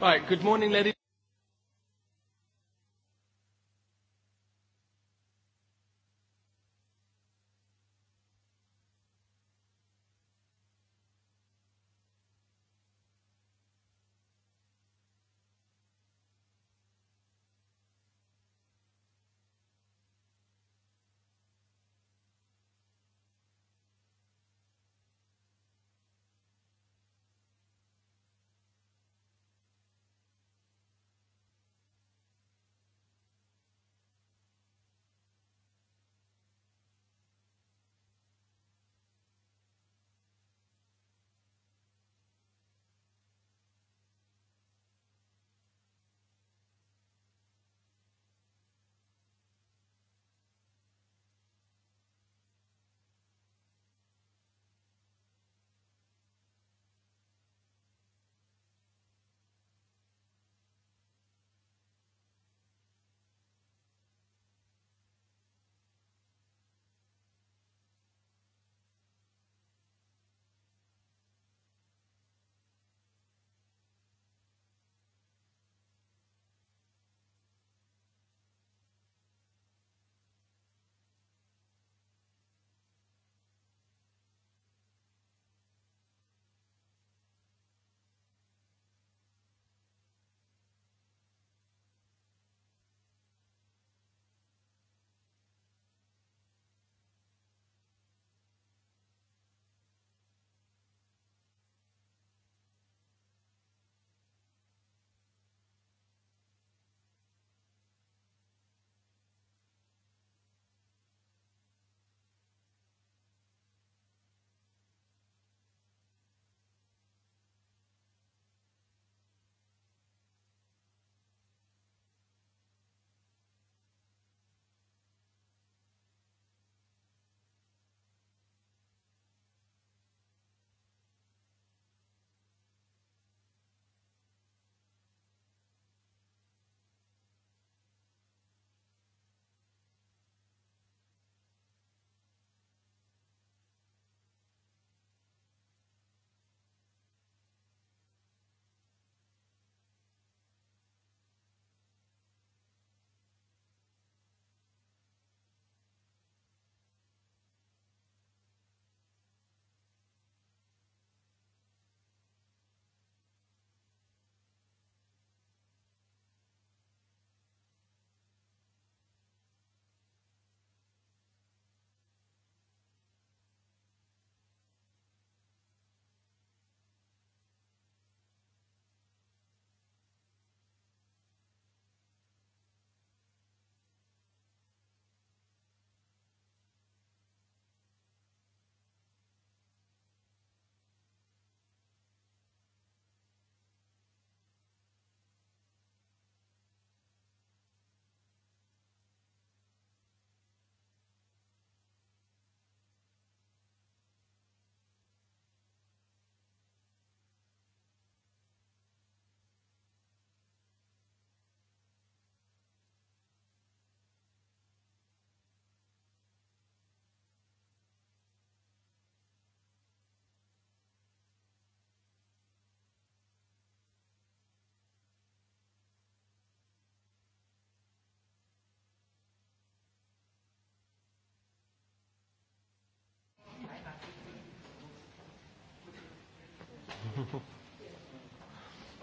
Right, good morning, ladies.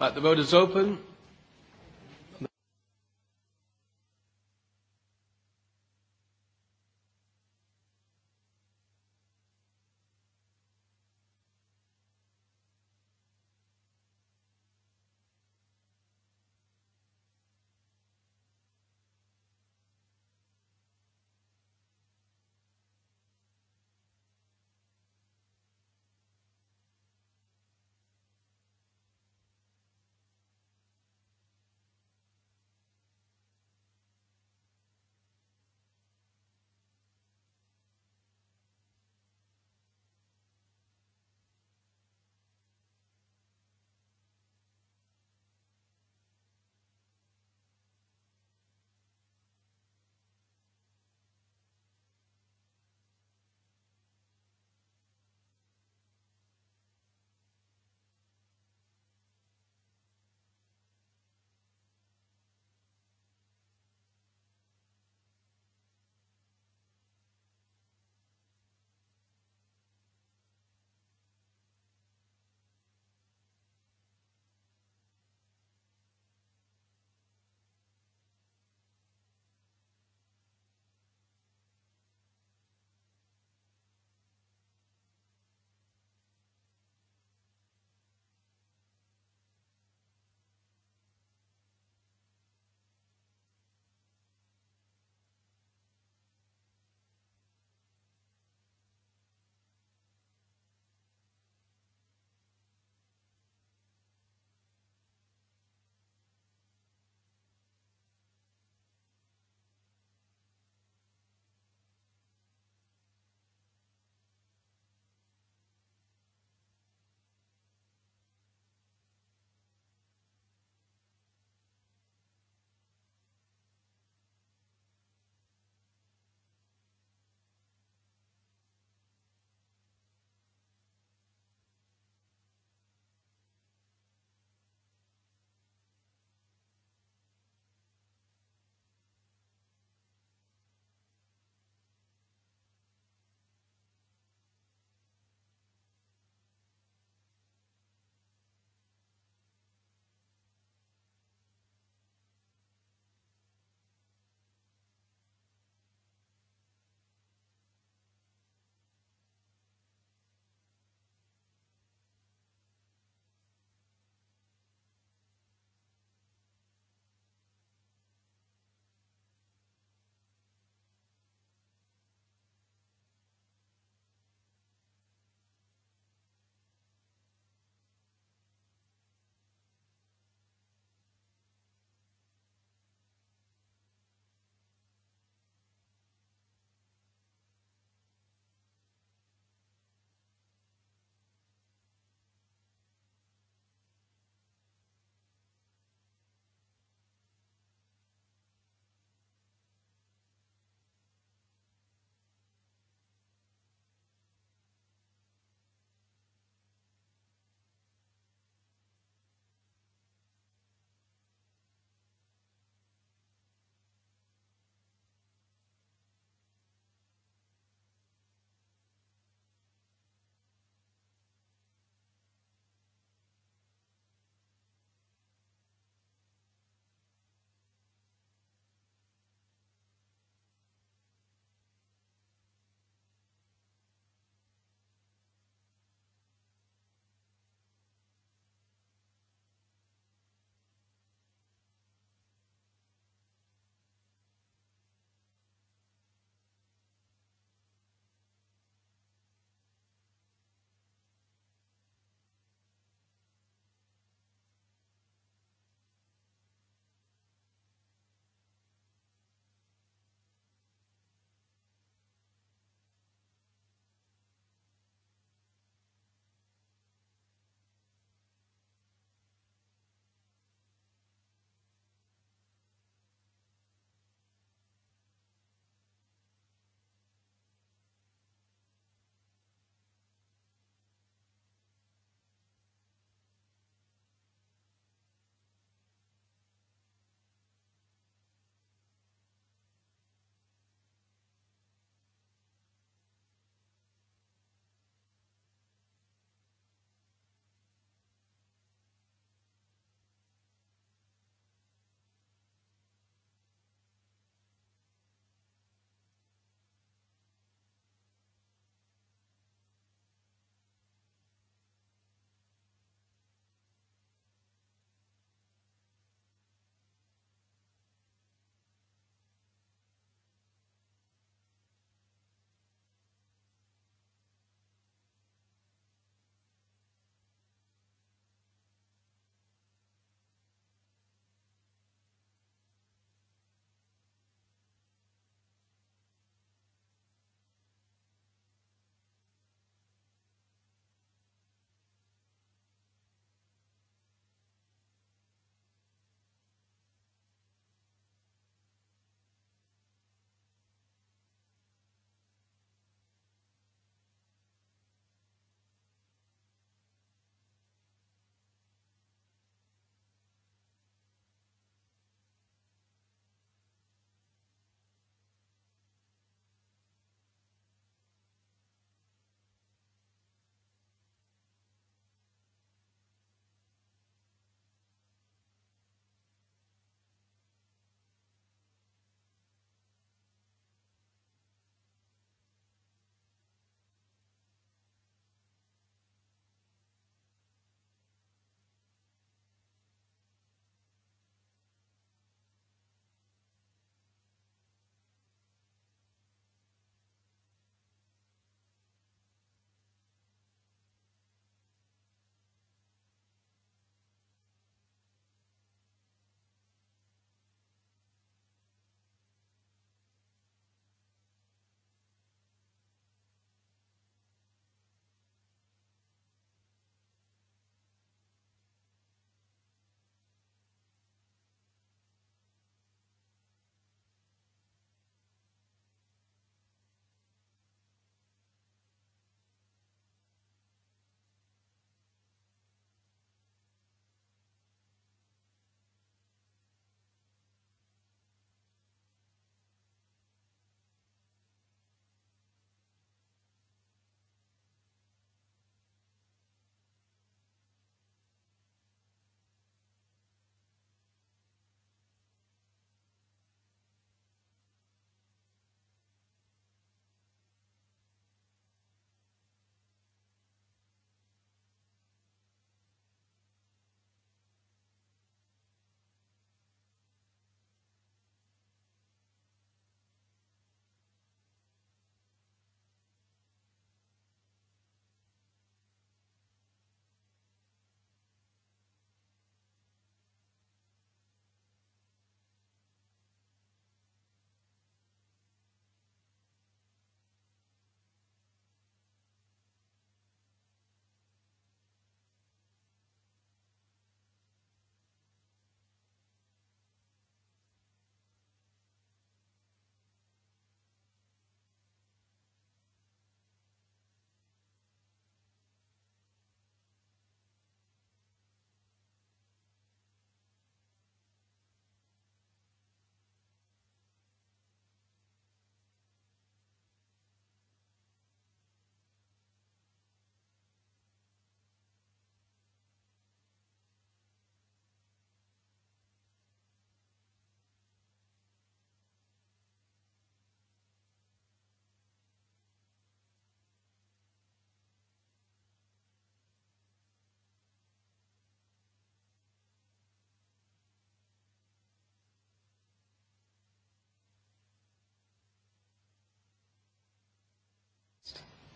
right, the vote is open.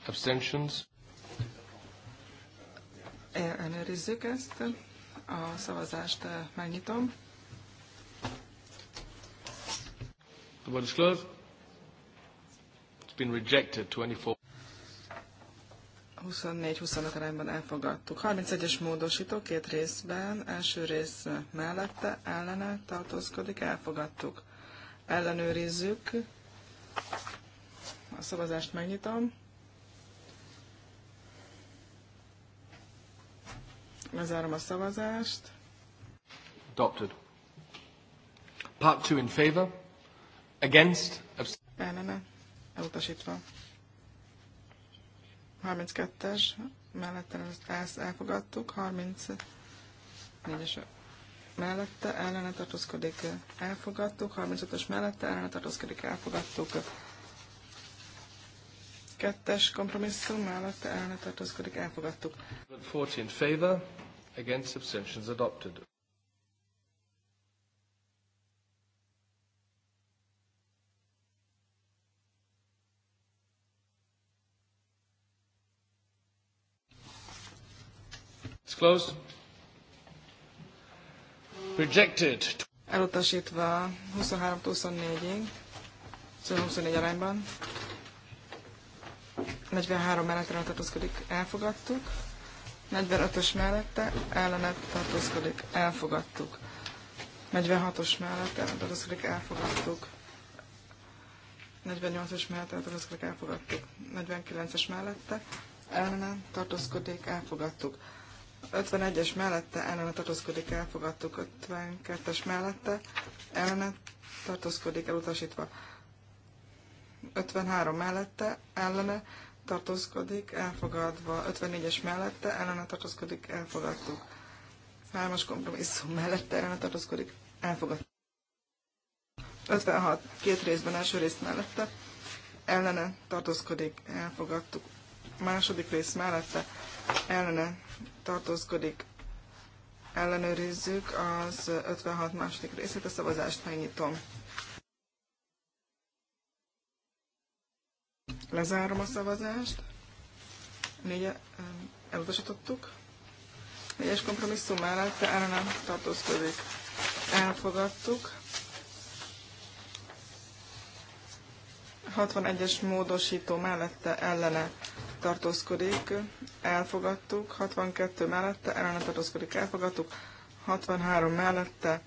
Abstentions. Elnőrizzük ezt. A szavazást eh, megnyitom. The vote is closed. It's been rejected 24. 24-25 arányban elfogadtuk. 31-es módosító két részben, első rész mellette, ellene tartózkodik, elfogadtuk. Ellenőrizzük. A szavazást megnyitom. Lezárom a szavazást. Adopted. Part 2 in favor. Against. Ellene. Elutasítva. 32-es. Mellette ezt elfogadtuk. 34-es mellette ellene tartózkodik. Elfogadtuk. 35-ös mellette ellene tartózkodik. Elfogadtuk kettes kompromisszum mellette el ne tartózkodik, elfogadtuk. 40 in favor, Against abstentions adopted. It's closed. Rejected. Elutasítva 23-24-ig, 24 szóval arányban. 43 mellettelen tartózkodik, elfogadtuk. 45-ös mellette ellene tartózkodik, elfogadtuk. 46-os mellette ellene tartózkodik, elfogadtuk. 48-os mellette ellene tartózkodik, elfogadtuk. 49-es mellette ellene tartózkodik, elfogadtuk. 51-es mellette ellene tartózkodik, elfogadtuk. 52-es mellette ellene tartózkodik, elutasítva. 53 mellette ellene tartózkodik, elfogadva. 54-es mellette ellene tartózkodik, elfogadtuk. Hármas kompromisszum mellette ellene tartózkodik, elfogadtuk. 56. Két részben, első rész mellette ellene tartózkodik, elfogadtuk. Második rész mellette ellene tartózkodik, ellenőrizzük az 56 második részét, a szavazást megnyitom. Lezárom a szavazást. Négy elutasítottuk. Négyes kompromisszum mellett nem tartózkodik. Elfogadtuk. 61-es módosító mellette ellene tartózkodik, elfogadtuk, 62 mellette ellene tartózkodik, elfogadtuk, 63 mellette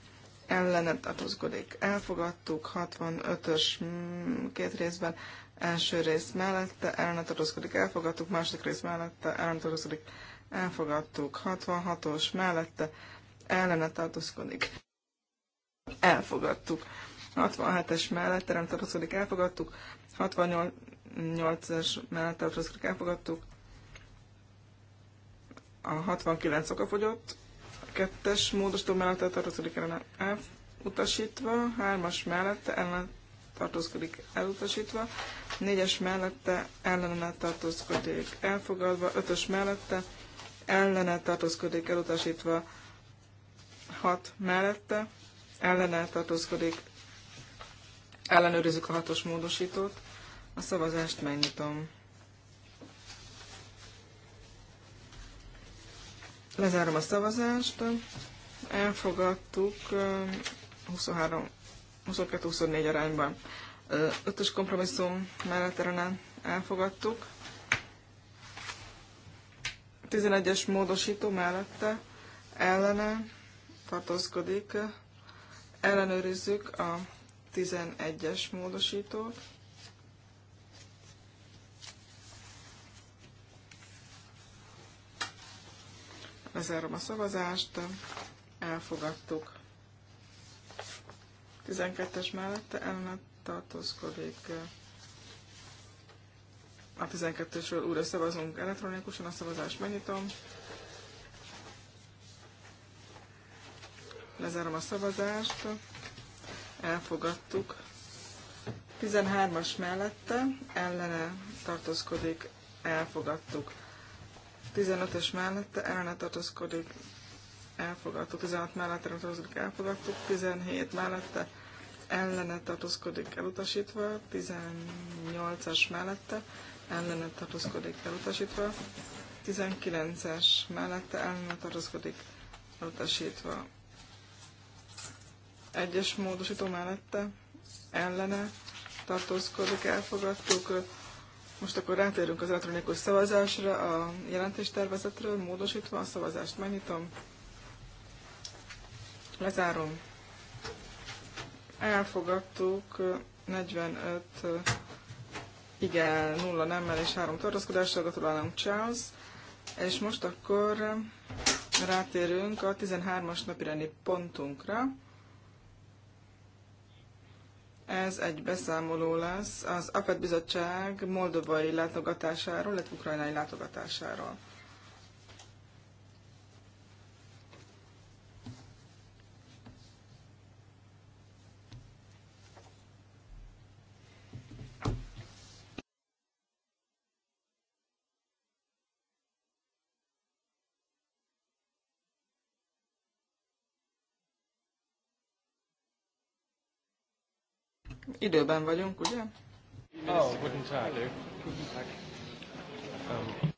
ellene tartózkodik, elfogadtuk, 65-ös mm, két részben első rész mellette el elfogadtuk, második rész mellette el elfogadtuk, 66-os mellette ellene tartózkodik, elfogadtuk, 67-es mellette nem tartózkodik, elfogadtuk, 68-es mellette tartózkodik, elfogadtuk, a 69 fogyott a kettes módosító mellette tartózkodik ellene elutasítva, hármas mellette ellen tartózkodik elutasítva, négyes mellette ellene tartózkodik elfogadva, ötös mellette ellene tartózkodik elutasítva, hat mellette ellene tartózkodik, ellenőrizzük a hatos módosítót, a szavazást megnyitom. Lezárom a szavazást. Elfogadtuk 23 um, 22-24 arányban. Ötös kompromisszum mellett ellen elfogadtuk. 11-es módosító mellette ellene tartózkodik. Ellenőrizzük a 11-es módosítót. Lezárom a szavazást, elfogadtuk. 12-es mellette ellene tartózkodik. A 12-esről újra szavazunk elektronikusan, a szavazást megnyitom. Lezárom a szavazást. Elfogadtuk. 13-as mellette ellene tartózkodik. Elfogadtuk. 15-ös mellette ellene tartózkodik elfogadtuk, 16 mellette tartózkodik, elfogadtuk, 17 mellette ellene tartózkodik, elutasítva, 18-as mellette ellene tartózkodik, elutasítva, 19-es mellette ellene tartózkodik, elutasítva, egyes módosító mellette ellene tartózkodik, elfogadtuk. Most akkor rátérünk az elektronikus szavazásra, a jelentéstervezetről módosítva a szavazást megnyitom. Lezárom. Elfogadtuk 45 igen, nulla nemmel és három tartózkodással. Gratulálunk Charles. És most akkor rátérünk a 13-as napirendi pontunkra. Ez egy beszámoló lesz az APET bizottság moldovai látogatásáról, illetve ukrajnai látogatásáról. Időben vagyunk, ugye? Oh, wouldn't I Guten Um.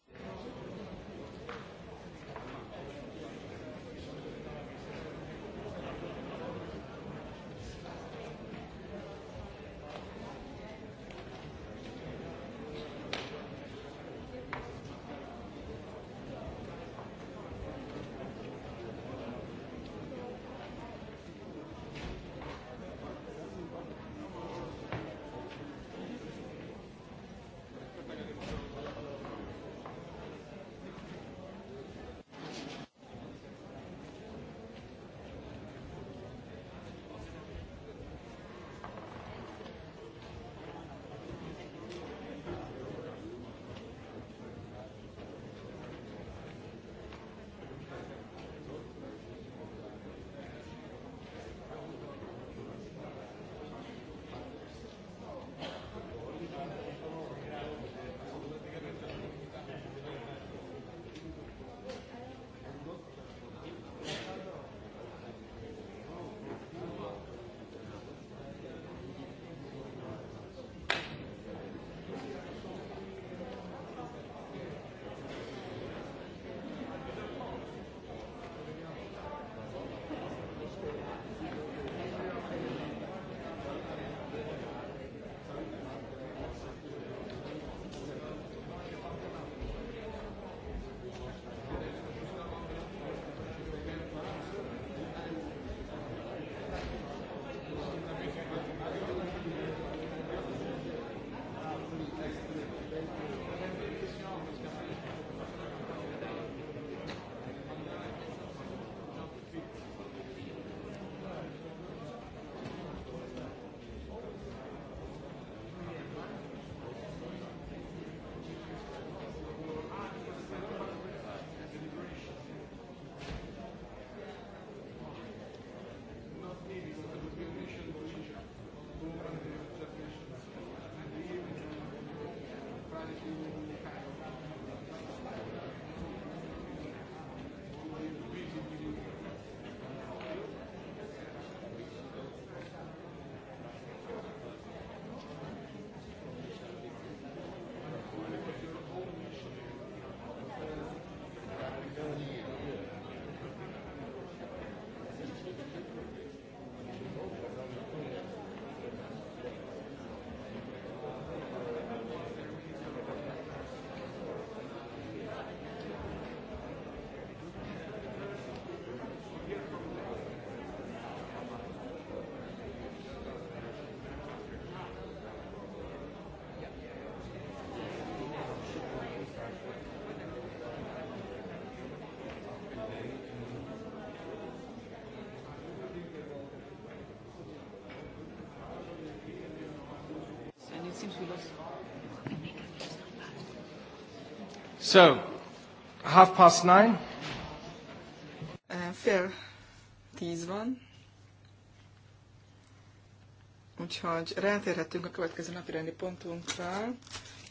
So, half past nine. Eh, fél tíz van. Úgyhogy rátérhetünk a következő napi rendi pontunkra.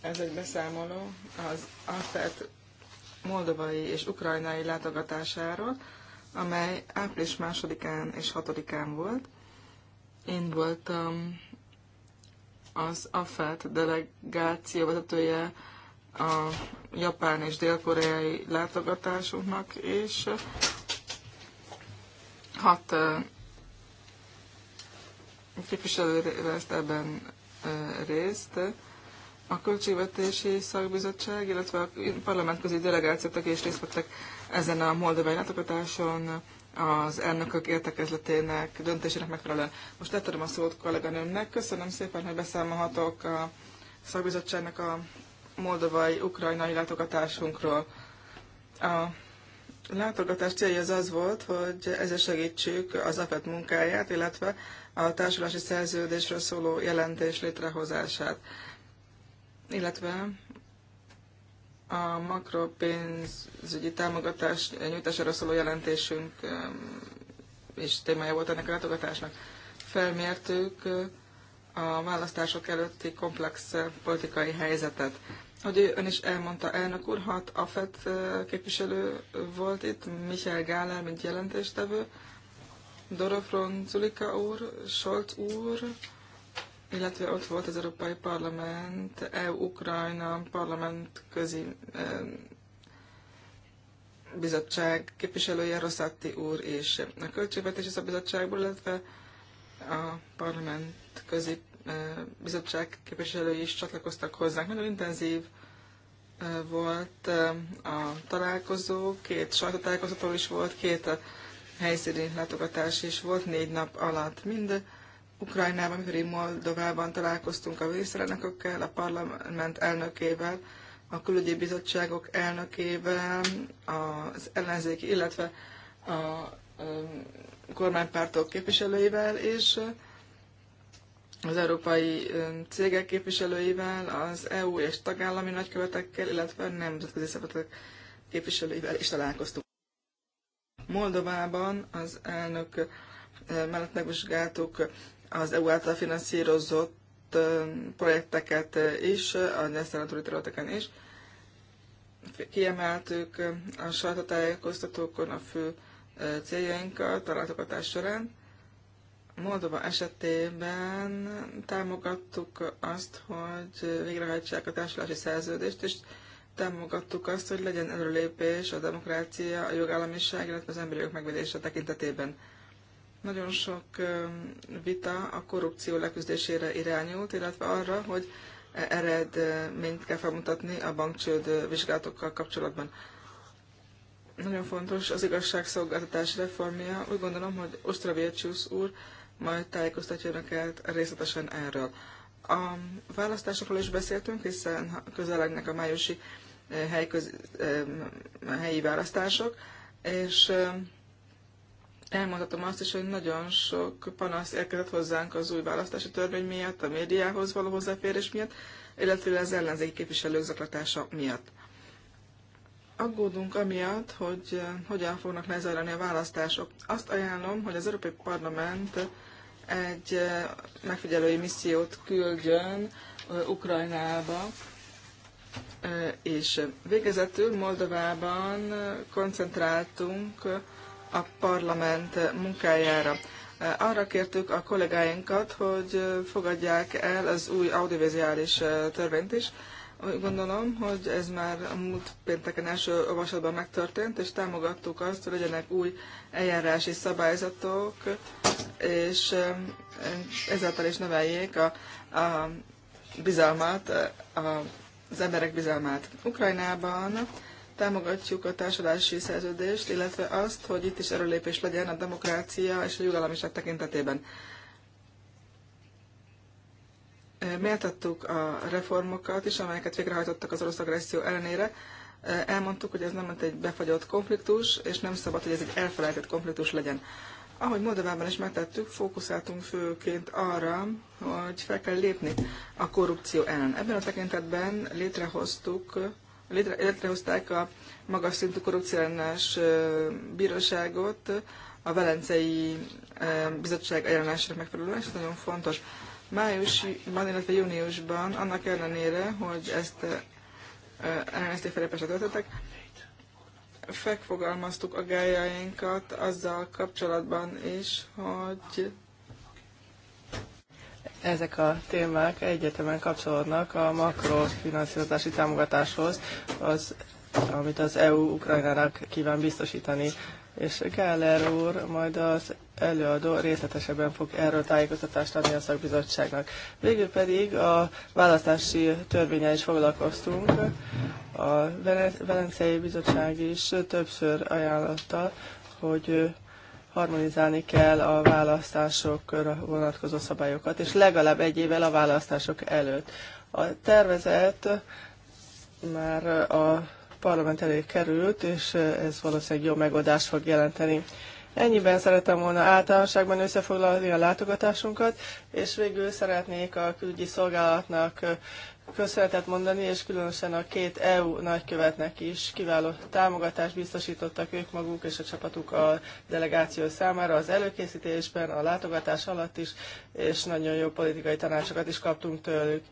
Ez egy beszámoló az AFET moldovai és ukrajnai látogatásáról, amely április másodikán és hatodikán volt. Én voltam az AFET delegáció vezetője a japán és dél-koreai látogatásunknak, és hat képviselő vesz ebben részt. A Költségvetési Szakbizottság, illetve a parlamentközi delegációtak is részt vettek ezen a moldovai látogatáson az elnökök értekezletének döntésének megfelelően. Most letöröm a szót kolléganőmnek. Köszönöm szépen, hogy beszámolhatok a szakbizottságnak a moldovai ukrajnai látogatásunkról. A látogatás célja az az volt, hogy ezzel segítsük az APET munkáját, illetve a társulási szerződésről szóló jelentés létrehozását, illetve a makropénzügyi támogatás nyújtására szóló jelentésünk um, és témája volt ennek a látogatásnak. Felmértük uh, a választások előtti komplex uh, politikai helyzetet. Hogy ön is elmondta, elnök úr, hat FED uh, képviselő volt itt, Michael Gáler, mint jelentéstevő, Dorofron Zulika úr, Scholz úr, illetve ott volt az Európai Parlament, EU-Ukrajna parlament közi bizottság képviselője Rosszatti úr és a Költségvetési Szabizottságból, illetve a parlament közi bizottság képviselői is csatlakoztak hozzánk. Nagyon intenzív volt a találkozó, két sajtótájékoztató is volt, két helyszíni látogatás is volt, négy nap alatt mind Ukrajnában, amikor Moldovában találkoztunk a miniszterelnökökkel, a parlament elnökével, a külügyi bizottságok elnökével, az ellenzéki, illetve a um, kormánypártok képviselőivel, és az európai um, cégek képviselőivel, az EU és tagállami nagykövetekkel, illetve nemzetközi szervezetek képviselőivel is találkoztunk. Moldovában az elnök um, mellett megvizsgáltuk az EU által finanszírozott projekteket is, a nesztelentori területeken is. Kiemeltük a sajtótájékoztatókon a fő céljainkat a látogatás során. Moldova esetében támogattuk azt, hogy végrehajtsák a társulási szerződést, és támogattuk azt, hogy legyen előlépés a demokrácia, a jogállamiság, illetve az emberi jogok megvédése tekintetében. Nagyon sok vita a korrupció leküzdésére irányult, illetve arra, hogy eredményt kell felmutatni a bankcsőd vizsgálatokkal kapcsolatban. Nagyon fontos az igazságszolgáltatás reformja. Úgy gondolom, hogy Ostraviecsúsz úr majd tájékoztatja önöket részletesen erről. A választásokról is beszéltünk, hiszen közelegnek a májusi helyi választások, és elmondhatom azt is, hogy nagyon sok panasz érkezett hozzánk az új választási törvény miatt, a médiához való hozzáférés miatt, illetve az ellenzéki képviselők zaklatása miatt. Aggódunk amiatt, hogy eh, hogyan fognak lezajlani a választások. Azt ajánlom, hogy az Európai Parlament egy eh, megfigyelői missziót küldjön eh, Ukrajnába, és végezetül Moldovában koncentráltunk a parlament munkájára. Arra kértük a kollégáinkat, hogy fogadják el az új audiovizuális törvényt is. Úgy gondolom, hogy ez már a múlt pénteken első olvasatban megtörtént, és támogattuk azt, hogy legyenek új eljárási szabályzatok, és eh, ezáltal is növeljék a, a bizalmat, eh, a, az emberek bizalmát. Ukrajnában támogatjuk a társadalmi szerződést, illetve azt, hogy itt is erőlépés legyen a demokrácia és a jogállamiság tekintetében. Méltattuk a reformokat is, amelyeket végrehajtottak az orosz agresszió ellenére. Elmondtuk, hogy ez nem egy befagyott konfliktus, és nem szabad, hogy ez egy elfelejtett konfliktus legyen. Ahogy Moldovában is megtettük, fókuszáltunk főként arra, hogy fel kell lépni a korrupció ellen. Ebben a tekintetben létrehoztuk létre, létrehozták a magas szintű korrupciálenes bíróságot a Velencei Bizottság ajánlására megfelelően, és ez nagyon fontos. Májusban, illetve júniusban, annak ellenére, hogy ezt ellenezték felépesre töltöttek, megfogalmaztuk a gályáinkat azzal kapcsolatban is, hogy ezek a témák egyetemen kapcsolódnak a makrofinanszírozási támogatáshoz, az, amit az EU Ukrajnának kíván biztosítani. És Gáller úr majd az előadó részletesebben fog erről tájékoztatást adni a szakbizottságnak. Végül pedig a választási törvényel is foglalkoztunk. A Velencei Bizottság is többször ajánlotta, hogy harmonizálni kell a választásokra vonatkozó szabályokat, és legalább egy évvel a választások előtt. A tervezet már a parlament elé került, és ez valószínűleg jó megoldást fog jelenteni. Ennyiben szeretem volna általánosságban összefoglalni a látogatásunkat, és végül szeretnék a külügyi szolgálatnak köszönetet mondani, és különösen a két EU nagykövetnek is kiváló támogatást biztosítottak ők maguk és a csapatuk a delegáció számára az előkészítésben, a látogatás alatt is, és nagyon jó politikai tanácsokat is kaptunk tőlük.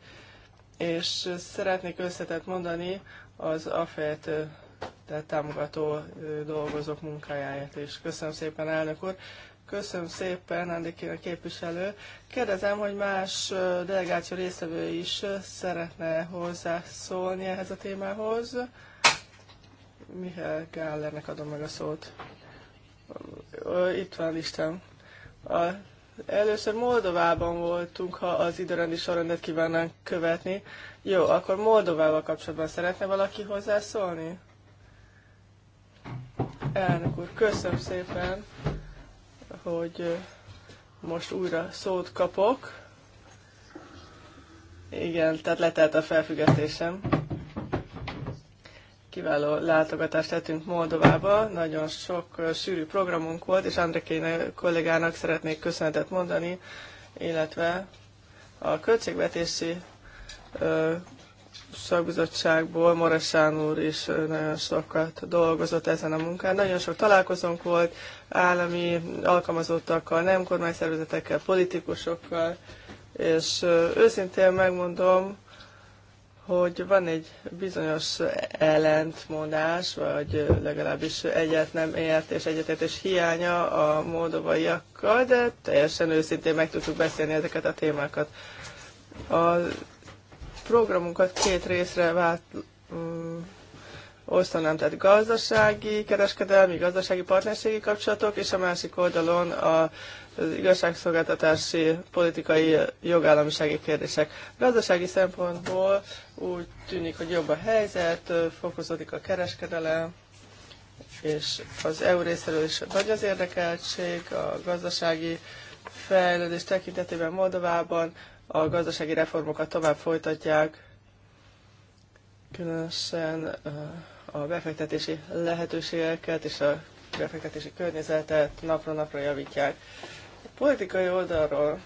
És szeretnék összetett mondani az AFET tehát támogató dolgozók munkájáért is. Köszönöm szépen, elnök úr! Köszönöm szépen, a képviselő. Kérdezem, hogy más delegáció résztvevő is szeretne hozzászólni ehhez a témához. Mihály Gállernek adom meg a szót. Itt van isten. A, először Moldovában voltunk, ha az időrendi sorrendet kívánnánk követni. Jó, akkor Moldovával kapcsolatban szeretne valaki hozzászólni? Elnök úr, köszönöm szépen hogy most újra szót kapok. Igen, tehát letelt a felfüggesztésem. Kiváló látogatást tettünk Moldovába, nagyon sok sűrű programunk volt, és Andrekéne kollégának szeretnék köszönetet mondani, illetve a költségvetési szakbizottságból Maresán úr is nagyon sokat dolgozott ezen a munkán. Nagyon sok találkozónk volt állami alkalmazottakkal, nem kormányszervezetekkel, politikusokkal, és őszintén megmondom, hogy van egy bizonyos ellentmondás, vagy legalábbis egyet nem ért és egyetértés hiánya a módovaiakkal, de teljesen őszintén meg tudtuk beszélni ezeket a témákat. A programunkat két részre vált, um, osztanám, tehát gazdasági, kereskedelmi, gazdasági partnerségi kapcsolatok, és a másik oldalon a az igazságszolgáltatási, politikai, jogállamisági kérdések. Gazdasági szempontból úgy tűnik, hogy jobb a helyzet, fokozódik a kereskedelem, és az EU részéről is nagy az érdekeltség, a gazdasági fejlődés tekintetében Moldovában a gazdasági reformokat tovább folytatják, különösen a befektetési lehetőségeket és a befektetési környezetet napról napra javítják. A politikai oldalról,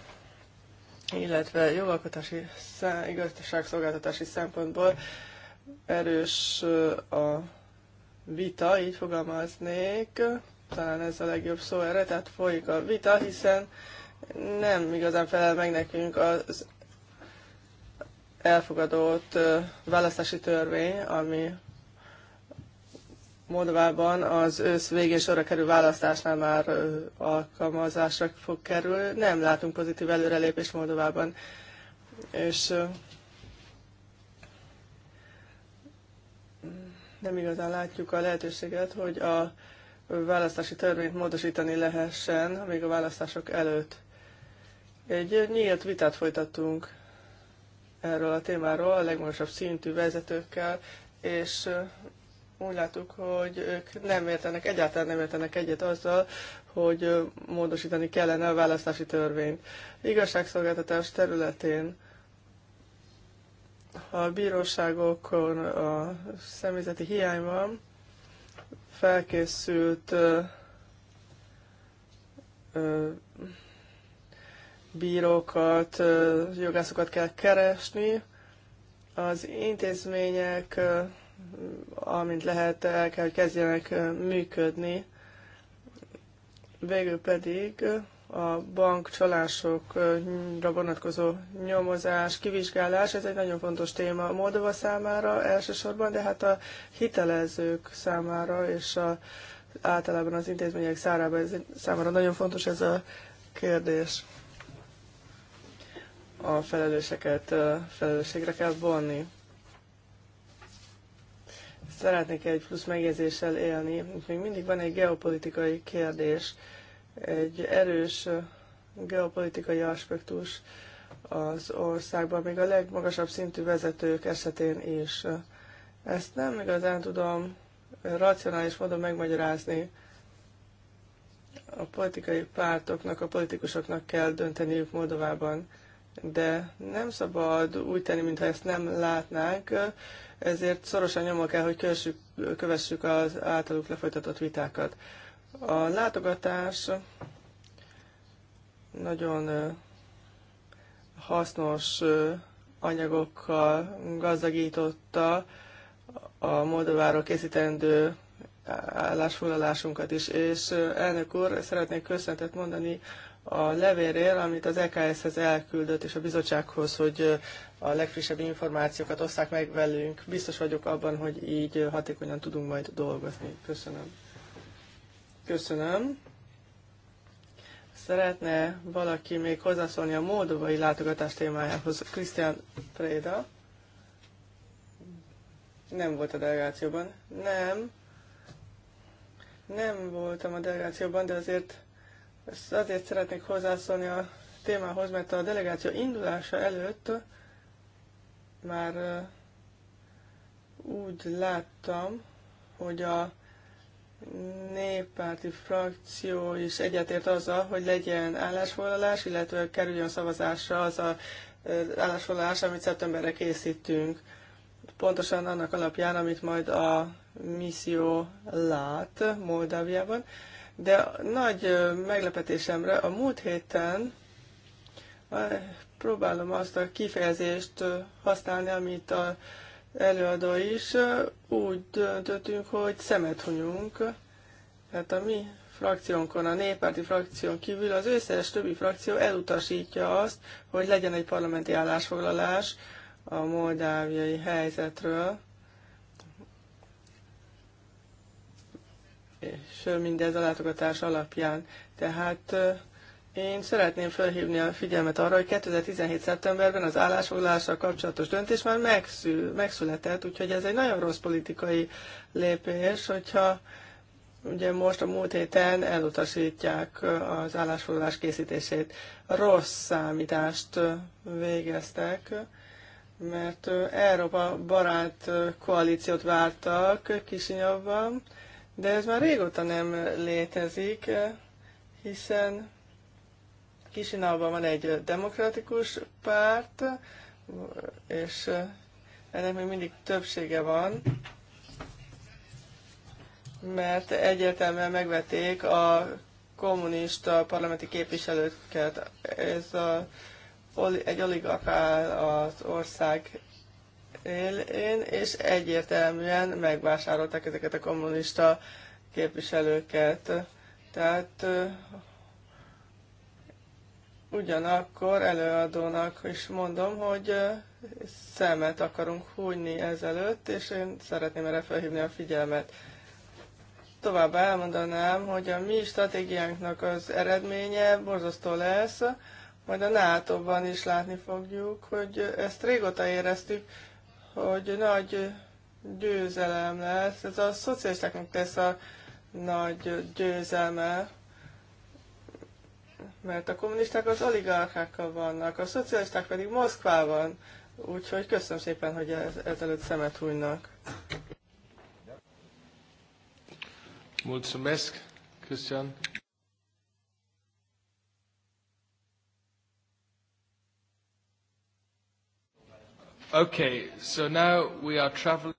illetve jogalkotási igazságszolgáltatási szempontból erős a vita, így fogalmaznék, talán ez a legjobb szó erre, tehát folyik a vita, hiszen nem igazán felel meg nekünk az elfogadott választási törvény, ami Moldovában az ősz végén sorra kerül választásnál már alkalmazásra fog kerül. Nem látunk pozitív előrelépést Moldovában. És nem igazán látjuk a lehetőséget, hogy a választási törvényt módosítani lehessen még a választások előtt. Egy nyílt vitát folytattunk erről a témáról a legmagasabb szintű vezetőkkel, és úgy láttuk, hogy ők nem értenek, egyáltalán nem értenek egyet azzal, hogy módosítani kellene a választási törvényt. Igazságszolgáltatás területén a bíróságokon a személyzeti hiány van, felkészült ö, ö, bírókat, jogászokat kell keresni. Az intézmények, amint lehet, el kell, kezdjenek működni. Végül pedig a bankcsalásokra vonatkozó nyomozás, kivizsgálás, ez egy nagyon fontos téma Moldova számára elsősorban, de hát a hitelezők számára és a, általában az intézmények számára, ez, számára nagyon fontos ez a kérdés a felelőseket felelősségre kell vonni. Szeretnék egy plusz megjegyzéssel élni. Még mindig van egy geopolitikai kérdés, egy erős geopolitikai aspektus az országban, még a legmagasabb szintű vezetők esetén is. Ezt nem igazán tudom racionális módon megmagyarázni. A politikai pártoknak, a politikusoknak kell dönteniük Moldovában de nem szabad úgy tenni, mintha ezt nem látnánk, ezért szorosan nyomva kell, hogy kövessük, kövessük az általuk lefolytatott vitákat. A látogatás nagyon hasznos anyagokkal gazdagította a Moldováról készítendő állásfoglalásunkat is. És elnök úr, szeretnék köszöntet mondani a levérél, amit az EKS-hez elküldött és a bizottsághoz, hogy a legfrissebb információkat osszák meg velünk. Biztos vagyok abban, hogy így hatékonyan tudunk majd dolgozni. Köszönöm. Köszönöm. Szeretne valaki még hozzászólni a moldovai látogatás témájához? Krisztián Préda. Nem volt a delegációban. Nem. Nem voltam a delegációban, de azért ezt azért szeretnék hozzászólni a témához, mert a delegáció indulása előtt már úgy láttam, hogy a néppárti frakció is egyetért azzal, hogy legyen állásfoglalás, illetve kerüljön szavazásra az a állásfoglalás, amit szeptemberre készítünk. Pontosan annak alapján, amit majd a misszió lát Moldáviában. De nagy meglepetésemre a múlt héten próbálom azt a kifejezést használni, amit a előadó is. Úgy döntöttünk, hogy szemet hunyunk. Tehát a mi frakciónkon, a néppárti frakción kívül az összes többi frakció elutasítja azt, hogy legyen egy parlamenti állásfoglalás a moldáviai helyzetről. és mindez a látogatás alapján. Tehát én szeretném felhívni a figyelmet arra, hogy 2017. szeptemberben az állásfoglalással kapcsolatos döntés már megszül, megszületett, úgyhogy ez egy nagyon rossz politikai lépés, hogyha ugye most a múlt héten elutasítják az állásfoglalás készítését. Rossz számítást végeztek, mert Európa barát koalíciót vártak Kisinyabban, de ez már régóta nem létezik, hiszen Kisinalban van egy demokratikus párt, és ennek még mindig többsége van, mert egyértelműen megvették a kommunista parlamenti képviselőket. Ez a, egy oligarchál az ország én és egyértelműen megvásárolták ezeket a kommunista képviselőket. Tehát ugyanakkor előadónak is mondom, hogy szemet akarunk hújni ezelőtt, és én szeretném erre felhívni a figyelmet. Továbbá elmondanám, hogy a mi stratégiánknak az eredménye borzasztó lesz, majd a NATO-ban is látni fogjuk, hogy ezt régóta éreztük, hogy nagy győzelem lesz. Ez a szocialistáknak lesz a nagy győzelme, mert a kommunisták az oligarchákkal vannak, a szocialisták pedig Moszkvában. Úgyhogy köszönöm szépen, hogy ezelőtt szemet hújnak. Mulțumesc, Christian. Okay, so now we are traveling.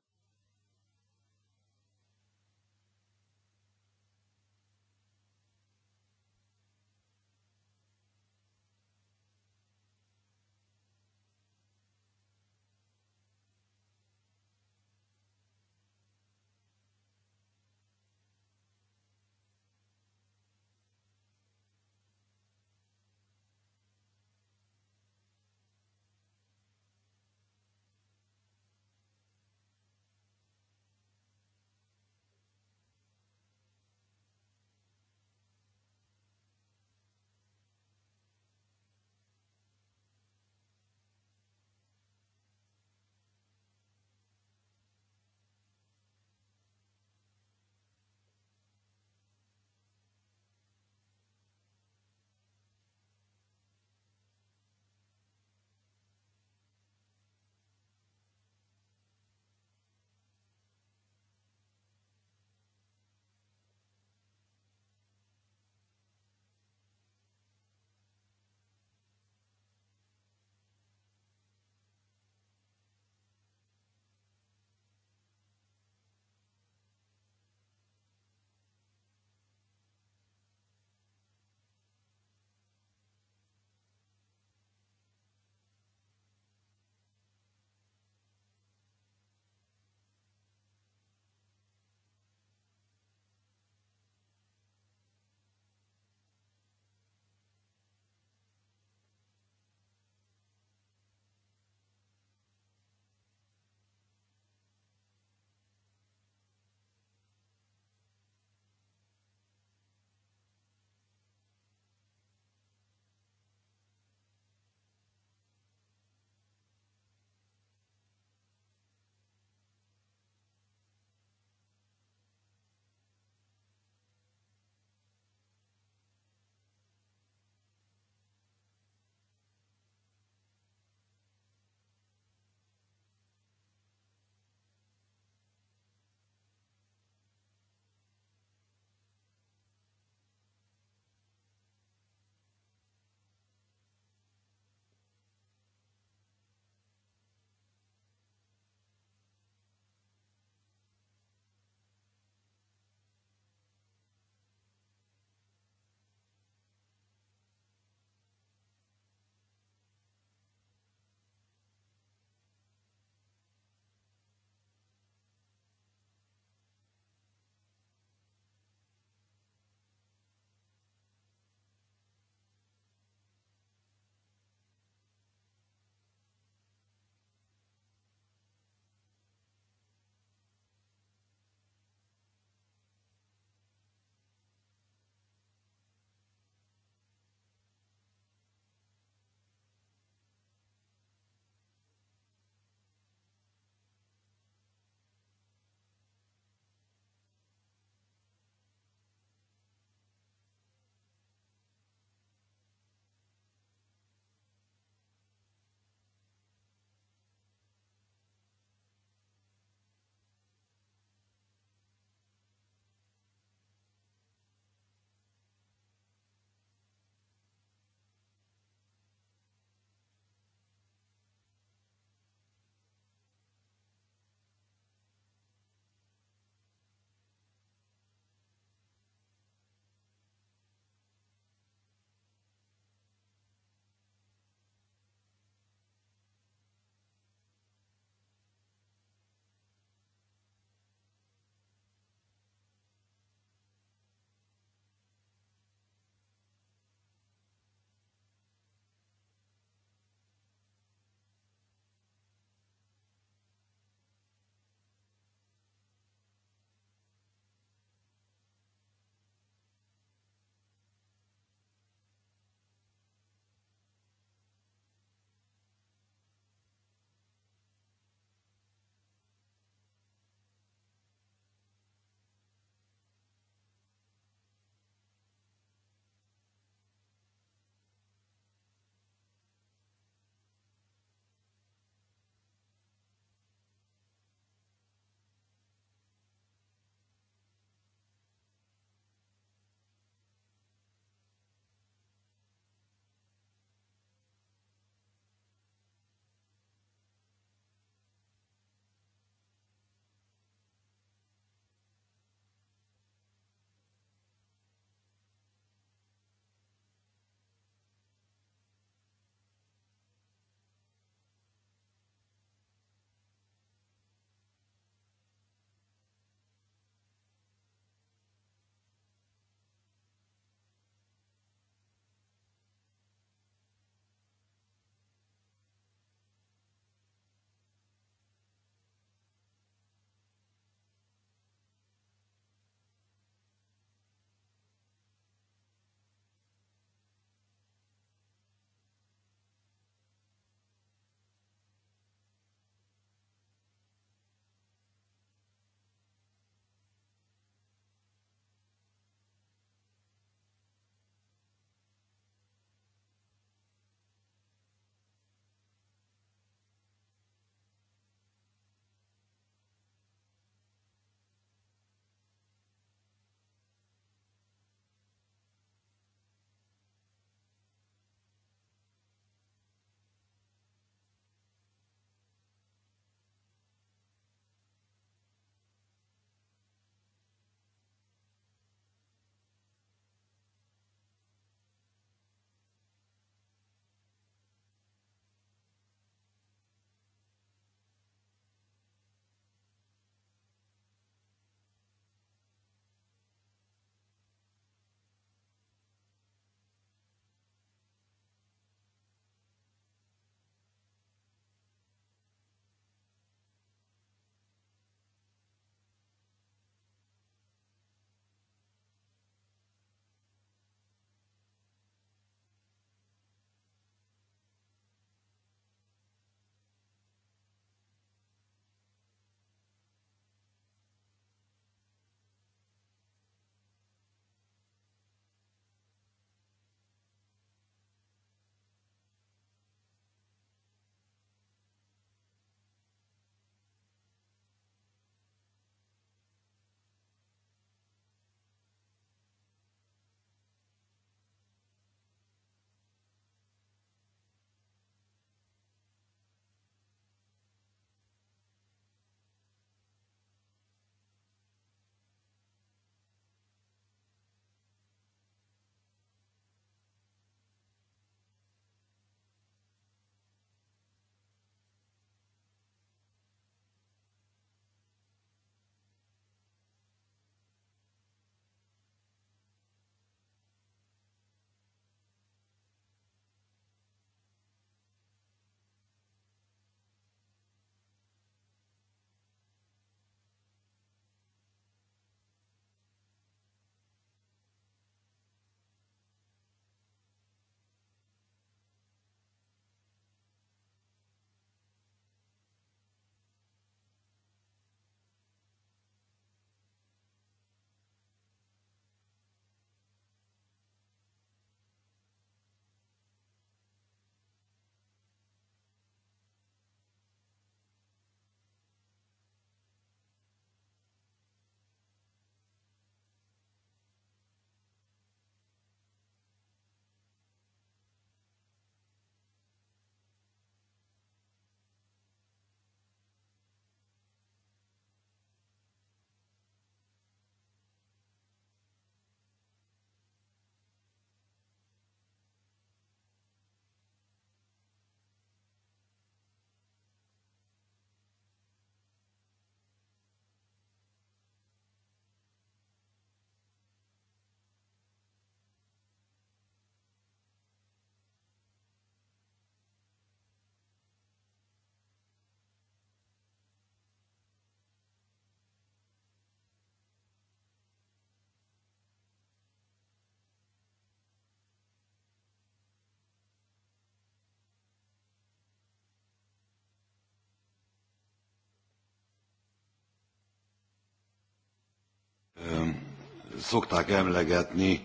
szokták emlegetni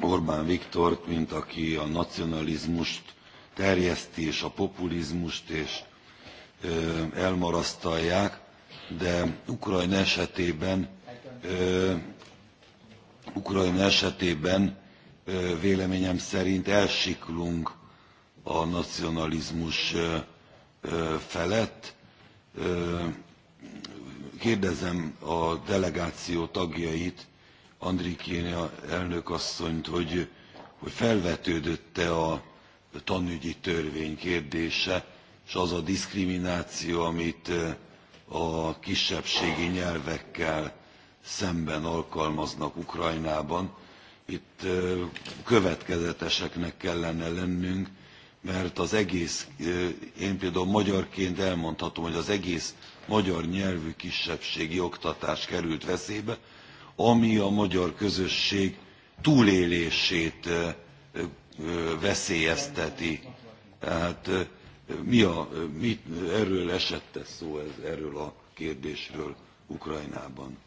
Orbán Viktort, mint aki a nacionalizmust terjeszti, és a populizmust, és elmarasztalják, de Ukrajna esetében, Ukrajna esetében véleményem szerint elsiklunk a nacionalizmus felett kérdezem a delegáció tagjait, Andrikénia elnök asszonyt, hogy, hogy felvetődött-e a tanügyi törvény kérdése, és az a diszkrimináció, amit eh, a kisebbségi nyelvekkel szemben alkalmaznak Ukrajnában. Itt eh, következeteseknek kellene lennünk, mert az egész, eh, én például magyarként elmondhatom, hogy az egész magyar nyelvű kisebbségi oktatás került veszélybe, ami a magyar közösség túlélését veszélyezteti. Tehát mi a, mit, erről esett -e szó, ez, erről a kérdésről Ukrajnában?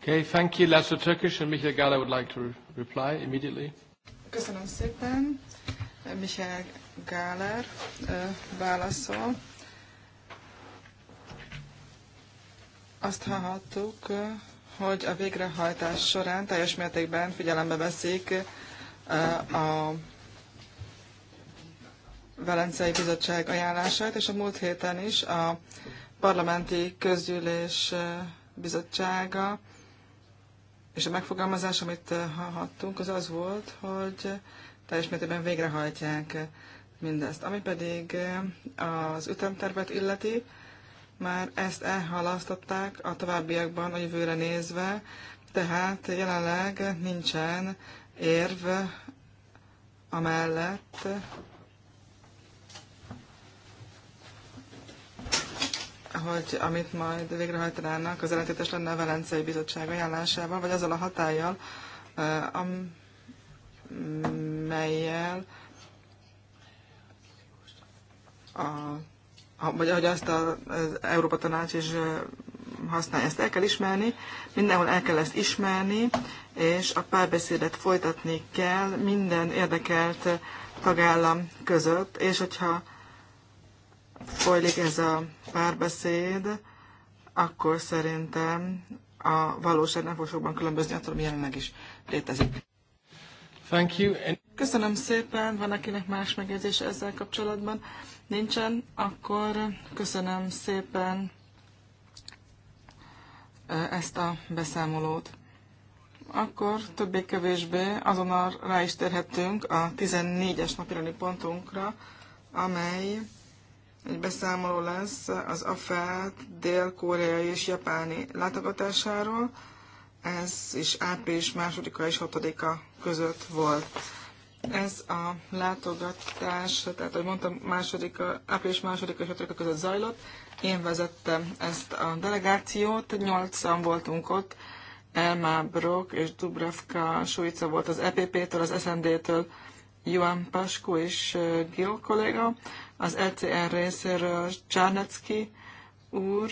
Okay, thank you. László Turkish and Michael Gala would like to reply immediately. Köszönöm szépen. Michael Gáler válaszol. Azt hallhattuk, hogy a végrehajtás során teljes mértékben figyelembe veszik a Velencei Bizottság ajánlását, és a múlt héten is a parlamenti közgyűlés bizottsága és a megfogalmazás, amit eh, hallhattunk, az az volt, hogy teljes mértékben végrehajtják mindezt. Ami pedig eh, az ütemtervet illeti, már ezt elhalasztották a továbbiakban a jövőre nézve, tehát jelenleg nincsen érv amellett, hogy amit majd végrehajtanának, az ellentétes lenne a Velencei Bizottság ajánlásával, vagy azzal a hatállyal, amelyel a, vagy ahogy azt az Európa Tanács is használja, ezt el kell ismerni, mindenhol el kell ezt ismerni, és a párbeszédet folytatni kell minden érdekelt tagállam között, és hogyha folyik ez a párbeszéd, akkor szerintem a valóság nem fog sokban különbözni attól, ami jelenleg is létezik. Thank you. Köszönöm szépen, van akinek más megjegyzése ezzel kapcsolatban? Nincsen, akkor köszönöm szépen eh, ezt a beszámolót. Akkor többé-kevésbé azonnal rá is térhettünk a 14-es napirani pontunkra, amely egy beszámoló lesz az AFET dél-koreai és japáni látogatásáról. Ez is április 2-a és 6-a között volt. Ez a látogatás, tehát ahogy mondtam, másodika, április 2-a és 6-a között zajlott. Én vezettem ezt a delegációt, nyolcan voltunk ott, Elmá Brok és Dubravka Suica volt az EPP-től, az SND-től, Joan Pasku és Gil kolléga, az ECR részéről Csárnecki úr,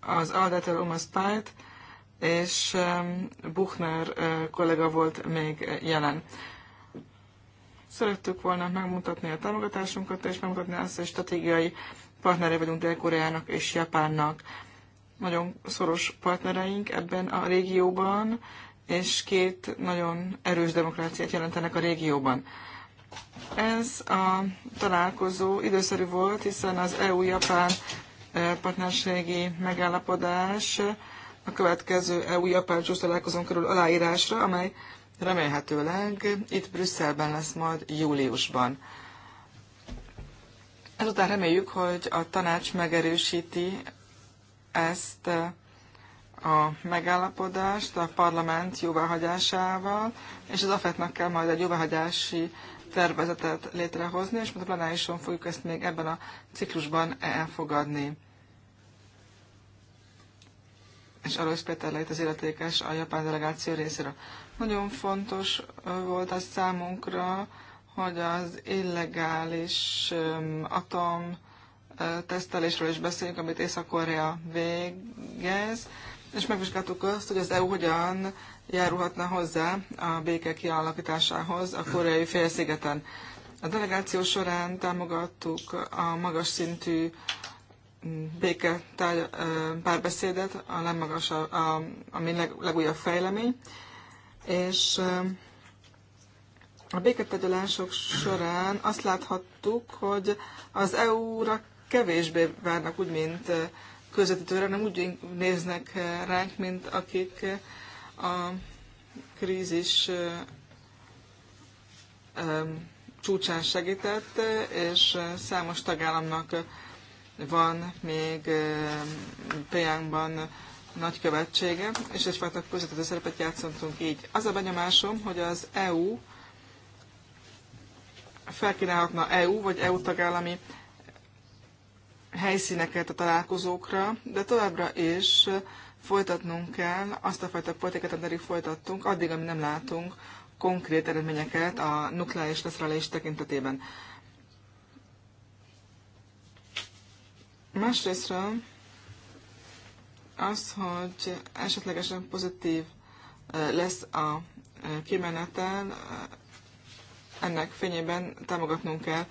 az Aldatel Umas Pájt, és Buchner kollega volt még jelen. Szerettük volna megmutatni a támogatásunkat, és megmutatni azt, hogy stratégiai partnere vagyunk Dél-Koreának és Japánnak. Nagyon szoros partnereink ebben a régióban, és két nagyon erős demokráciát jelentenek a régióban. Ez a találkozó időszerű volt, hiszen az EU-Japán eh, partnerségi megállapodás a következő EU-Japán csúcs találkozón körül aláírásra, amely remélhetőleg itt Brüsszelben lesz majd júliusban. Ezután reméljük, hogy a tanács megerősíti ezt eh, a megállapodást a parlament jóváhagyásával, és az AFET-nak kell majd egy jóváhagyási tervezetet létrehozni, és most a plenárison fogjuk ezt még ebben a ciklusban elfogadni. És Alois Péter lett az illetékes a japán delegáció részéről. Nagyon fontos volt az számunkra, hogy az illegális atom tesztelésről is beszéljünk, amit Észak-Korea végez és megvizsgáltuk azt, hogy az EU hogyan járulhatna hozzá a béke kialakításához a koreai félszigeten. A delegáció során támogattuk a magas szintű mm, béke párbeszédet, a, legmagasabb, a, ami leg, legújabb fejlemény, és a béketegyalások során azt láthattuk, hogy az EU-ra kevésbé várnak úgy, mint közvetítőre, nem úgy néznek ránk, mint akik a krízis csúcsán segített, és számos tagállamnak van még Pejánkban nagykövetsége, és egyfajta közvetítő szerepet játszottunk így. Az a benyomásom, hogy az EU felkínálhatna EU vagy EU tagállami helyszíneket a találkozókra, de továbbra is folytatnunk kell azt a fajta politikát, amit eddig folytattunk, addig, amíg nem látunk konkrét eredményeket a nukleáris leszerelés tekintetében. Másrésztről az, hogy esetlegesen pozitív lesz a kimenetel, ennek fényében támogatnunk kell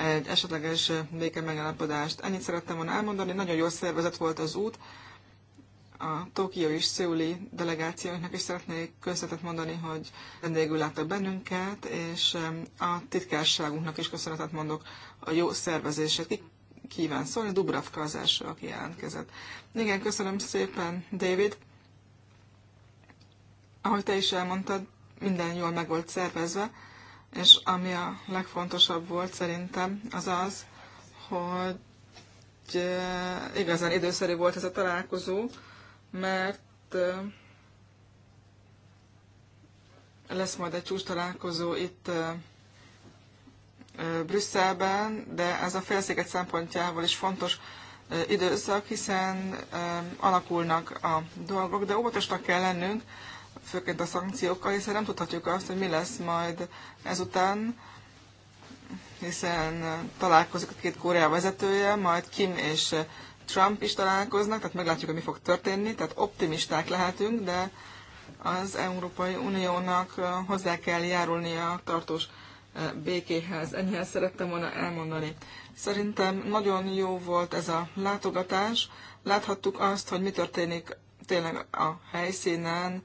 egy esetleges béke megállapodást. Ennyit szerettem volna elmondani, nagyon jól szervezett volt az út. A Tokió és Szőli delegációknak is szeretnék köszönetet mondani, hogy vendégül láttak bennünket, és a titkárságunknak is köszönetet mondok a jó szervezését. Ki kíván szólni? Dubravka az első, aki jelentkezett. Igen, köszönöm szépen, David. Ahogy te is elmondtad, minden jól meg volt szervezve és ami a legfontosabb volt szerintem, az az, hogy igazán időszerű volt ez a találkozó, mert lesz majd egy csúcs találkozó itt Brüsszelben, de ez a félsziget szempontjából is fontos időszak, hiszen alakulnak a dolgok, de óvatosnak kell lennünk, főként a szankciókkal, hiszen nem tudhatjuk azt, hogy mi lesz majd ezután, hiszen találkozik a két Korea vezetője, majd Kim és Trump is találkoznak, tehát meglátjuk, hogy mi fog történni, tehát optimisták lehetünk, de az Európai Uniónak hozzá kell járulnia a tartós békéhez. Ennyihez szerettem volna elmondani. Szerintem nagyon jó volt ez a látogatás. Láthattuk azt, hogy mi történik tényleg a helyszínen,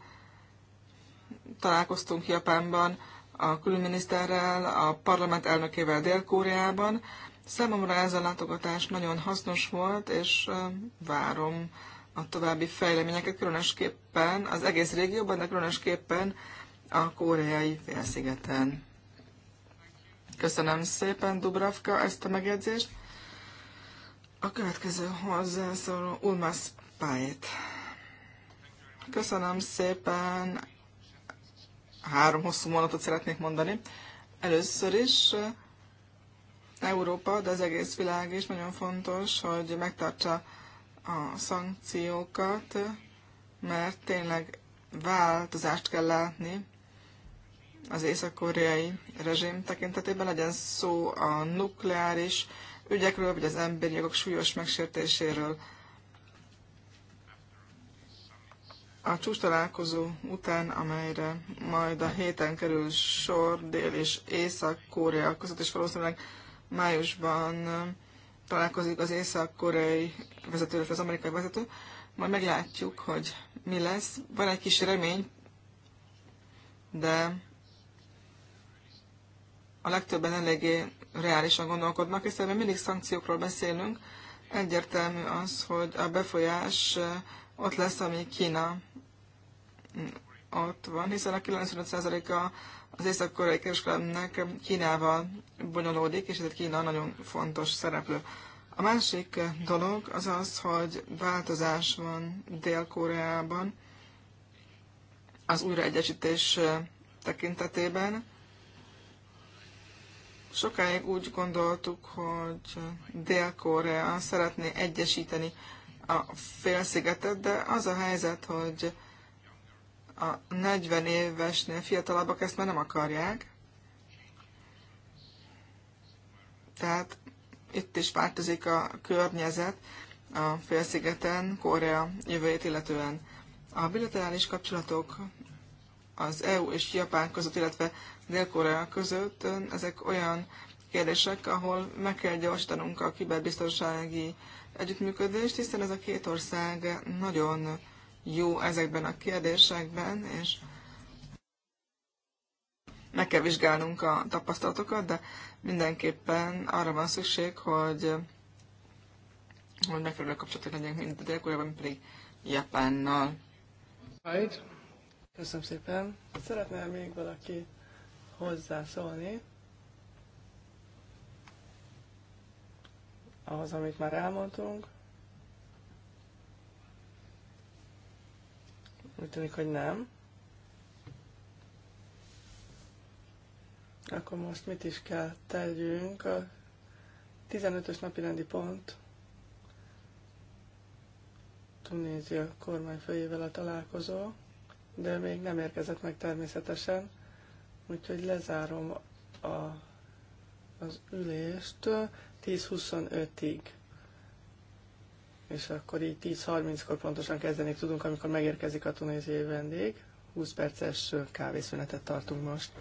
találkoztunk Japánban a külügyminiszterrel, a parlament elnökével Dél-Koreában. Számomra ez a látogatás nagyon hasznos volt, és várom a további fejleményeket, különösképpen az egész régióban, de különösképpen a koreai félszigeten. Köszönöm szépen, Dubravka, ezt a megjegyzést. A következő hozzászóló Ulmas Pájét. Köszönöm szépen, három hosszú mondatot szeretnék mondani. Először is eh, Európa, de az egész világ is nagyon fontos, hogy megtartsa a szankciókat, mert tényleg változást kell látni az észak-koreai rezsim tekintetében, legyen szó a nukleáris ügyekről, vagy az emberi jogok súlyos megsértéséről. a csúcs találkozó után, amelyre majd a héten kerül sor Dél és Észak-Korea között, és valószínűleg májusban találkozik az észak-koreai vezető, az amerikai vezető. Majd meglátjuk, hogy mi lesz. Van egy kis remény, de a legtöbben eléggé reálisan gondolkodnak, hiszen mi mindig szankciókról beszélünk. Egyértelmű az, hogy a befolyás ott lesz, ami Kína ott van, hiszen a 95%-a az észak-koreai kereskedelemnek Kínával bonyolódik, és ezért Kína nagyon fontos szereplő. A másik dolog az az, hogy változás van Dél-Koreában az újraegyesítés tekintetében. Sokáig úgy gondoltuk, hogy Dél-Korea szeretné egyesíteni a félszigetet, de az a helyzet, hogy a 40 évesnél fiatalabbak ezt már nem akarják. Tehát itt is változik a környezet a félszigeten, Korea jövőjét illetően. A bilaterális kapcsolatok az EU és Japán között, illetve Dél-Korea között, ezek olyan kérdések, ahol meg kell gyorsítanunk a kiberbiztonsági együttműködést, hiszen ez a két ország nagyon jó ezekben a kérdésekben, és meg kell vizsgálnunk a tapasztalatokat, de mindenképpen arra van szükség, hogy, hogy megfelelő kapcsolatok legyenek mind a dél pedig Japánnal. Köszönöm szépen. Szeretne még valaki hozzászólni ahhoz, amit már elmondtunk? Úgy tűnik, hogy nem. Akkor most mit is kell tegyünk? A 15-ös napi rendi pont Tunézia kormányfőjével a találkozó, de még nem érkezett meg természetesen, úgyhogy lezárom a, az ülést 10.25-ig és akkor így 10-30-kor pontosan kezdeni tudunk, amikor megérkezik a tunéziai vendég. 20 perces kávészünetet tartunk most.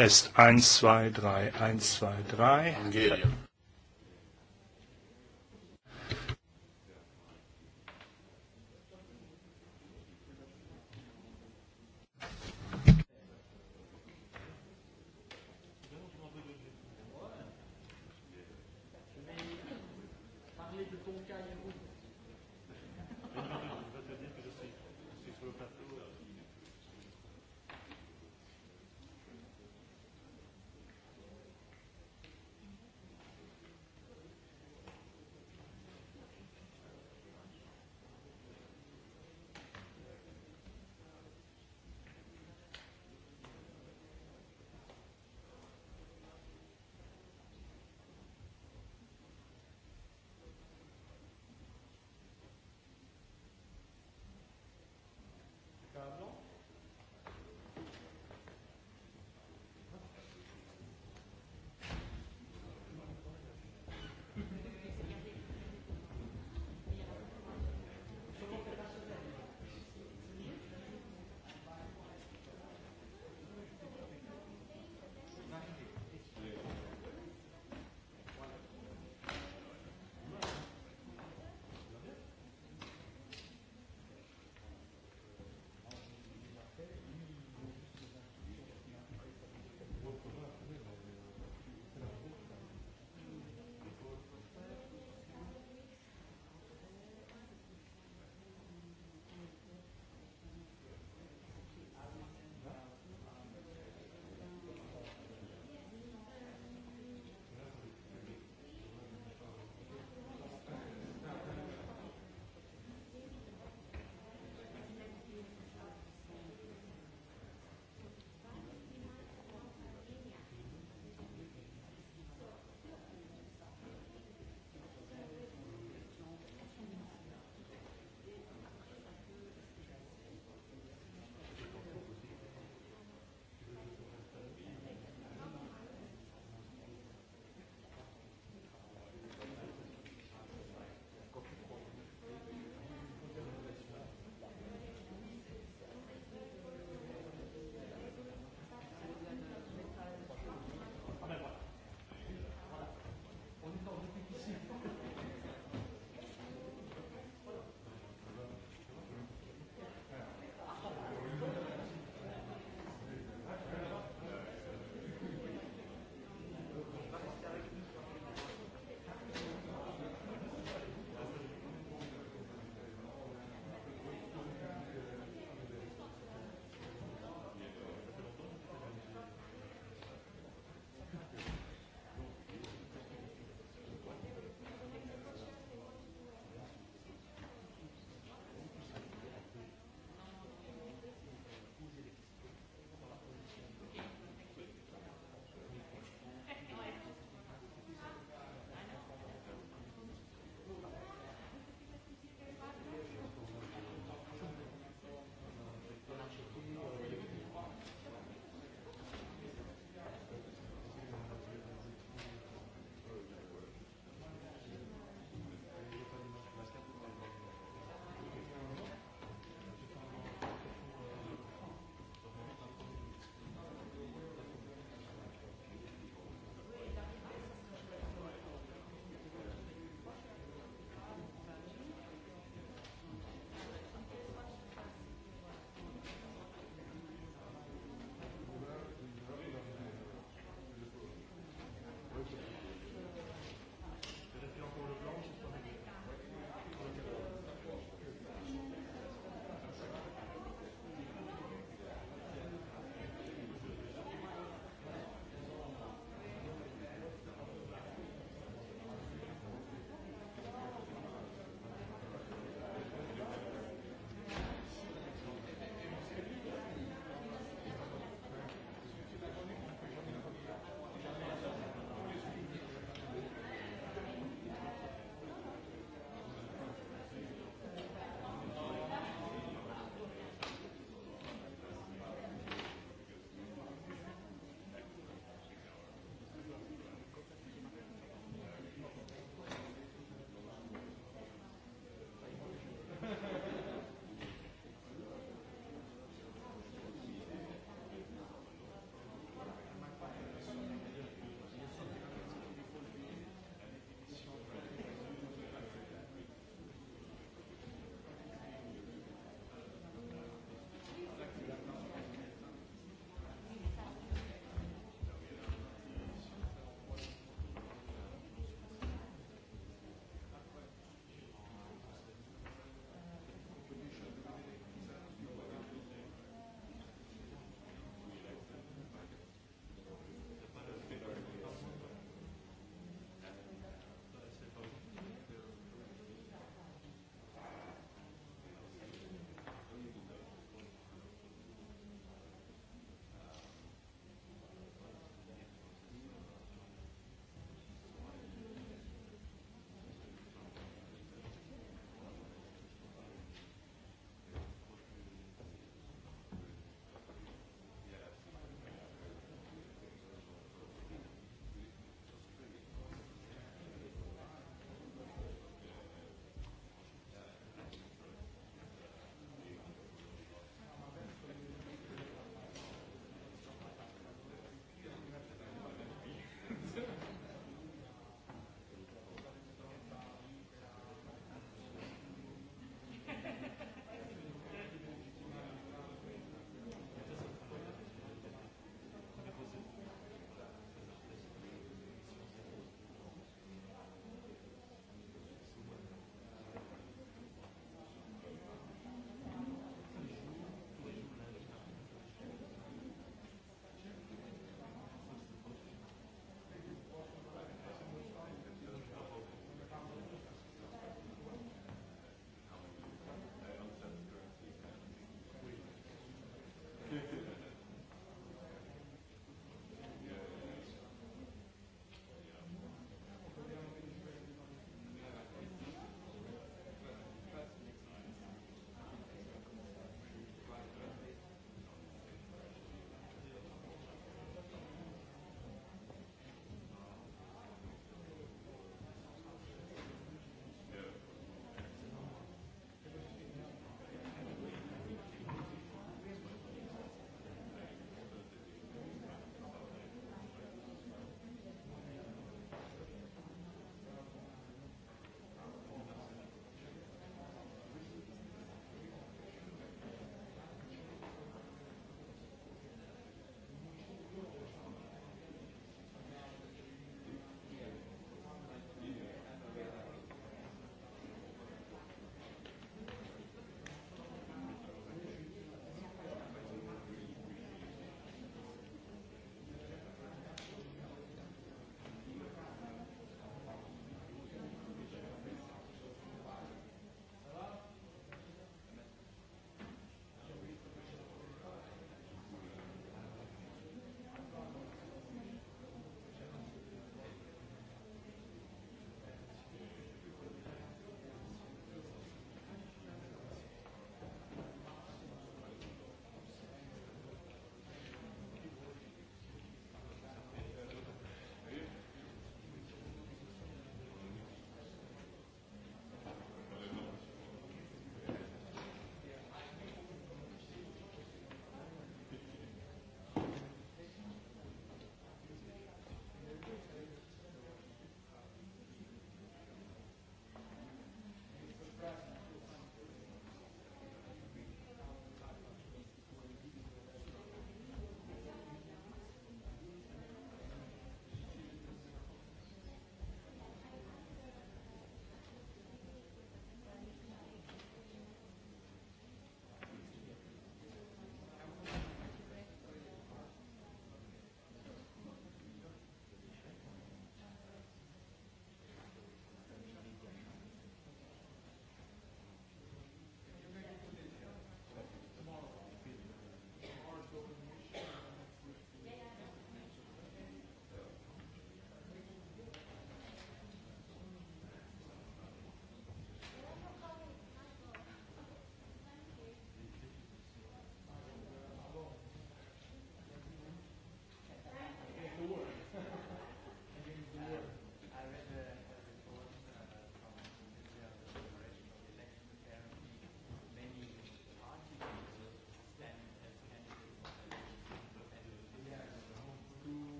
Test 1, 2, 3, 1, 2, 3. Angelien.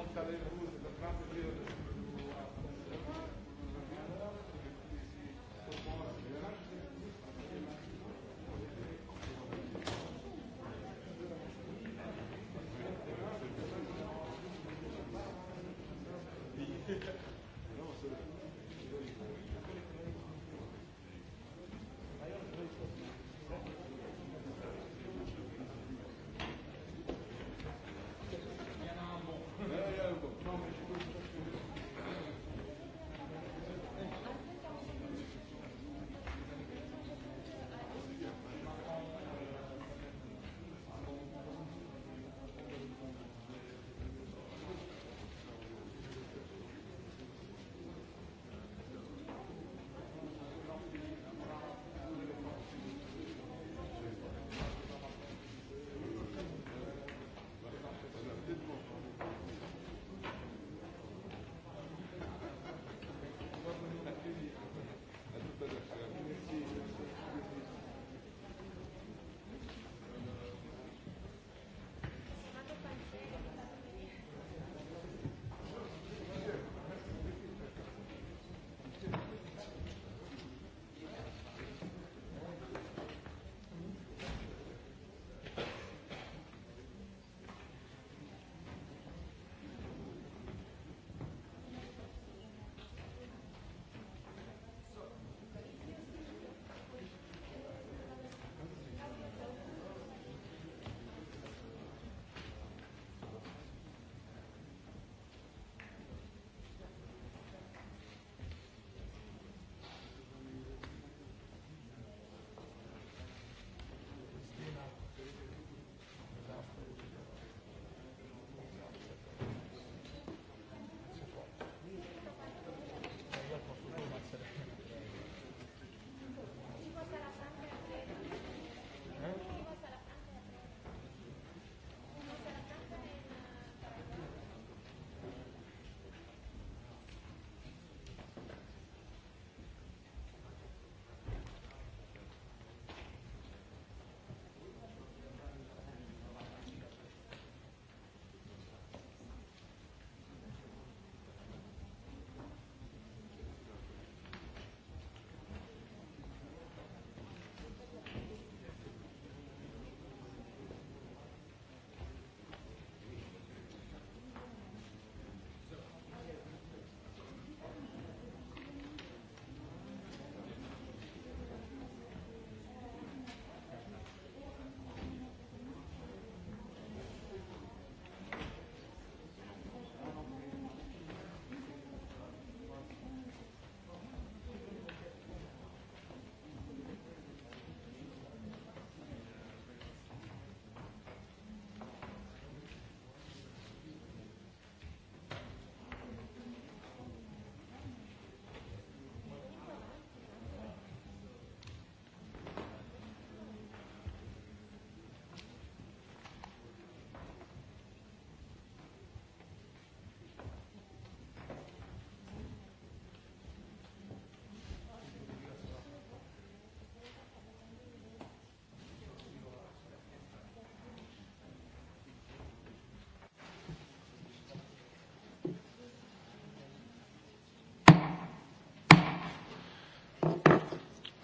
mondta ő,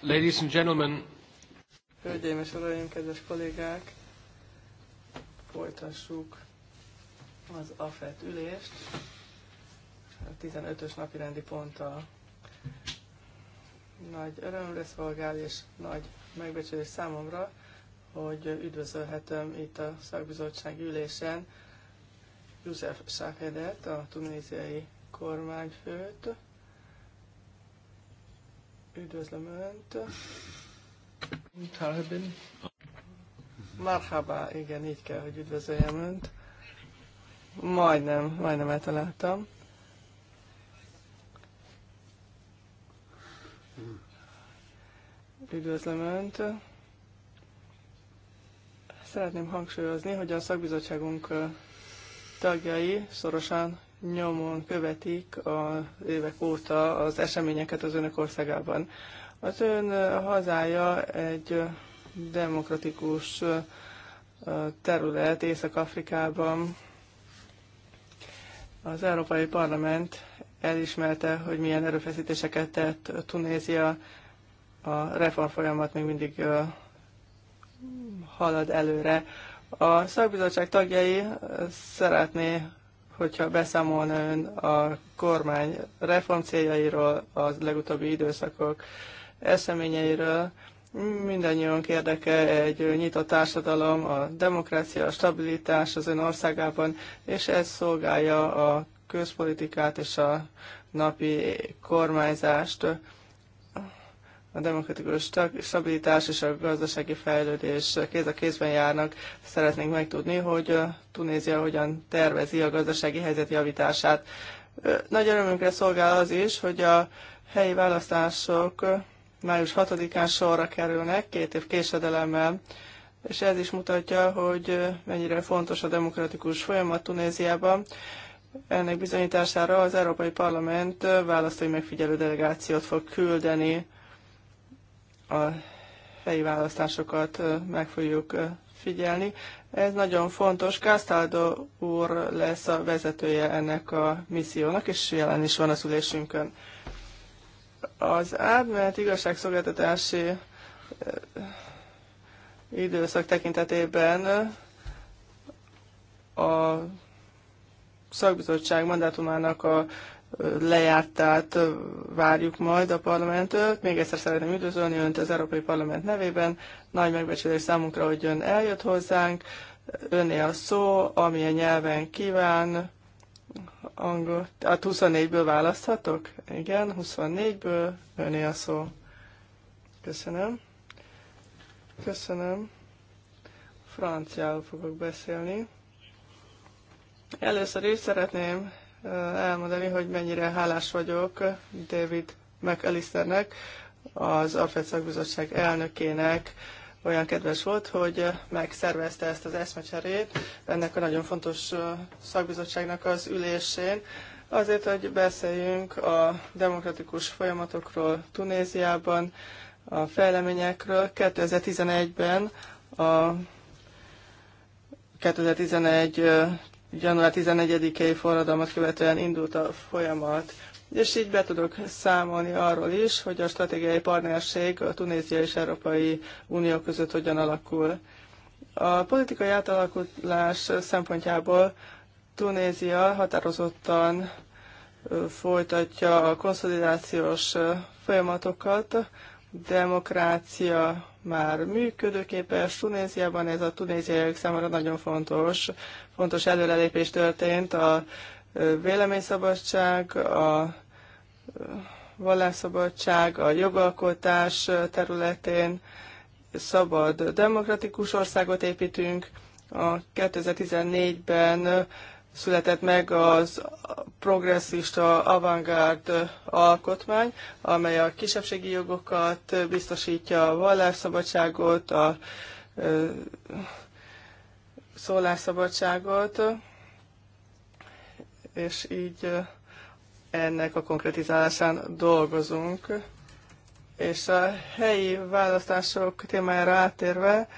Ladies and gentlemen. Hölgyeim és uraim, kedves kollégák, folytassuk az AFET ülést. A 15-ös napi rendi ponttal nagy örömre szolgál és nagy megbecsülés számomra, hogy üdvözölhetem itt a szakbizottság ülésen József Sáhedet, a tunéziai kormányfőt, Üdvözlöm Önt. Tarhabin. Marhaba, igen, így kell, hogy üdvözöljem Önt. Majdnem, majdnem eltaláltam. Üdvözlöm Önt. Szeretném hangsúlyozni, hogy a szakbizottságunk tagjai szorosan nyomon követik az évek óta az eseményeket az önök országában. Az ön hazája egy demokratikus terület Észak-Afrikában. Az Európai Parlament elismerte, hogy milyen erőfeszítéseket tett Tunézia. A reform folyamat még mindig halad előre. A szakbizottság tagjai szeretné hogyha beszámolna ön a kormány reform céljairól, az legutóbbi időszakok eseményeiről. Mindannyiunk érdeke egy nyitott társadalom, a demokrácia, a stabilitás az ön országában, és ez szolgálja a közpolitikát és a napi kormányzást a demokratikus stabilitás és a gazdasági fejlődés kéz a kézben járnak. Szeretnénk megtudni, hogy Tunézia hogyan tervezi a gazdasági helyzet javítását. Nagy örömünkre szolgál az is, hogy a helyi választások május 6-án sorra kerülnek, két év késedelemmel, és ez is mutatja, hogy mennyire fontos a demokratikus folyamat Tunéziában. Ennek bizonyítására az Európai Parlament választói megfigyelő delegációt fog küldeni a helyi választásokat meg fogjuk figyelni. Ez nagyon fontos. Kásztáldó úr lesz a vezetője ennek a missziónak, és jelen is van az ülésünkön. Az átmenet igazságszolgáltatási időszak tekintetében a szakbizottság mandátumának a lejártát várjuk majd a parlamenttől. Még egyszer szeretném üdvözölni Önt az Európai Parlament nevében. Nagy megbecsülés számunkra, hogy Ön eljött hozzánk. Önné a szó, amilyen nyelven kíván. Angol. Hát 24-ből választhatok? Igen, 24-ből. Öné a szó. Köszönöm. Köszönöm. Franciául fogok beszélni. Először is szeretném elmondani, hogy mennyire hálás vagyok David McAllisternek, az Alfred Szakbizottság elnökének, olyan kedves volt, hogy megszervezte ezt az eszmecserét ennek a nagyon fontos szakbizottságnak az ülésén, azért, hogy beszéljünk a demokratikus folyamatokról Tunéziában, a fejleményekről. 2011-ben a 2011 január 14-i forradalmat követően indult a folyamat. És így be tudok számolni arról is, hogy a stratégiai partnerség a Tunézia és Európai Unió között hogyan alakul. A politikai átalakulás szempontjából Tunézia határozottan folytatja a konszolidációs folyamatokat, demokrácia már működőképes Tunéziában, ez a tunéziaiak számára nagyon fontos fontos előrelépés történt a véleményszabadság, a vallásszabadság, a jogalkotás területén szabad demokratikus országot építünk. A 2014-ben született meg az progresszista avantgárd alkotmány, amely a kisebbségi jogokat biztosítja, a vallásszabadságot, a szólásszabadságot, és így ennek a konkretizálásán dolgozunk. És a helyi választások témájára átérve,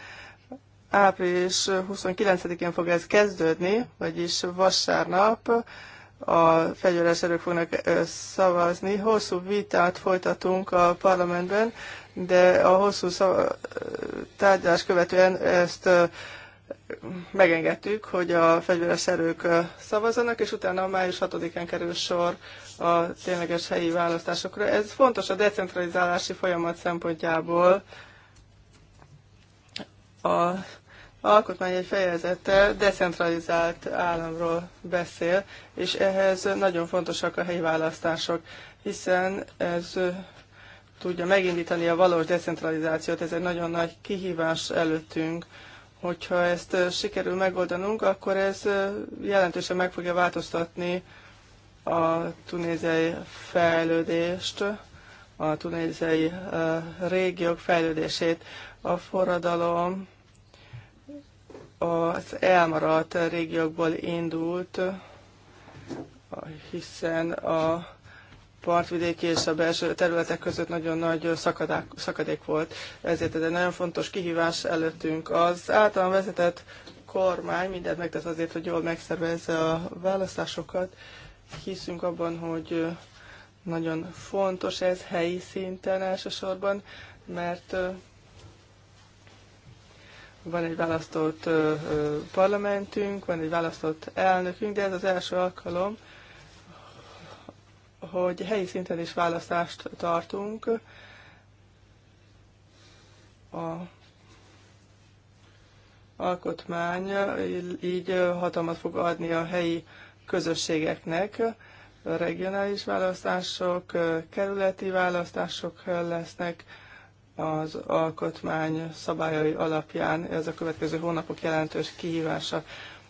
április 29-én fog ez kezdődni, vagyis vasárnap a fegyveres erők fognak szavazni. Hosszú vitát folytatunk a parlamentben, de a hosszú tárgyalás követően ezt megengedtük, hogy a fegyveres erők szavazzanak, és utána a május 6-án kerül sor a tényleges helyi választásokra. Ez fontos a decentralizálási folyamat szempontjából. A alkotmány egy fejezete decentralizált államról beszél, és ehhez nagyon fontosak a helyi választások, hiszen ez tudja megindítani a valós decentralizációt, ez egy nagyon nagy kihívás előttünk Hogyha ezt sikerül megoldanunk, akkor ez jelentősen meg fogja változtatni a tunéziai fejlődést, a tunéziai régiók fejlődését. A forradalom az elmaradt régiókból indult, hiszen a partvidéki és a belső területek között nagyon nagy szakadák, szakadék volt. Ezért ez egy nagyon fontos kihívás előttünk. Az általán vezetett kormány mindent megtesz azért, hogy jól megszervezze a választásokat. Hiszünk abban, hogy nagyon fontos ez helyi szinten elsősorban, mert van egy választott parlamentünk, van egy választott elnökünk, de ez az első alkalom, hogy helyi szinten is választást tartunk a alkotmány így hatalmat fog adni a helyi közösségeknek. Regionális választások, kerületi választások lesznek az alkotmány szabályai alapján. Ez a következő hónapok jelentős kihívása.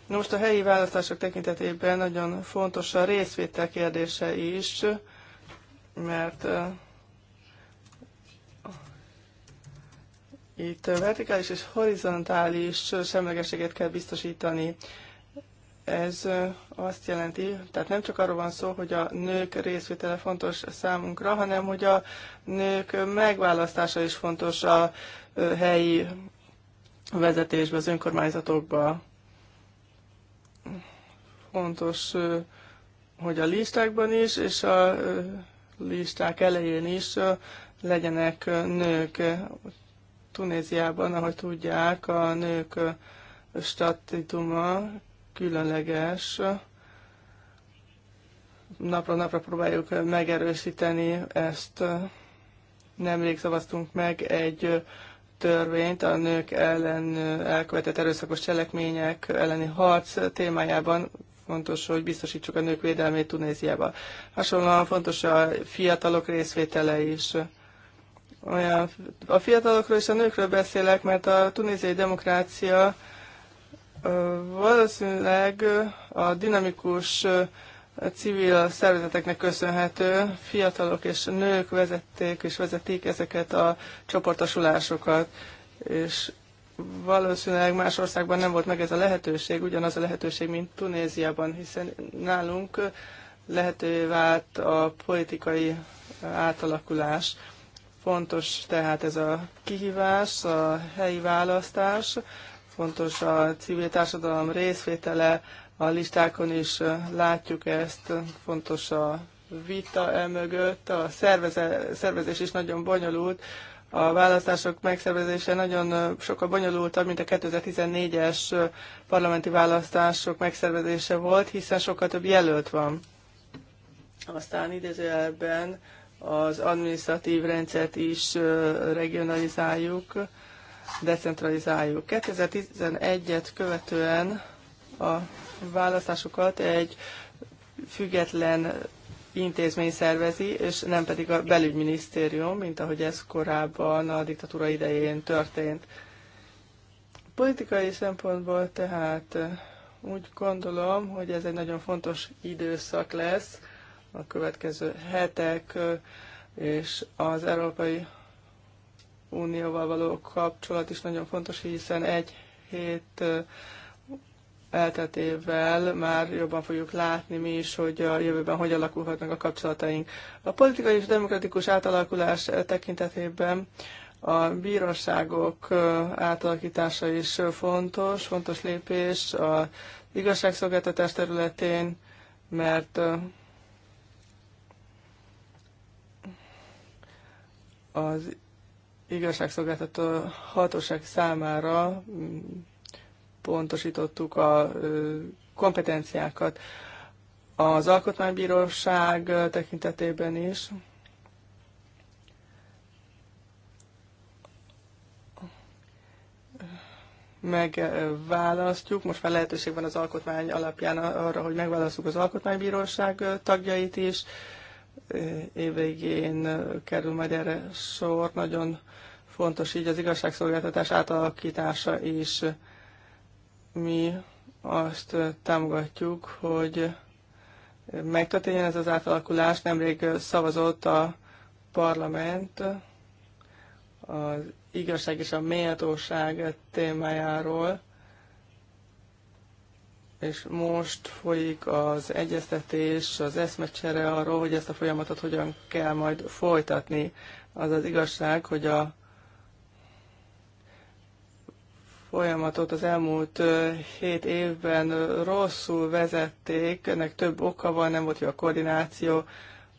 Na most a helyi választások tekintetében nagyon fontos a részvétel kérdése is, mert itt vertikális és horizontális semlegességet kell biztosítani. Ez azt jelenti, tehát nem csak arról van szó, hogy a nők részvétele fontos számunkra, hanem hogy a nők megválasztása is fontos a helyi vezetésbe, az önkormányzatokba fontos, hogy a listákban is, és a listák elején is legyenek nők. Tunéziában, ahogy tudják, a nők statituma különleges. Napra napra próbáljuk megerősíteni ezt. Nemrég szavaztunk meg egy törvényt a nők ellen elkövetett erőszakos cselekmények elleni harc témájában fontos, hogy biztosítsuk a nők védelmét Tunéziában. Hasonlóan fontos a fiatalok részvétele is. Olyan, a fiatalokról és a nőkről beszélek, mert a tunéziai demokrácia valószínűleg a dinamikus civil szervezeteknek köszönhető. Fiatalok és nők vezették és vezetik ezeket a csoportosulásokat, és valószínűleg más országban nem volt meg ez a lehetőség, ugyanaz a lehetőség, mint Tunéziában, hiszen nálunk lehetővé vált a politikai átalakulás. Fontos tehát ez a kihívás, a helyi választás, fontos a civil társadalom részvétele, a listákon is látjuk ezt, fontos a vita emögött, a szervezés is nagyon bonyolult, a választások megszervezése nagyon sokkal bonyolultabb, mint a 2014-es parlamenti választások megszervezése volt, hiszen sokkal több jelölt van. Aztán idézőjelben az administratív rendszert is regionalizáljuk, decentralizáljuk. 2011-et követően a választásukat egy független intézmény szervezi, és nem pedig a belügyminisztérium, mint ahogy ez korábban a diktatúra idején történt. Politikai szempontból tehát eh, úgy gondolom, hogy ez egy nagyon fontos időszak lesz a következő hetek eh, és az Európai Unióval való kapcsolat is nagyon fontos, hiszen egy hét eh, elteltével már jobban fogjuk látni mi is, hogy a jövőben hogy alakulhatnak a kapcsolataink. A politikai és demokratikus átalakulás tekintetében a bíróságok átalakítása is fontos, fontos lépés az igazságszolgáltatás területén, mert az igazságszolgáltató hatóság számára pontosítottuk a kompetenciákat az alkotmánybíróság tekintetében is. megválasztjuk. Most már lehetőség van az alkotmány alapján arra, hogy megválasztjuk az alkotmánybíróság tagjait is. Évvégén kerül majd erre sor. Nagyon fontos így az igazságszolgáltatás átalakítása is mi azt támogatjuk, hogy megtörténjen ez az átalakulás. Nemrég szavazott a parlament az igazság és a méltóság témájáról, és most folyik az egyeztetés, az eszmecsere arról, hogy ezt a folyamatot hogyan kell majd folytatni. Az az igazság, hogy a folyamatot az elmúlt hét évben rosszul vezették, ennek több oka van, nem volt jó a koordináció,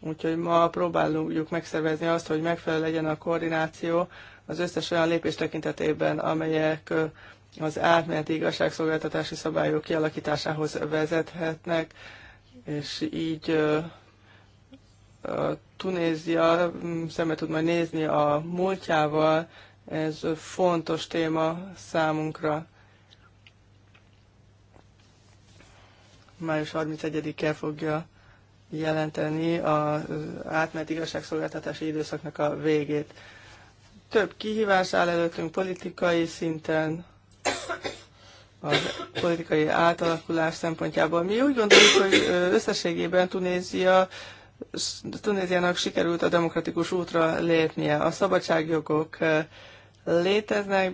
úgyhogy ma próbáljuk megszervezni azt, hogy megfelelő legyen a koordináció az összes olyan lépés tekintetében, amelyek az átmeneti igazságszolgáltatási szabályok kialakításához vezethetnek, és így Tunézia mm, szembe tud majd nézni a múltjával, ez fontos téma számunkra. Május 31-e fogja jelenteni az átmenet igazságszolgáltatási időszaknak a végét. Több kihívás áll előttünk politikai szinten, a politikai átalakulás szempontjából. Mi úgy gondoljuk, hogy összességében Tunézia, Tunéziának sikerült a demokratikus útra lépnie. A szabadságjogok léteznek,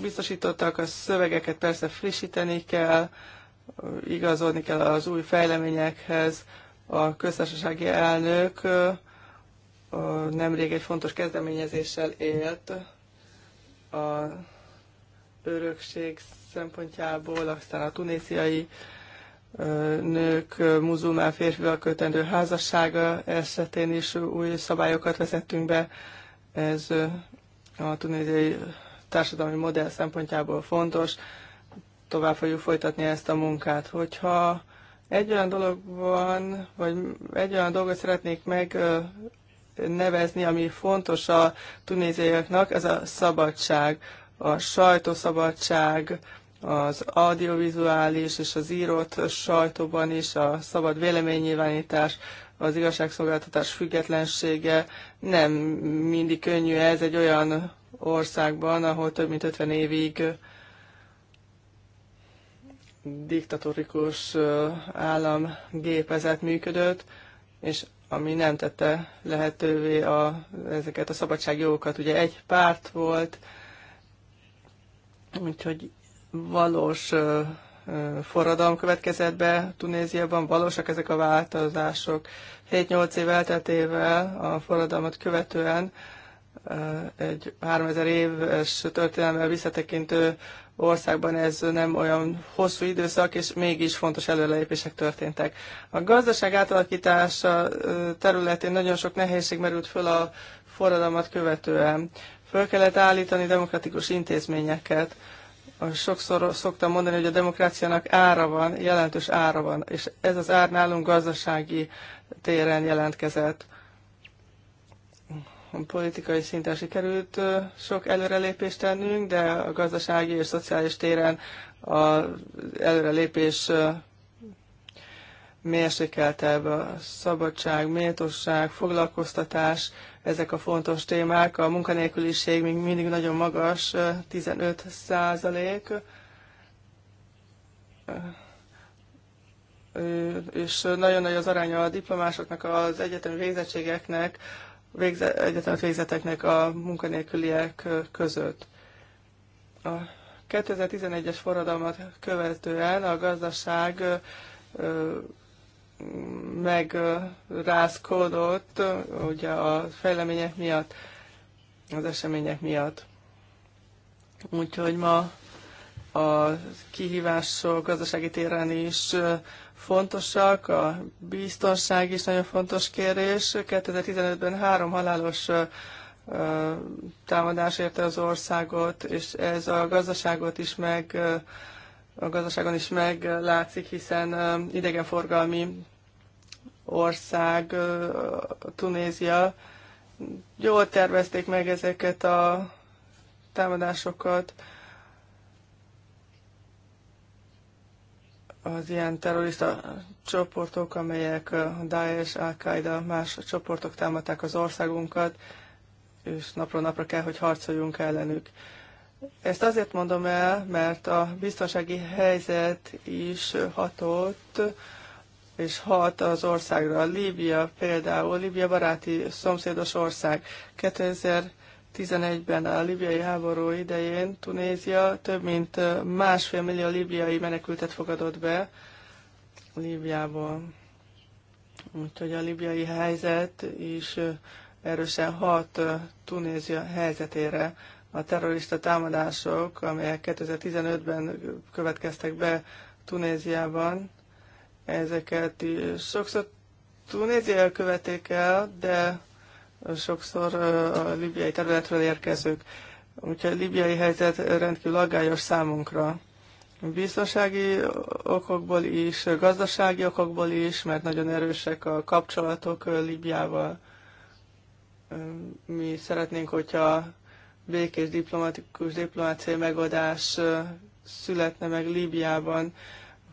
biztosítottak, a szövegeket persze frissíteni kell, igazodni kell az új fejleményekhez. A köztársasági elnök nemrég egy fontos kezdeményezéssel élt a örökség szempontjából, aztán a tunéziai nők muzulmán férfival kötendő házassága esetén is új szabályokat vezettünk be. Ez a tunéziai társadalmi modell szempontjából fontos. Tovább fogjuk folytatni ezt a munkát. Hogyha egy olyan dolog van, vagy egy olyan dolgot szeretnék megnevezni, ami fontos a tunéziaiaknak, ez a szabadság, a sajtószabadság, az audiovizuális és az írott sajtóban is a szabad véleménynyilvánítás, az igazságszolgáltatás függetlensége. Nem mindig könnyű ez egy olyan országban, ahol több mint 50 évig diktatórikus állam gépezet működött, és ami nem tette lehetővé a, ezeket a szabadságjogokat. Ugye egy párt volt, úgyhogy valós forradalom következett be Tunéziában, valósak ezek a változások. 7-8 év elteltével a forradalmat követően egy 3000 éves történelmel visszatekintő országban ez nem olyan hosszú időszak, és mégis fontos előrelépések történtek. A gazdaság átalakítása területén nagyon sok nehézség merült föl a forradalmat követően. Föl kellett állítani demokratikus intézményeket, sokszor szoktam mondani, hogy a demokráciának ára van, jelentős ára van, és ez az ár nálunk gazdasági téren jelentkezett. A politikai szinten sikerült sok előrelépést tennünk, de a gazdasági és szociális téren az előrelépés mérsékeltebb a szabadság, méltóság, foglalkoztatás, ezek a fontos témák. A munkanélküliség még mindig nagyon magas, 15 százalék, és nagyon nagy az aránya a diplomásoknak, az egyetemi végzettségeknek, végze, egyetemi végzeteknek a munkanélküliek között. A 2011-es forradalmat követően a gazdaság megrázkodott ugye a fejlemények miatt, az események miatt. Úgyhogy ma a kihívások gazdasági téren is fontosak, a biztonság is nagyon fontos kérés. 2015-ben három halálos támadás érte az országot, és ez a gazdaságot is meg a gazdaságon is meglátszik, hiszen idegenforgalmi ország, Tunézia, jól tervezték meg ezeket a támadásokat, az ilyen terrorista csoportok, amelyek Daesh, Al-Qaeda, más csoportok támadták az országunkat, és napról napra kell, hogy harcoljunk ellenük. Ezt azért mondom el, mert a biztonsági helyzet is hatott, és hat az országra. Líbia például, Líbia baráti szomszédos ország. 2011-ben a libiai háború idején Tunézia több mint másfél millió libiai menekültet fogadott be Líbiából. Úgyhogy a libiai helyzet is erősen hat Tunézia helyzetére a terrorista támadások, amelyek 2015-ben következtek be Tunéziában, ezeket sokszor Tunézia követték el, de sokszor a libiai területről érkezők. Úgyhogy a libiai helyzet rendkívül aggályos számunkra. Biztonsági okokból is, gazdasági okokból is, mert nagyon erősek a kapcsolatok Libiával. Mi szeretnénk, hogyha békés diplomatikus diplomáciai megoldás születne meg Líbiában,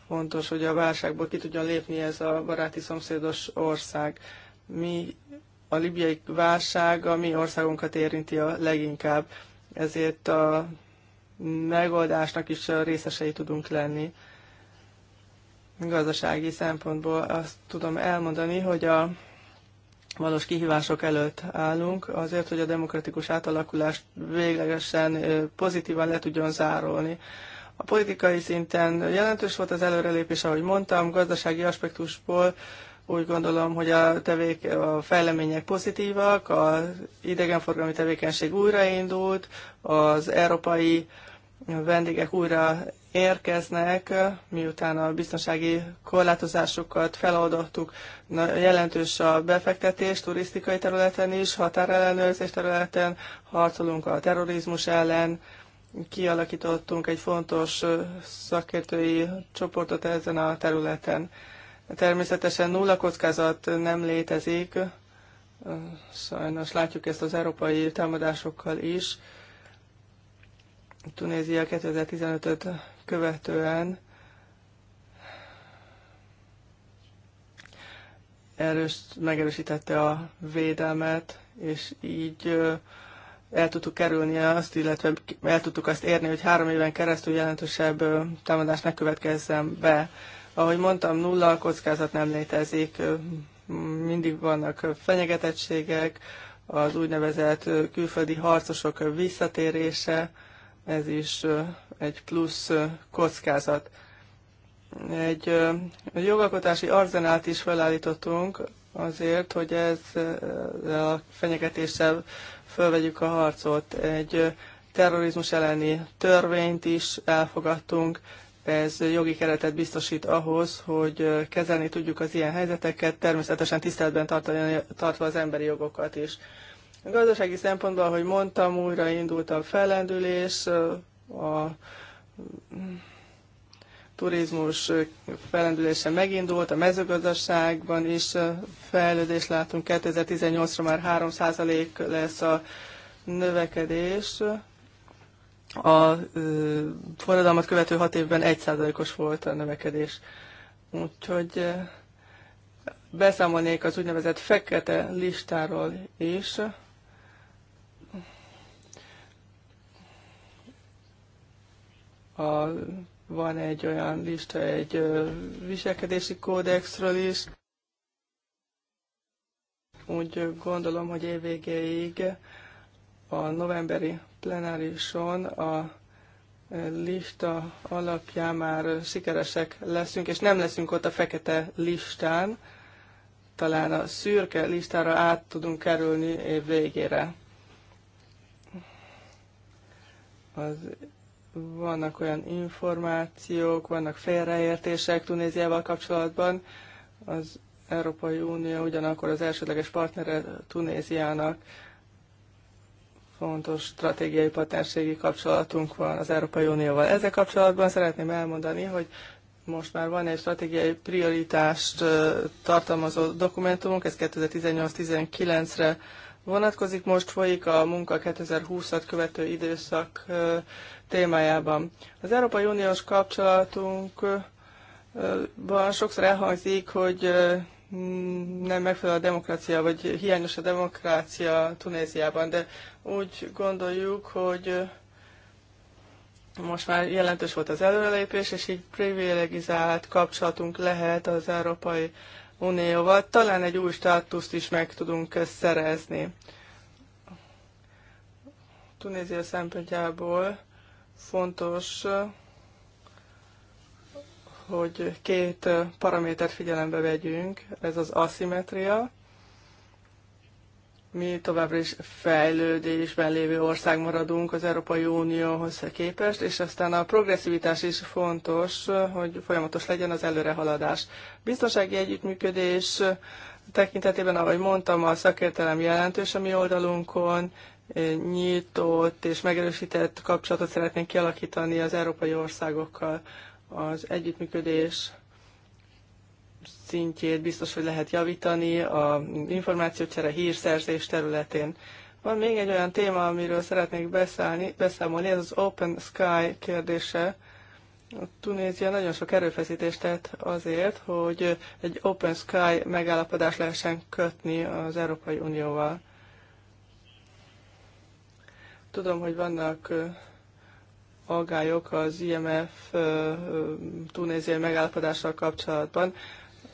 fontos, hogy a válságból ki tudjon lépni ez a baráti szomszédos ország. Mi a libiai válság a mi országunkat érinti a leginkább, ezért a megoldásnak is részesei tudunk lenni. Gazdasági szempontból azt tudom elmondani, hogy a valós kihívások előtt állunk, azért, hogy a demokratikus átalakulást véglegesen pozitívan le tudjon zárolni. A politikai szinten jelentős volt az előrelépés, ahogy mondtam, gazdasági aspektusból úgy gondolom, hogy a, tevék, a fejlemények pozitívak, az idegenforgalmi tevékenység újraindult, az európai uh, a vendégek újra érkeznek, miután a biztonsági korlátozásokat feloldottuk, jelentős a befektetés turisztikai területen is, határellenőrzés területen, harcolunk a terrorizmus ellen, kialakítottunk egy fontos szakértői csoportot ezen a területen. Természetesen nulla kockázat nem létezik, sajnos látjuk ezt az európai támadásokkal is, Tunézia 2015-öt követően erős, megerősítette a védelmet, és így el tudtuk kerülni azt, illetve el tudtuk azt érni, hogy három éven keresztül jelentősebb támadás ne következzen be. Ahogy mondtam, nulla kockázat nem létezik, mindig vannak fenyegetettségek, az úgynevezett külföldi harcosok visszatérése, ez is egy plusz kockázat. Egy jogalkotási arzenát is felállítottunk azért, hogy ez a fenyegetéssel fölvegyük a harcot. Egy terrorizmus elleni törvényt is elfogadtunk, ez jogi keretet biztosít ahhoz, hogy kezelni tudjuk az ilyen helyzeteket, természetesen tiszteletben tartva az emberi jogokat is. A gazdasági szempontból, ahogy mondtam, indult a fellendülés, a mm, turizmus fellendülése megindult, a mezőgazdaságban is fejlődés látunk, 2018-ra már 3% lesz a növekedés. A forradalmat követő 6 évben 1%-os volt a növekedés. Úgyhogy beszámolnék az úgynevezett fekete listáról is. A, van egy olyan lista, egy viselkedési kódexről is. Úgy gondolom, hogy évvégéig a novemberi plenárison a lista alapján már sikeresek leszünk, és nem leszünk ott a fekete listán, talán a szürke listára át tudunk kerülni év végére. Az vannak olyan információk, vannak félreértések Tunéziával kapcsolatban. Az Európai Unió ugyanakkor az elsődleges partnere Tunéziának fontos stratégiai partnerségi kapcsolatunk van az Európai Unióval. Ezzel kapcsolatban szeretném elmondani, hogy most már van egy stratégiai prioritást tartalmazó dokumentumunk, ez 2018-19-re vonatkozik. Most folyik a munka 2020-at követő időszak témájában. Az Európai Uniós kapcsolatunkban sokszor elhangzik, hogy nem megfelelő a demokrácia, vagy hiányos a demokrácia Tunéziában, de úgy gondoljuk, hogy most már jelentős volt az előrelépés, és így privilegizált kapcsolatunk lehet az Európai Unióval. Talán egy új státuszt is meg tudunk szerezni. Tunézia szempontjából Fontos, hogy két paramétert figyelembe vegyünk, ez az aszimetria, mi továbbra is fejlődésben lévő ország maradunk az Európai Unióhoz képest, és aztán a progresszivitás is fontos, hogy folyamatos legyen az előrehaladás. Biztonsági együttműködés tekintetében, ahogy mondtam, a szakértelem jelentős a mi oldalunkon, nyitott és megerősített kapcsolatot szeretnénk kialakítani az európai országokkal. Az együttműködés szintjét biztos, hogy lehet javítani a információcsere hírszerzés területén. Van még egy olyan téma, amiről szeretnék beszállni, beszámolni, ez az Open Sky kérdése. A Tunézia nagyon sok erőfeszítést tett azért, hogy egy Open Sky megállapodást lehessen kötni az Európai Unióval. Tudom, hogy vannak aggályok az IMF tunéziai megállapodással kapcsolatban.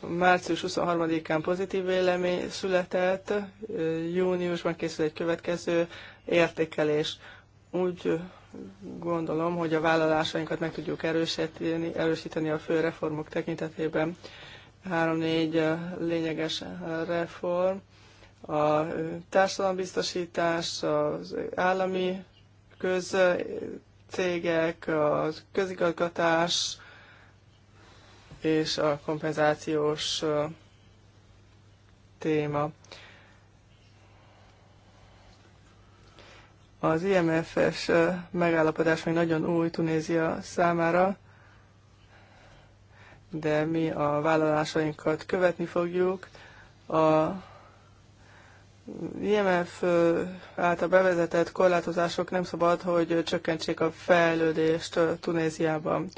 Március 23-án pozitív vélemény született, júniusban készül egy következő értékelés. Úgy gondolom, hogy a vállalásainkat meg tudjuk erősíteni, erősíteni a fő reformok tekintetében. Három-négy lényeges reform a társadalombiztosítás, az állami közcégek, a közigazgatás és a kompenzációs téma. Az IMF-es megállapodás még nagyon új Tunézia számára, de mi a vállalásainkat követni fogjuk. A IMF által bevezetett korlátozások nem szabad, hogy csökkentsék a fejlődést Tunéziában.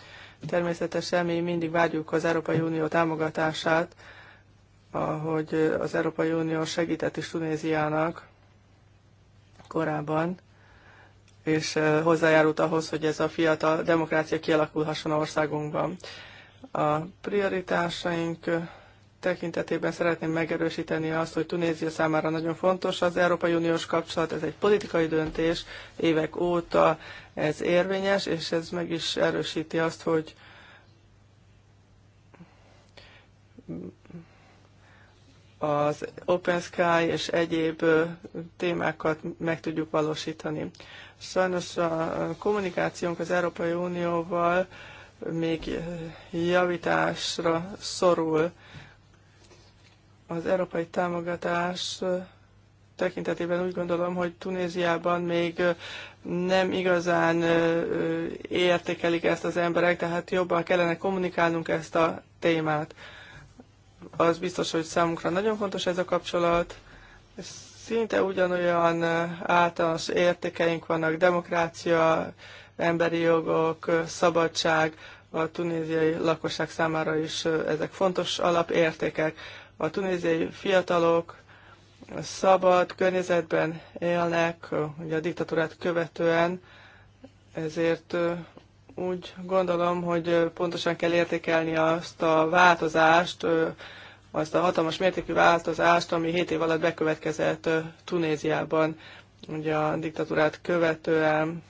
Természetesen mi mindig várjuk az Európai Unió támogatását, ahogy az Európai Unió segített is Tunéziának korábban, és eh, hozzájárult ahhoz, hogy ez a fiatal demokrácia kialakulhasson a országunkban. A prioritásaink tekintetében szeretném megerősíteni azt, hogy Tunézia számára nagyon fontos az Európai Uniós kapcsolat, ez egy politikai döntés, évek óta ez érvényes, és ez meg is erősíti azt, hogy az Open Sky és egyéb témákat meg tudjuk valósítani. Sajnos a kommunikációnk az Európai Unióval még javításra szorul az európai támogatás tekintetében úgy gondolom, hogy Tunéziában még nem igazán értékelik ezt az emberek, tehát jobban kellene kommunikálnunk ezt a témát. Az biztos, hogy számunkra nagyon fontos ez a kapcsolat. Szinte ugyanolyan általános értékeink vannak, demokrácia, emberi jogok, szabadság, a tunéziai lakosság számára is ezek fontos alapértékek a tunéziai fiatalok szabad környezetben élnek, ugye a diktatúrát követően, ezért úgy gondolom, hogy pontosan kell értékelni azt a változást, azt a hatalmas mértékű változást, ami 7 év alatt bekövetkezett Tunéziában, ugye a diktatúrát követően.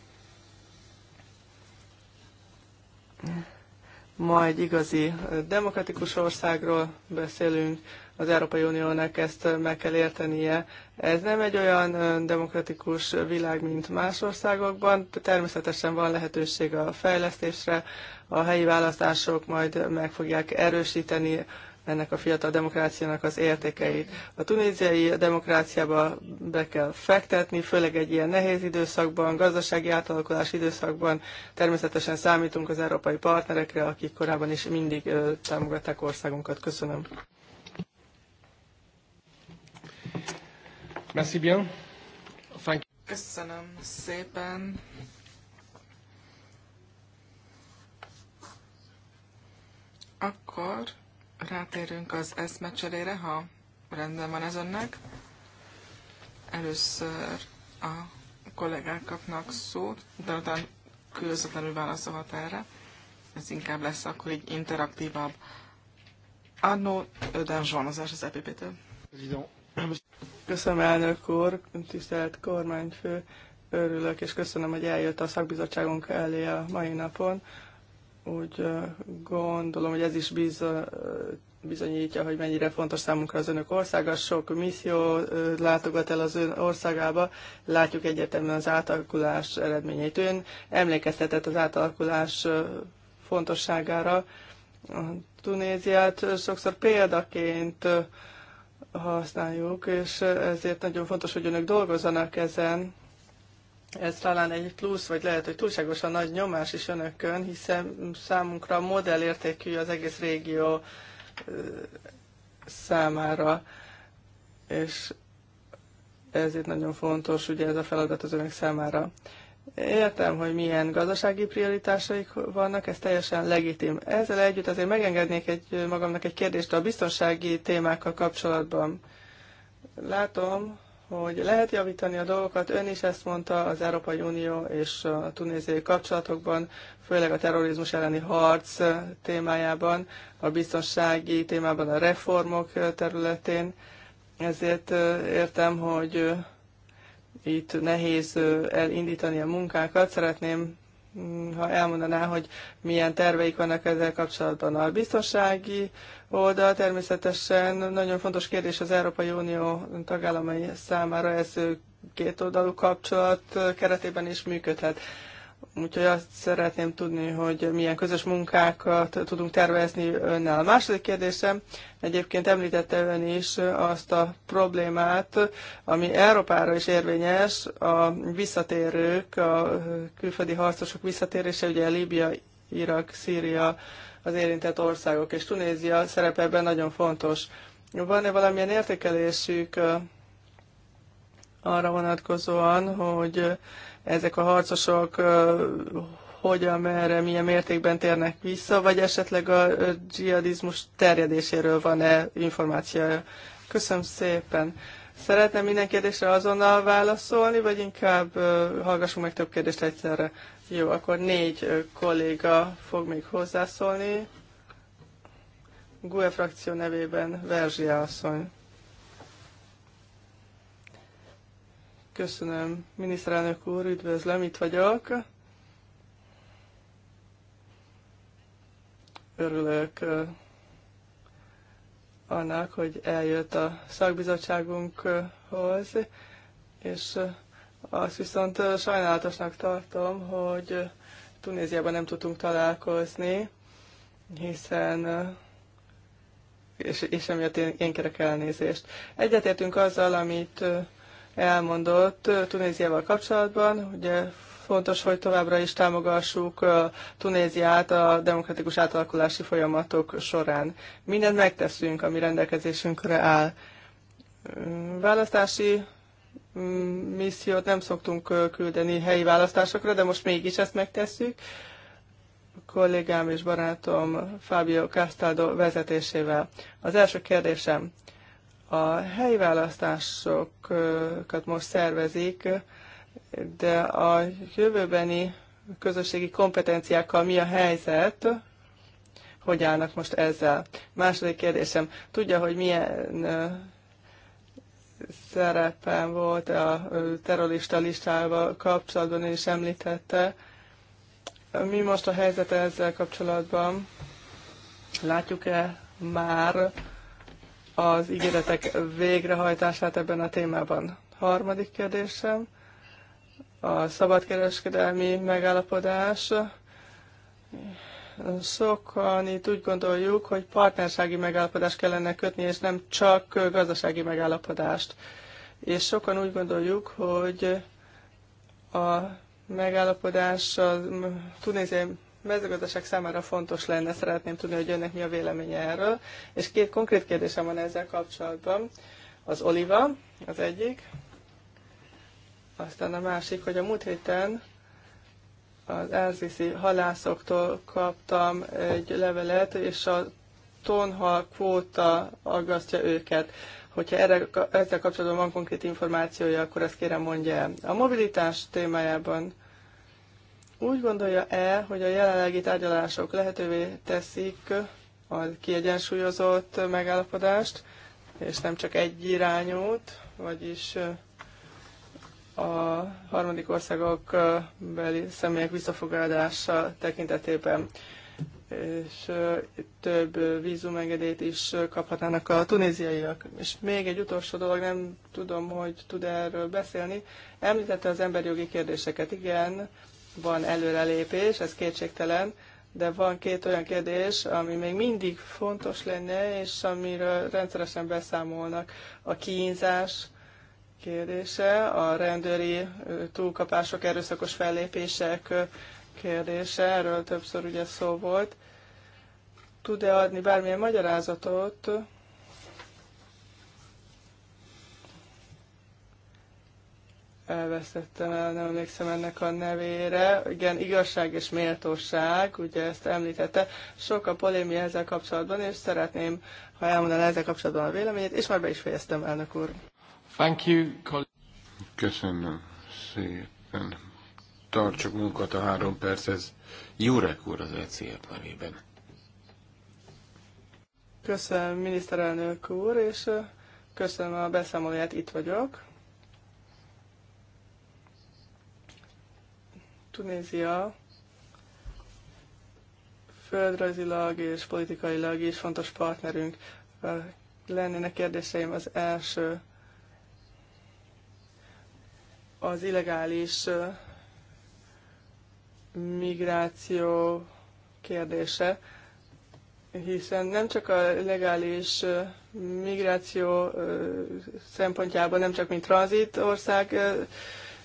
Ma egy igazi demokratikus országról beszélünk, az Európai Uniónak ezt meg kell értenie. Ez nem egy olyan demokratikus világ, mint más országokban. Természetesen van lehetőség a fejlesztésre, a helyi választások majd meg fogják erősíteni ennek a fiatal demokráciának az értékeit. A tunéziai demokráciába be kell fektetni, főleg egy ilyen nehéz időszakban, gazdasági átalakulás időszakban. Természetesen számítunk az európai partnerekre, akik korábban is mindig támogatták országunkat. Köszönöm. Merci bien. Thank you. Köszönöm szépen. Akkor rátérünk az eszmecserére, ha rendben van ez önnek. Először a kollégák kapnak szót, de utána közvetlenül válaszolhat erre. Ez inkább lesz akkor így interaktívabb. Arnaud Danzsonozás az EPP-től. Köszönöm, elnök úr, tisztelt kormányfő, örülök, és köszönöm, hogy eljött a szakbizottságunk elé a mai napon úgy gondolom, hogy ez is biz, bizonyítja, hogy mennyire fontos számunkra az önök országa. Sok misszió látogat el az ön országába, látjuk egyértelműen az átalakulás eredményeit. Ön emlékeztetett az átalakulás fontosságára. A Tunéziát sokszor példaként használjuk, és ezért nagyon fontos, hogy önök dolgozzanak ezen, ez talán egy plusz, vagy lehet, hogy túlságosan nagy nyomás is önökön, hiszen számunkra modellértékű az egész régió számára, és ezért nagyon fontos ugye ez a feladat az önök számára. Értem, hogy milyen gazdasági prioritásaik vannak, ez teljesen legitim. Ezzel együtt azért megengednék egy, magamnak egy kérdést a biztonsági témákkal kapcsolatban. Látom, hogy lehet javítani a dolgokat. Ön is ezt mondta az Európai Unió és a tunéziai kapcsolatokban, főleg a terrorizmus elleni harc témájában, a biztonsági témában, a reformok területén. Ezért értem, hogy itt nehéz elindítani a munkákat. Szeretném, mm, ha elmondaná, hogy milyen terveik vannak ezzel kapcsolatban a biztonsági oldal. Természetesen nagyon fontos kérdés az Európai Unió tagállamai számára, ez két oldalú kapcsolat keretében is működhet. Úgyhogy azt szeretném tudni, hogy milyen közös munkákat tudunk tervezni önnel. A második kérdésem, egyébként említette ön is azt a problémát, ami Európára is érvényes, a visszatérők, a külföldi harcosok visszatérése, ugye Líbia, Irak, Szíria az érintett országok, és Tunézia szerepe ebben nagyon fontos. Van-e valamilyen értékelésük arra vonatkozóan, hogy ezek a harcosok hogyan, merre, milyen mértékben térnek vissza, vagy esetleg a dzsihadizmus terjedéséről van-e információja? Köszönöm szépen. Szeretne minden kérdésre azonnal válaszolni, vagy inkább hallgassunk meg több kérdést egyszerre? Jó, akkor négy kolléga fog még hozzászólni. GUE frakció nevében Verzsia asszony. Köszönöm, miniszterelnök úr, üdvözlöm, itt vagyok. Örülök annak, hogy eljött a szakbizottságunkhoz, és azt viszont sajnálatosnak tartom, hogy Tunéziában nem tudtunk találkozni, hiszen és, és emiatt én, én kerek elnézést. Egyetértünk azzal, amit elmondott Tunéziával kapcsolatban, ugye Fontos, hogy továbbra is támogassuk Tunéziát a demokratikus átalakulási folyamatok során. Mindent megteszünk, ami rendelkezésünkre áll. Választási mm, missziót nem szoktunk küldeni helyi választásokra, de most mégis ezt megtesszük. A kollégám és barátom Fábio Castaldo vezetésével. Az első kérdésem. A helyi választásokat most szervezik, de a jövőbeni közösségi kompetenciákkal mi a helyzet, hogy állnak most ezzel? Második kérdésem, tudja, hogy milyen szerepem volt a terrorista listával kapcsolatban, és is említette. Mi most a helyzet ezzel kapcsolatban? Látjuk-e már az ígéretek végrehajtását ebben a témában? Harmadik kérdésem a szabadkereskedelmi megállapodás. Sokan itt úgy gondoljuk, hogy partnersági megállapodást kellene kötni, és nem csak gazdasági megállapodást. És sokan úgy gondoljuk, hogy a megállapodás a tunéziai mezőgazdaság számára fontos lenne. Szeretném tudni, hogy önnek mi a véleménye erről. És két konkrét kérdésem van ezzel kapcsolatban. Az oliva az egyik. Aztán a másik, hogy a múlt héten az LCC halászoktól kaptam egy levelet, és a tonhal kvóta aggasztja őket. Hogyha erre, ezzel kapcsolatban van konkrét információja, akkor ezt kérem mondja el. A mobilitás témájában úgy gondolja-e, hogy a jelenlegi tárgyalások lehetővé teszik a kiegyensúlyozott megállapodást, és nem csak egy irányút, vagyis a harmadik országok beli személyek visszafogadása tekintetében. És több vízumengedélyt is kaphatnának a tunéziaiak. És még egy utolsó dolog, nem tudom, hogy tud -e erről beszélni. Említette az emberjogi kérdéseket. Igen, van előrelépés, ez kétségtelen, de van két olyan kérdés, ami még mindig fontos lenne, és amiről rendszeresen beszámolnak. A kínzás, kérdése, a rendőri túlkapások, erőszakos fellépések kérdése, erről többször ugye szó volt. Tud-e adni bármilyen magyarázatot? Elvesztettem el, nem emlékszem ennek a nevére. Igen, igazság és méltóság, ugye ezt említette. Sok a polémia ezzel kapcsolatban, és szeretném, ha elmondaná ezzel kapcsolatban a véleményét, és már be is fejeztem, elnök úr. Thank you, Köszönöm szépen. Tartsuk munkat a három perchez. Jurek úr az ECF nevében. Köszönöm, miniszterelnök úr, és köszönöm a beszámolóját, itt vagyok. Tunézia földrajzilag és politikailag is fontos partnerünk. Lennének kérdéseim az első az illegális migráció kérdése, hiszen nem csak a legális migráció szempontjából, nem csak mint tranzit ország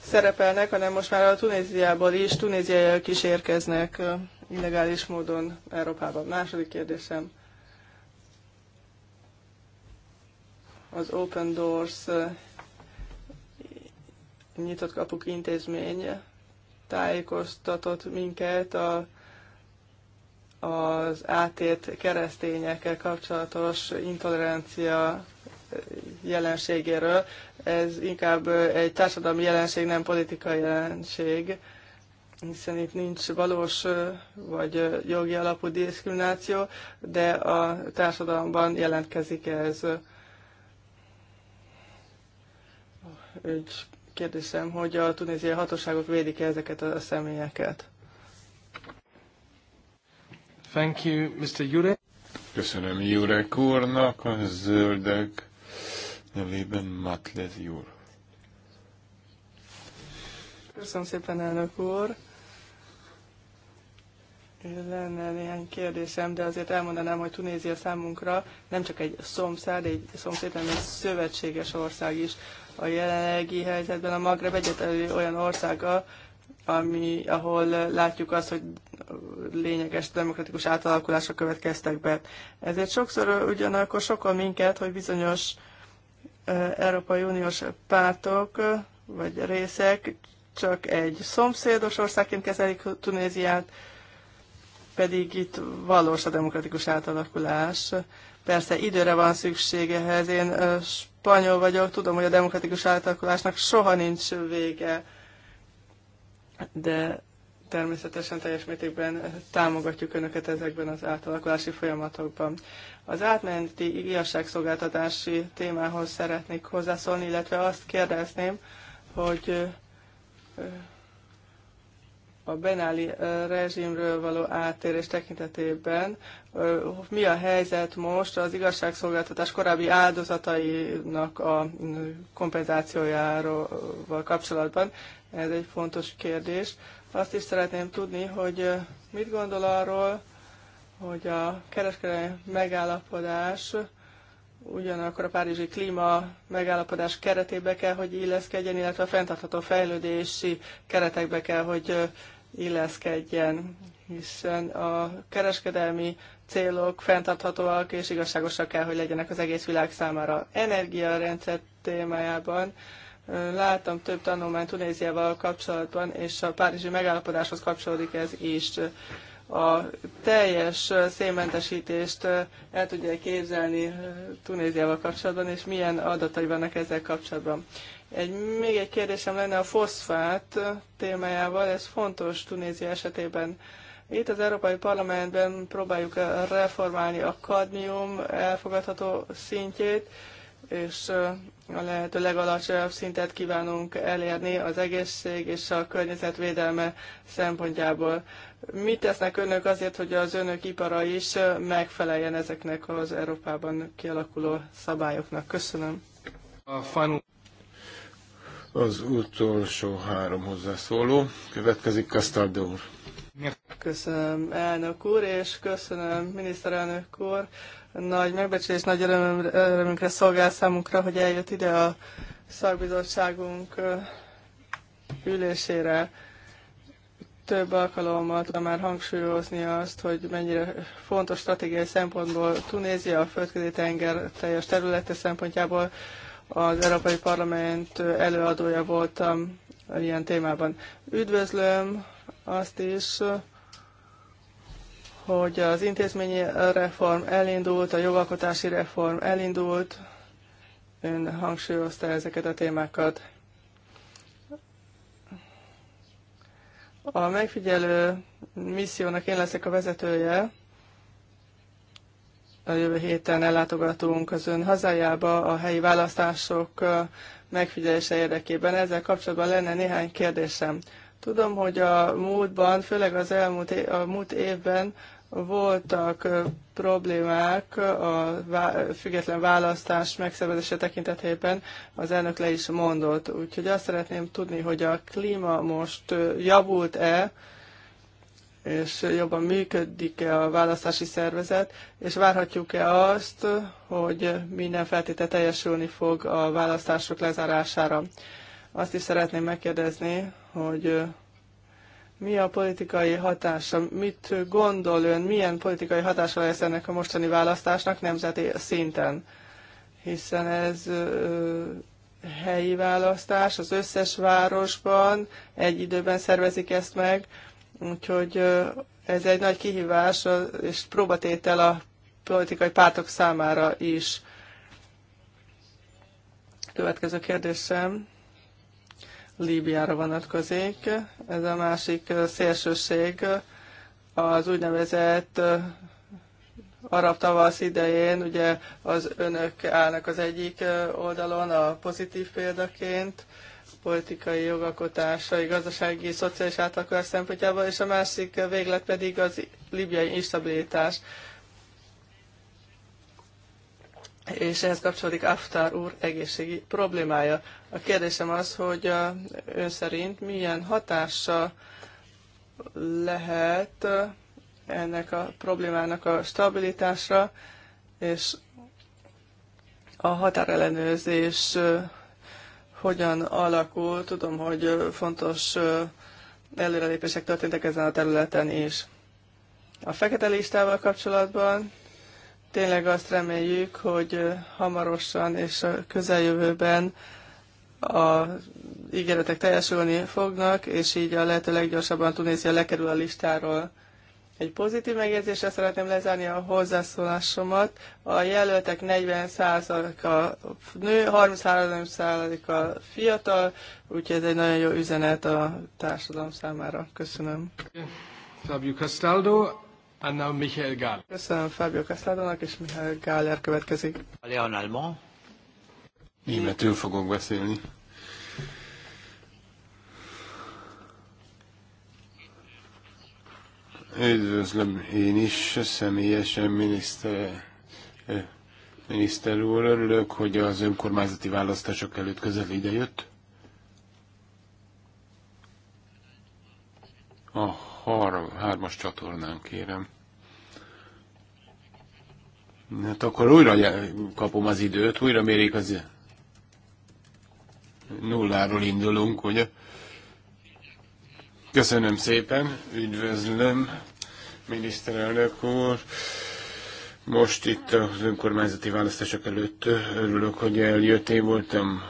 szerepelnek, hanem most már a Tunéziából is, tunéziaiak is érkeznek illegális módon Európában. Második kérdésem. Az Open Doors nyitott kapuk intézmény tájékoztatott minket a, az átért keresztényekkel kapcsolatos intolerancia jelenségéről. Ez inkább egy társadalmi jelenség, nem politikai jelenség, hiszen itt nincs valós vagy jogi alapú diszkrimináció, de a társadalomban jelentkezik ez. Úgy Kérdésem, hogy a tunéziai hatóságok védik -e ezeket a személyeket? Thank you, Mr. Jurek. Köszönöm Jurek úrnak, a zöldek nevében Matlet úr. Köszönöm szépen, elnök úr. Lenne néhány kérdésem, de azért elmondanám, hogy Tunézia számunkra nem csak egy szomszéd, egy szomszéd, hanem egy szövetséges ország is a jelenlegi helyzetben a Magreb egyetlen olyan országa, ami, ahol látjuk azt, hogy lényeges demokratikus átalakulások következtek be. Ezért sokszor ugyanakkor sokkal minket, hogy bizonyos Európai Uniós pártok vagy részek csak egy szomszédos országként kezelik Tunéziát, pedig itt valós a demokratikus átalakulás. Persze időre van szükség ehhez. Én spanyol vagyok, tudom, hogy a demokratikus átalakulásnak soha nincs vége, de természetesen teljes mértékben támogatjuk Önöket ezekben az átalakulási folyamatokban. Az átmenti igazságszolgáltatási témához szeretnék hozzászólni, illetve azt kérdezném, hogy a benáli rezsimről való áttérés tekintetében. Mi a helyzet most az igazságszolgáltatás korábbi áldozatainak a mm, kompenzációjával kapcsolatban? Ez egy fontos kérdés. Azt is szeretném tudni, hogy mit gondol arról, hogy a kereskedelmi megállapodás ugyanakkor a Párizsi Klíma megállapodás keretébe kell, hogy illeszkedjen, illetve a fenntartható fejlődési keretekbe kell, hogy illeszkedjen, hiszen a kereskedelmi célok fenntarthatóak és igazságosak kell, hogy legyenek az egész világ számára. Energiarendszer témájában láttam több tanulmányt Tunéziával kapcsolatban, és a Párizsi megállapodáshoz kapcsolódik ez is. A teljes szénmentesítést el tudják képzelni Tunéziával kapcsolatban, és milyen adatai vannak ezzel kapcsolatban. Egy, még egy kérdésem lenne a foszfát témájával, ez fontos Tunézia esetében. Itt az Európai Parlamentben próbáljuk reformálni a kadmium elfogadható szintjét, és a lehető legalacsonyabb szintet kívánunk elérni az egészség és a környezetvédelme szempontjából. Mit tesznek önök azért, hogy az önök ipara is megfeleljen ezeknek az Európában kialakuló szabályoknak? Köszönöm. A final... Az utolsó három hozzászóló. Következik Kastardó úr. Köszönöm, elnök úr, és köszönöm, miniszterelnök úr. Nagy megbecsülés, nagy öröm, örömünkre szolgál számunkra, hogy eljött ide a szakbizottságunk ülésére. Több alkalommal tudom már hangsúlyozni azt, hogy mennyire fontos stratégiai szempontból Tunézia, a földközi tenger teljes területe szempontjából az Európai Parlament előadója voltam ilyen témában. Üdvözlöm azt is, hogy az intézményi reform elindult, a jogalkotási reform elindult, ön hangsúlyozta ezeket a témákat. A megfigyelő missziónak én leszek a vezetője, a jövő héten ellátogatunk az ön hazájába a helyi választások megfigyelése érdekében. Ezzel kapcsolatban lenne néhány kérdésem. Tudom, hogy a múltban, főleg az elmúlt a múlt évben voltak problémák a független választás megszervezése tekintetében, az elnök le is mondott. Úgyhogy azt szeretném tudni, hogy a klíma most javult-e, és jobban működik-e a választási szervezet, és várhatjuk-e azt, hogy minden feltétel teljesülni fog a választások lezárására. Azt is szeretném megkérdezni, hogy mi a politikai hatása, mit gondol ön, milyen politikai hatása lesz ennek a mostani választásnak nemzeti szinten? Hiszen ez ö, helyi választás, az összes városban egy időben szervezik ezt meg, Úgyhogy ez egy nagy kihívás és próbatétel a politikai pártok számára is. Következő kérdésem Líbiára vonatkozik. Ez a másik szélsőség az úgynevezett arab tavasz idején, ugye az önök állnak az egyik oldalon a pozitív példaként, politikai jogakotásai, gazdasági, szociális átalakulás szempontjából, és a másik véglet pedig az libiai instabilitás. És ehhez kapcsolódik Aftar úr egészségi problémája. A kérdésem az, hogy ön szerint milyen hatása lehet ennek a problémának a stabilitásra, és a határellenőrzés hogyan alakul. Tudom, hogy fontos előrelépések történtek ezen a területen is. A fekete listával kapcsolatban tényleg azt reméljük, hogy hamarosan és a közeljövőben a ígéretek teljesülni fognak, és így a lehető leggyorsabban Tunézia lekerül a listáról. Egy pozitív megjegyzésre szeretném lezárni a hozzászólásomat. A jelöltek 40%-a nő, 33%-a fiatal, úgyhogy ez egy nagyon jó üzenet a társadalom számára. Köszönöm. Fabio Castaldo, and now Michael Gall. Köszönöm Fabio castaldo és Michael Gáller következik. Leon Almond. Németül fogok beszélni. Üdvözlöm én is személyesen, miniszter, eh, miniszter úr. Örülök, hogy az önkormányzati választások előtt közel ide jött. A har- hármas csatornán kérem. Hát akkor újra kapom az időt, újra mérik az nulláról indulunk, ugye? Köszönöm szépen, üdvözlöm miniszterelnök úr. Most itt az önkormányzati választások előtt örülök, hogy eljött. Én voltam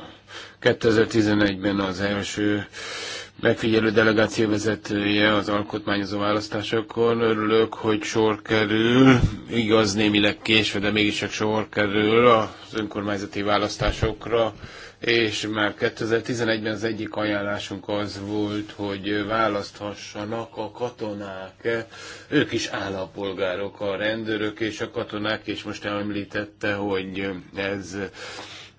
2011-ben az első megfigyelő delegáció vezetője az alkotmányozó választásokon. Örülök, hogy sor kerül, igaz némileg késve, de mégis csak sor kerül az önkormányzati választásokra és már 2011-ben az egyik ajánlásunk az volt, hogy választhassanak a katonák, ők is állapolgárok a rendőrök és a katonák, és most említette, hogy ez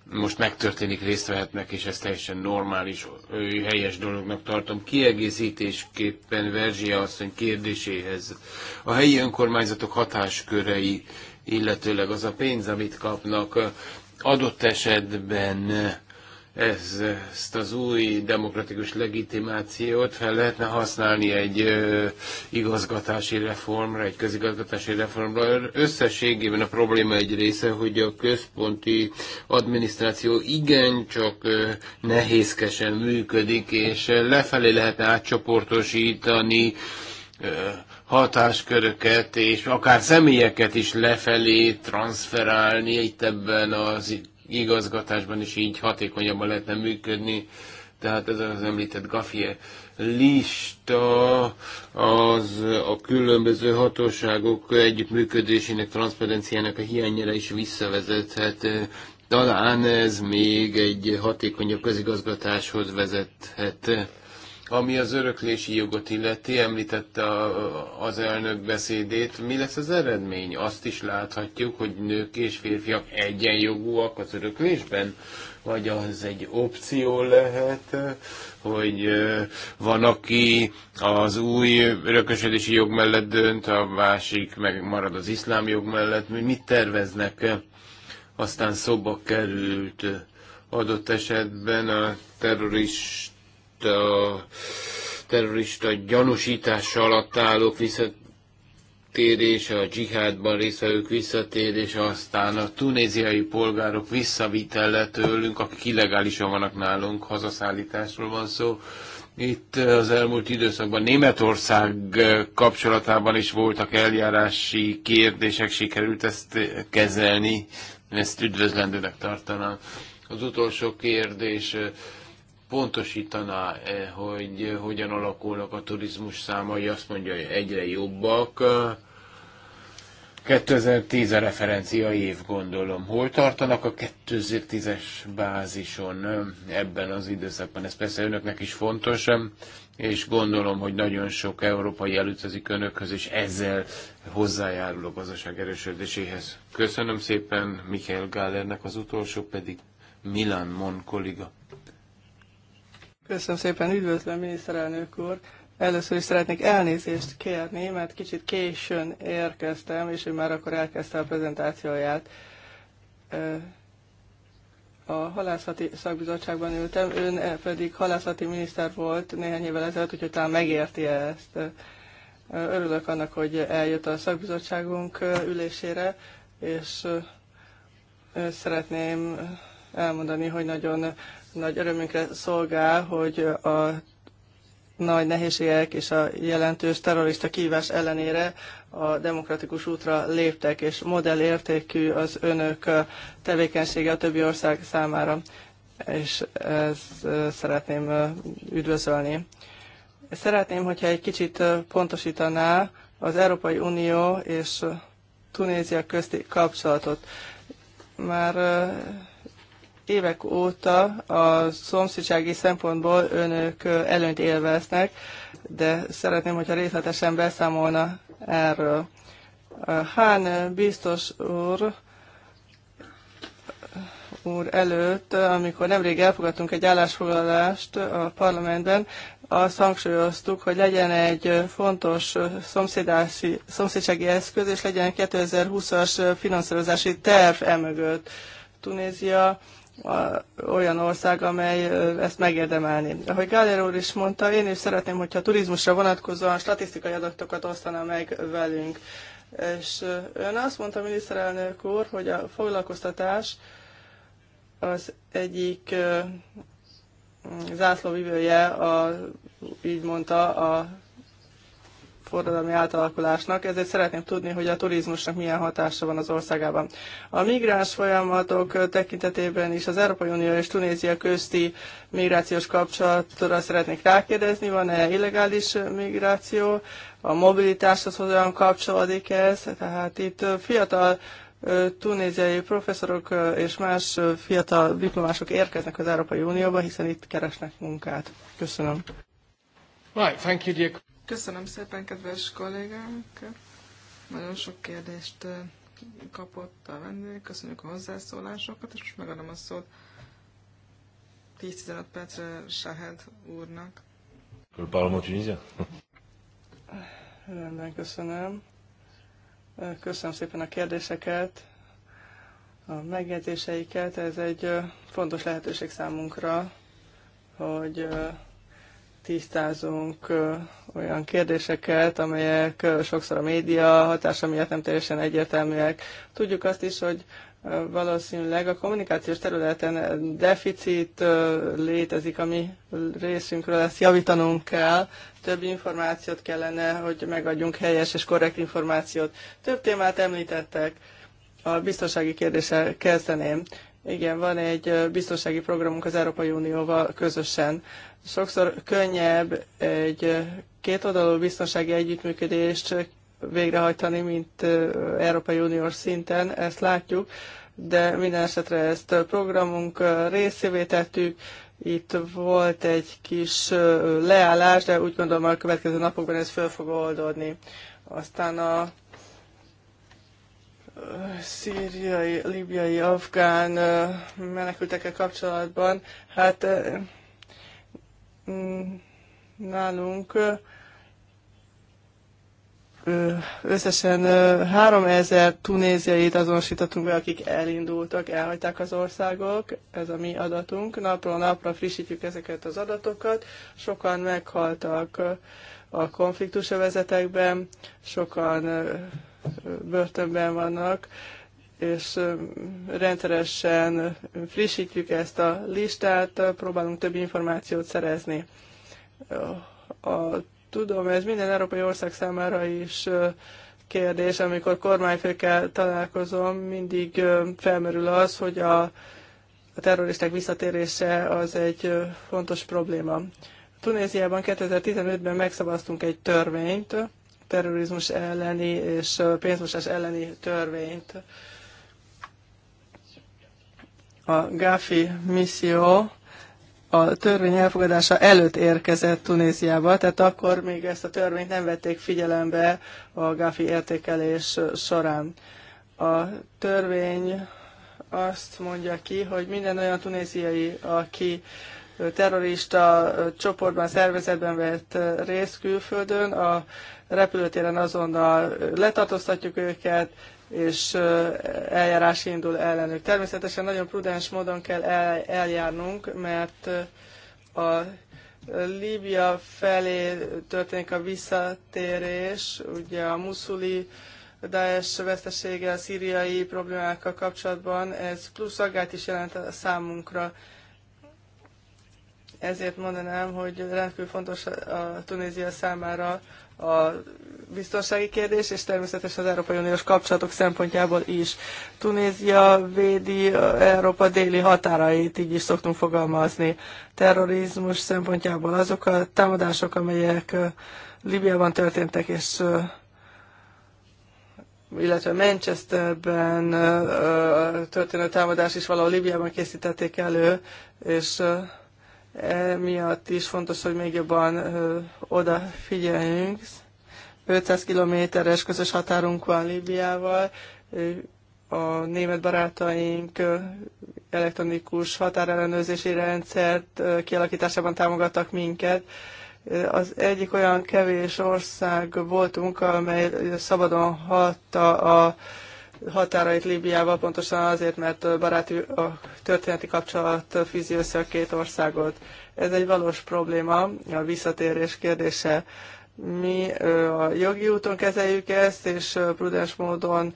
most megtörténik, részt vehetnek, és ez teljesen normális, helyes dolognak tartom. Kiegészítésképpen Verzsia asszony kérdéséhez a helyi önkormányzatok hatáskörei, illetőleg az a pénz, amit kapnak, adott esetben ez, ezt az új demokratikus legitimációt fel lehetne használni egy ö, igazgatási reformra, egy közigazgatási reformra. Összességében a probléma egy része, hogy a központi adminisztráció igencsak ö, nehézkesen működik, és lefelé lehetne átcsoportosítani ö, hatásköröket, és akár személyeket is lefelé transferálni itt ebben az igazgatásban is így hatékonyabban lehetne működni. Tehát ez az említett Gafie lista az a különböző hatóságok együttműködésének, transzparenciának a hiányára is visszavezethet. Talán ez még egy hatékonyabb közigazgatáshoz vezethet ami az öröklési jogot illeti, említette a, az elnök beszédét, mi lesz az eredmény? Azt is láthatjuk, hogy nők és férfiak egyenjogúak az öröklésben, vagy az egy opció lehet, hogy van, aki az új örökösödési jog mellett dönt, a másik meg marad az iszlám jog mellett. Mi mit terveznek? Aztán szoba került adott esetben a terrorist a terrorista gyanúsítás alatt állók visszatérése, a dzsihádban résztvevők visszatérése, aztán a tunéziai polgárok visszavitele tőlünk, akik illegálisan vannak nálunk, hazaszállításról van szó. Itt az elmúlt időszakban Németország kapcsolatában is voltak eljárási kérdések, sikerült ezt kezelni, ezt üdvözlendőnek tartanám. Az utolsó kérdés, pontosítaná eh, hogy eh, hogyan alakulnak a turizmus számai, azt mondja, hogy egyre jobbak. 2010 a referencia év, gondolom. Hol tartanak a 2010-es bázison eh, ebben az időszakban? Ez persze önöknek is fontos, és gondolom, hogy nagyon sok európai elütözik önökhöz, és ezzel hozzájárul a gazdaság erősödéséhez. Köszönöm szépen Michael Gallernek, az utolsó pedig Milan Mon kolléga. Köszönöm szépen, üdvözlöm miniszterelnök úr. Először is szeretnék elnézést kérni, mert kicsit későn érkeztem, és hogy már akkor elkezdte a prezentációját. A halászati szakbizottságban ültem, ön pedig halászati miniszter volt néhány évvel ezelőtt, úgyhogy talán megérti -e ezt. Örülök annak, hogy eljött a szakbizottságunk ülésére, és szeretném elmondani, hogy nagyon nagy örömünkre szolgál, hogy a nagy nehézségek és a jelentős terrorista kívás ellenére a demokratikus útra léptek, és modellértékű az önök tevékenysége a többi ország számára, és ezt szeretném üdvözölni. Szeretném, hogyha egy kicsit pontosítaná az Európai Unió és Tunézia közti kapcsolatot. Már évek óta a szomszédsági szempontból önök előnyt élveznek, de szeretném, hogyha részletesen beszámolna erről. Hán biztos úr, úr előtt, amikor nemrég elfogadtunk egy állásfoglalást a parlamentben, azt hangsúlyoztuk, hogy legyen egy fontos szomszédási, szomszédsági eszköz, és legyen 2020-as finanszírozási terv emögött. Tunézia olyan ország, amely ezt megérdemelni. Ahogy Gáler úr is mondta, én is szeretném, hogyha a turizmusra vonatkozóan statisztikai adatokat osztana meg velünk. És ön azt mondta, miniszterelnök úr, hogy a foglalkoztatás az egyik zászlóvivője, a, így mondta, a forradalmi átalakulásnak, ezért szeretném tudni, hogy a turizmusnak milyen hatása van az országában. A migráns folyamatok tekintetében is az Európai Unió és Tunézia közti migrációs kapcsolatra szeretnék rákérdezni, van-e illegális migráció, a mobilitáshoz hogyan kapcsolódik ez, tehát itt fiatal tunéziai professzorok és más fiatal diplomások érkeznek az Európai Unióba, hiszen itt keresnek munkát. Köszönöm. Right, thank you, dear. Köszönöm szépen, kedves kollégánk! Nagyon sok kérdést eh, kapott a vendég, köszönjük a hozzászólásokat, és most megadom a szót 10-15 percre Sahed úrnak. Le Parlement Rendben, köszönöm. Eh, köszönöm szépen a kérdéseket, a megjegyzéseiket. Ez egy eh, fontos lehetőség számunkra, hogy tisztázunk olyan kérdéseket, amelyek sokszor a média hatása miatt nem teljesen egyértelműek. Tudjuk azt is, hogy valószínűleg a kommunikációs területen deficit létezik, ami részünkről ezt javítanunk kell. Több információt kellene, hogy megadjunk helyes és korrekt információt. Több témát említettek. A biztonsági kérdéssel kezdeném. Igen, van egy biztonsági programunk az Európai Unióval közösen. Sokszor könnyebb egy kétoldalú biztonsági együttműködést végrehajtani, mint Európai Uniós szinten, ezt látjuk, de minden esetre ezt programunk részévé tettük, itt volt egy kis leállás, de úgy gondolom a következő napokban ez föl fog oldódni. Aztán a szíriai, libiai, afgán menekültekkel kapcsolatban, hát mm, nálunk összesen 3000 tunéziait azonosítottunk be, akik elindultak, elhagyták az országok, ez a mi adatunk. Napról napra frissítjük ezeket az adatokat, sokan meghaltak a konfliktusövezetekben, sokan börtönben vannak, és rendszeresen frissítjük ezt a listát, próbálunk több információt szerezni. A, tudom, ez minden európai ország számára is kérdés, amikor kormányfőkkel találkozom, mindig felmerül az, hogy a, a terroristák visszatérése az egy fontos probléma. Tunéziában 2015-ben megszavaztunk egy törvényt, terrorizmus elleni és pénzmosás elleni törvényt. A GAFI misszió a törvény elfogadása előtt érkezett Tunéziába, tehát akkor még ezt a törvényt nem vették figyelembe a GAFI értékelés során. A törvény azt mondja ki, hogy minden olyan tunéziai, aki terrorista csoportban, szervezetben vett részt külföldön, a repülőtéren azonnal letartóztatjuk őket, és eljárás indul ellenük. Természetesen nagyon prudens módon kell eljárnunk, mert a Líbia felé történik a visszatérés, ugye a muszuli Daesh vesztesége a szíriai problémákkal kapcsolatban, ez plusz aggát is jelent a számunkra. Ezért mondanám, hogy rendkívül fontos a Tunézia számára a biztonsági kérdés, és természetesen az Európai Uniós kapcsolatok szempontjából is. Tunézia védi Európa déli határait, így is szoktunk fogalmazni. Terrorizmus szempontjából azok a támadások, amelyek Libiában történtek, és illetve Manchesterben történő támadás is valahol Libiában készítették elő, és miatt is fontos, hogy még jobban odafigyeljünk. 500 kilométeres közös határunk van Líbiával, a német barátaink elektronikus határellenőrzési rendszert kialakításában támogattak minket. Az egyik olyan kevés ország voltunk, amely szabadon hatta a határait Líbiával, pontosan azért, mert baráti a történeti kapcsolat fűzi össze a két országot. Ez egy valós probléma, a visszatérés kérdése. Mi a jogi úton kezeljük ezt, és prudens módon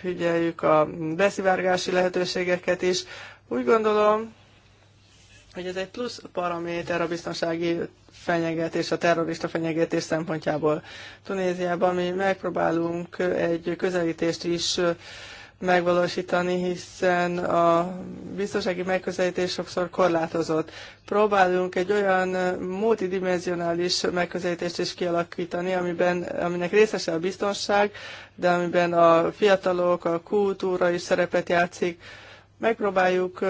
figyeljük a beszivárgási lehetőségeket is. Úgy gondolom, hogy ez egy plusz paraméter a biztonsági fenyegetés, a terrorista fenyegetés szempontjából. Tunéziában mi megpróbálunk egy közelítést is megvalósítani, hiszen a biztonsági megközelítés sokszor korlátozott. Próbálunk egy olyan multidimensionális megközelítést is kialakítani, amiben, aminek részese a biztonság, de amiben a fiatalok, a kultúra is szerepet játszik. Megpróbáljuk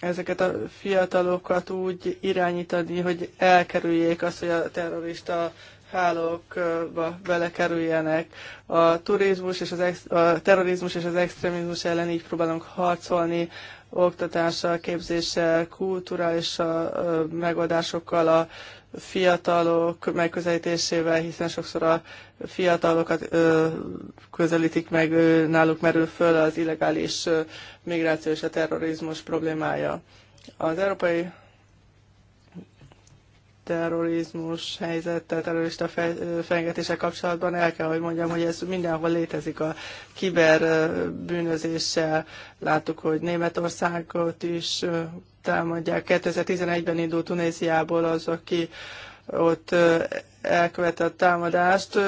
ezeket a fiatalokat úgy irányítani, hogy elkerüljék azt, hogy a terrorista hálókba belekerüljenek. A turizmus és az ex- a terrorizmus és az extrémizmus ellen így próbálunk harcolni, oktatással, képzéssel, kulturális megoldásokkal, a fiatalok megközelítésével, hiszen sokszor a fiatalokat ö, közelítik meg, ö, náluk merül föl az illegális ö, migráció és a terrorizmus problémája. Az Európai terrorizmus helyzettel, terrorista fenyegetése kapcsolatban el kell, hogy mondjam, hogy ez mindenhol létezik a kiber bűnözéssel. Láttuk, hogy Németországot is támadják. 2011-ben indult Tunéziából az, aki ott elkövetett támadást.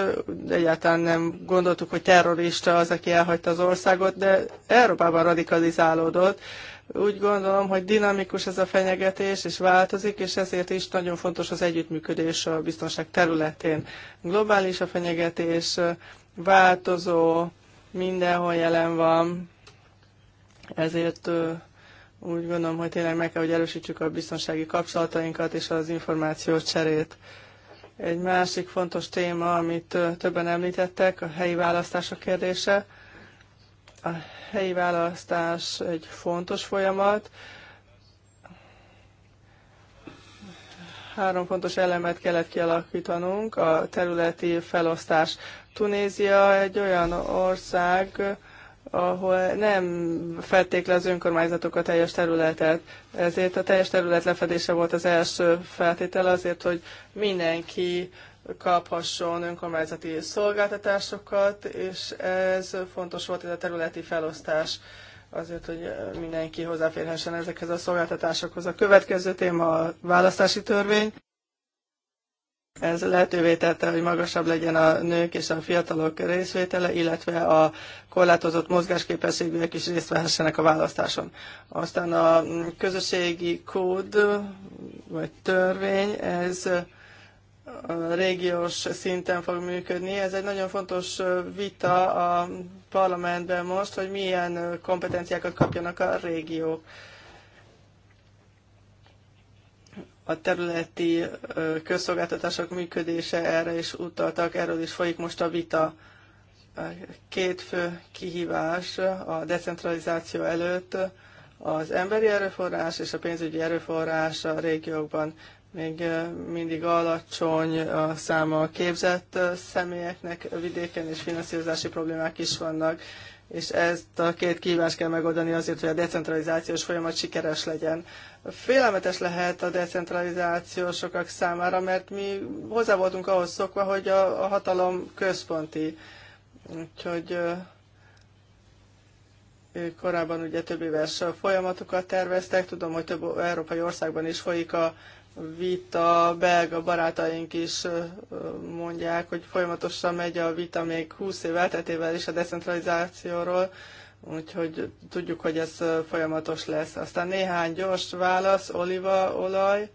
Egyáltalán nem gondoltuk, hogy terrorista az, aki elhagyta az országot, de Európában radikalizálódott úgy gondolom, hogy dinamikus ez a fenyegetés, és változik, és ezért is nagyon fontos az együttműködés a biztonság területén. Globális a fenyegetés, változó, mindenhol jelen van, ezért úgy gondolom, hogy tényleg meg kell, hogy erősítsük a biztonsági kapcsolatainkat és az információ cserét. Egy másik fontos téma, amit többen említettek, a helyi választások kérdése. A helyi választás egy fontos folyamat. Három fontos elemet kellett kialakítanunk. A területi felosztás. Tunézia egy olyan ország, ahol nem fették le az önkormányzatok a teljes területet. Ezért a teljes terület lefedése volt az első feltétel azért, hogy mindenki kaphasson önkormányzati szolgáltatásokat, és ez fontos volt, ez a területi felosztás azért, hogy mindenki hozzáférhessen ezekhez a szolgáltatásokhoz. A következő téma a választási törvény. Ez lehetővé tette, hogy magasabb legyen a nők és a fiatalok részvétele, illetve a korlátozott mozgásképességűek is részt vehessenek a választáson. Aztán a közösségi kód vagy törvény, ez régiós szinten fog működni. Ez egy nagyon fontos vita a parlamentben most, hogy milyen kompetenciákat kapjanak a régiók. A területi közszolgáltatások működése erre is utaltak, erről is folyik most a vita. Két fő kihívás a decentralizáció előtt az emberi erőforrás és a pénzügyi erőforrás a régiókban. Még mindig alacsony a száma a képzett személyeknek, vidéken és finanszírozási problémák is vannak, és ezt a két kívást kell megoldani azért, hogy a decentralizációs folyamat sikeres legyen. Félelmetes lehet a decentralizáció sokak számára, mert mi hozzá voltunk ahhoz szokva, hogy a, hatalom központi. Úgyhogy korábban ugye több éves folyamatokat terveztek, tudom, hogy több európai országban is folyik a vita, belga barátaink is mondják, hogy folyamatosan megy a vita még 20 év elteltével is a decentralizációról, úgyhogy tudjuk, hogy ez folyamatos lesz. Aztán néhány gyors válasz, oliva, olaj.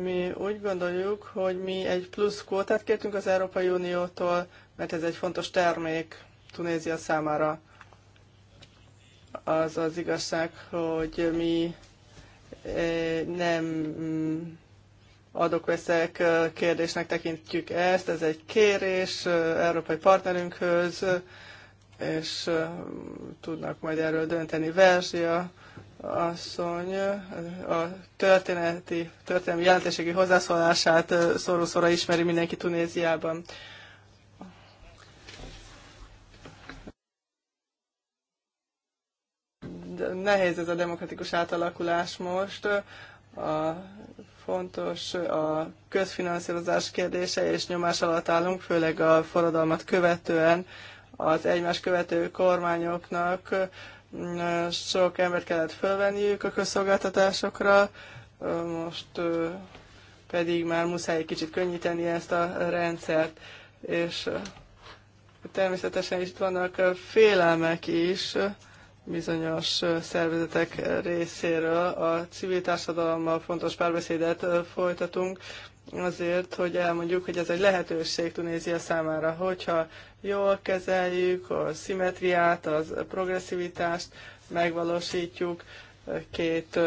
Mi úgy gondoljuk, hogy mi egy plusz kvótát kértünk az Európai Uniótól, mert ez egy fontos termék Tunézia számára. Az az igazság, hogy mi nem mm, adok-veszek kérdésnek tekintjük ezt. Ez egy kérés európai partnerünkhöz, és tudnak majd erről dönteni. verzia asszony a történeti, történelmi jelentőségi hozzászólását szorúszóra ismeri mindenki Tunéziában. nehéz ez a demokratikus átalakulás most. A fontos a közfinanszírozás kérdése, és nyomás alatt állunk, főleg a forradalmat követően az egymás követő kormányoknak sok embert kellett fölvenniük a közszolgáltatásokra, most pedig már muszáj egy kicsit könnyíteni ezt a rendszert, és természetesen itt vannak félelmek is, bizonyos szervezetek részéről. A civil társadalommal fontos párbeszédet folytatunk, azért, hogy elmondjuk, hogy ez egy lehetőség Tunézia számára, hogyha jól kezeljük a szimetriát, az progresszivitást, megvalósítjuk két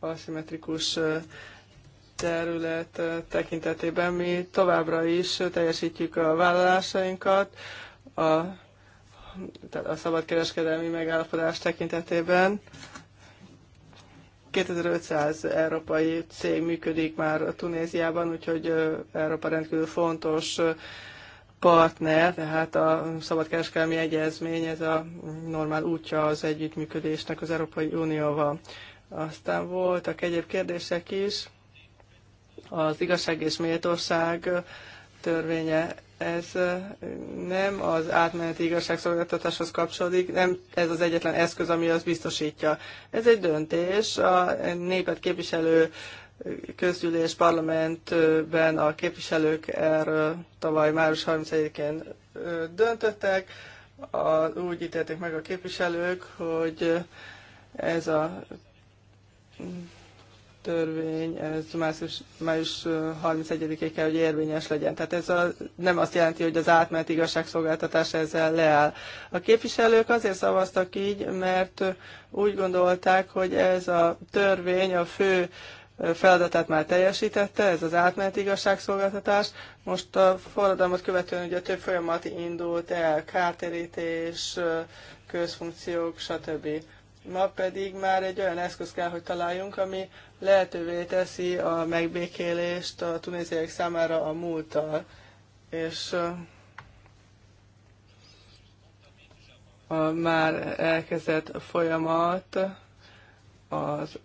aszimetrikus terület tekintetében mi továbbra is teljesítjük a vállalásainkat, a tehát a szabadkereskedelmi megállapodás tekintetében. 2500 európai cég működik már Tunéziában, úgyhogy Európa rendkívül fontos partner, tehát a szabadkereskedelmi egyezmény, ez a normál útja az együttműködésnek az Európai Unióval. Aztán voltak egyéb kérdések is. Az igazság és méltóság törvénye ez nem az átmeneti igazságszolgáltatáshoz kapcsolódik, nem ez az egyetlen eszköz, ami azt biztosítja. Ez egy döntés. A népet képviselő közgyűlés parlamentben a képviselők erről tavaly május 31-én döntöttek. A, úgy ítélték meg a képviselők, hogy ez a törvény, ez május, május 31-ig kell, hogy érvényes legyen. Tehát ez a, nem azt jelenti, hogy az átmenet igazságszolgáltatása ezzel leáll. A képviselők azért szavaztak így, mert úgy gondolták, hogy ez a törvény a fő feladatát már teljesítette, ez az átmeneti igazságszolgáltatás. Most a forradalmat követően ugye több folyamat indult el, kártérítés, közfunkciók, stb. Ma pedig már egy olyan eszköz kell, hogy találjunk, ami lehetővé teszi a megbékélést a tunéziek számára a múlttal. És a már elkezdett folyamat az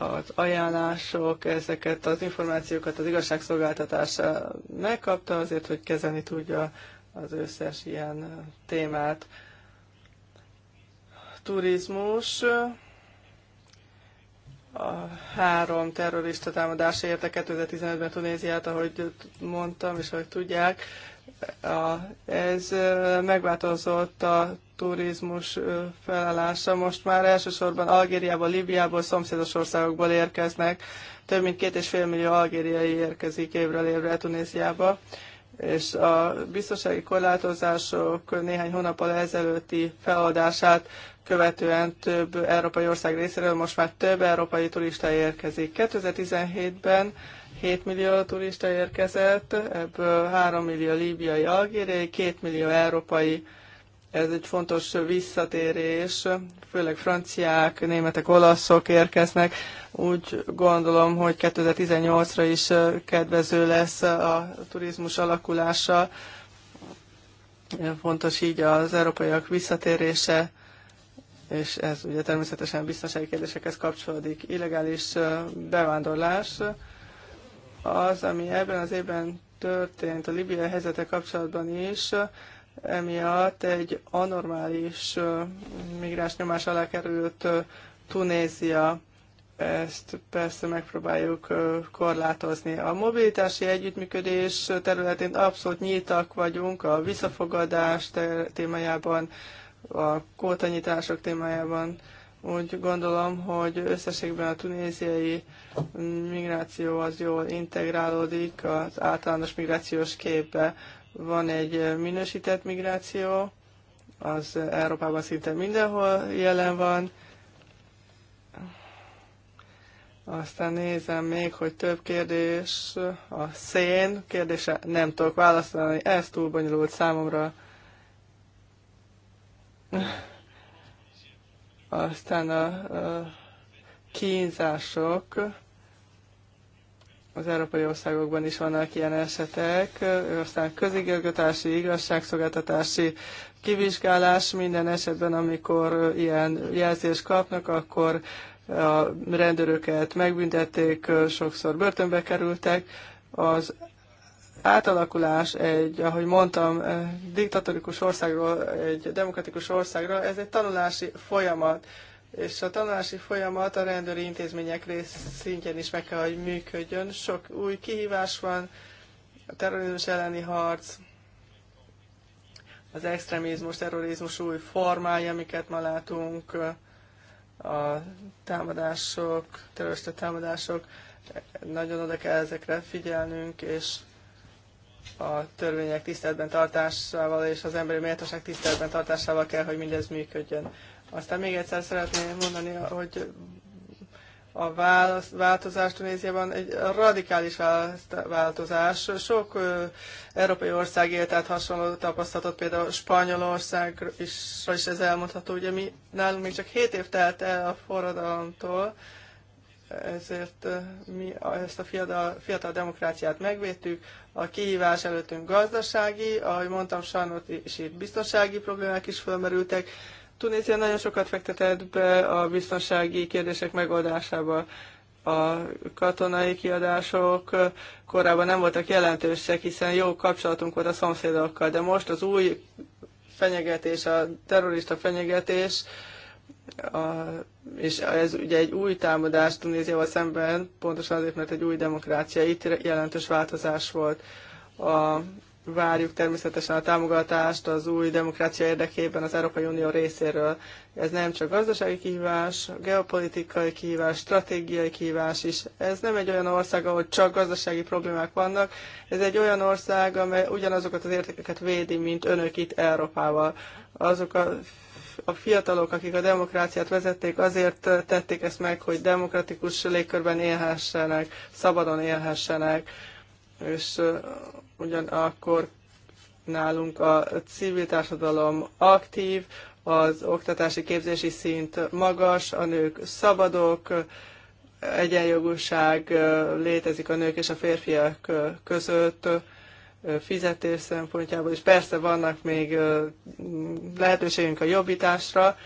az ajánlások, ezeket az információkat az igazságszolgáltatása megkapta azért, hogy kezelni tudja az összes ilyen témát turizmus a három terrorista támadása érte 2015-ben Tunéziát, ahogy mondtam, és ahogy tudják, a, ez megváltozott a turizmus felállása. Most már elsősorban Algériából, Libiából, szomszédos országokból érkeznek. Több mint két és fél millió algériai érkezik évről évre Tunéziába és a biztonsági korlátozások néhány hónappal ezelőtti feladását követően több európai ország részéről most már több európai turista érkezik. 2017-ben 7 millió turista érkezett, ebből 3 millió líbiai, algériai, 2 millió európai. Ez egy fontos visszatérés, főleg franciák, németek, olaszok érkeznek. Úgy gondolom, hogy 2018-ra is kedvező lesz a turizmus alakulása. Fontos így az európaiak visszatérése és ez ugye természetesen biztonsági kérdésekhez kapcsolódik. Illegális bevándorlás az, ami ebben az évben történt a libiai helyzete kapcsolatban is, emiatt egy anormális migráns nyomás alá került Tunézia. Ezt persze megpróbáljuk korlátozni. A mobilitási együttműködés területén abszolút nyíltak vagyunk a visszafogadás témájában, a kótanyitások témájában. Úgy gondolom, hogy összességben a tunéziai migráció az jól integrálódik az általános migrációs képbe. Van egy minősített migráció, az Európában szinte mindenhol jelen van. Aztán nézem még, hogy több kérdés. A szén kérdése nem tudok választani. ez túl bonyolult számomra. Aztán a, a kínzások, az európai országokban is vannak ilyen esetek, aztán közigazgatási, igazságszolgáltatási kivizsgálás minden esetben, amikor ilyen jelzést kapnak, akkor a rendőröket megbüntették, sokszor börtönbe kerültek, az átalakulás egy, ahogy mondtam, eh, diktatórikus országról egy demokratikus országra, ez egy tanulási folyamat. És a tanulási folyamat a rendőri intézmények rész szintjén is meg kell, hogy működjön. Sok új kihívás van, a terrorizmus elleni harc, az extrémizmus, terrorizmus új formái, amiket ma látunk, a támadások, terrorista támadások, nagyon oda kell ezekre figyelnünk, és a törvények tiszteletben tartásával és az emberi méltóság tiszteletben tartásával kell, hogy mindez működjön. Aztán még egyszer szeretném mondani, hogy a változás Tunéziában egy radikális változás. Sok ö, európai ország élt át hasonló tapasztalatot, például Spanyolország is, is ez elmondható. Ugye mi nálunk még csak 7 év telt el a forradalomtól, ezért mi ezt a fiatal, fiatal demokráciát megvédtük. A kihívás előttünk gazdasági, ahogy mondtam, sajnos is itt biztonsági problémák is felmerültek. Tunézia nagyon sokat fektetett be a biztonsági kérdések megoldásába. A katonai kiadások korábban nem voltak jelentősek, hiszen jó kapcsolatunk volt a szomszédokkal, de most az új fenyegetés, a terrorista fenyegetés, a, és ez ugye egy új támadás Tunéziával szemben, pontosan azért, mert egy új demokrácia, itt jelentős változás volt. A, várjuk természetesen a támogatást az új demokrácia érdekében az Európai Unió részéről. Ez nem csak gazdasági kihívás, geopolitikai kihívás, stratégiai kihívás is. Ez nem egy olyan ország, ahol csak gazdasági problémák vannak. Ez egy olyan ország, amely ugyanazokat az értékeket védi, mint önök itt Európával. Azok a a fiatalok, akik a demokráciát vezették, azért tették ezt meg, hogy demokratikus légkörben élhessenek, szabadon élhessenek, és ugyanakkor nálunk a civil társadalom aktív, az oktatási képzési szint magas, a nők szabadok, egyenjogúság létezik a nők és a férfiak között, fizetés szempontjából, és persze vannak még lehetőségünk a jobbításra,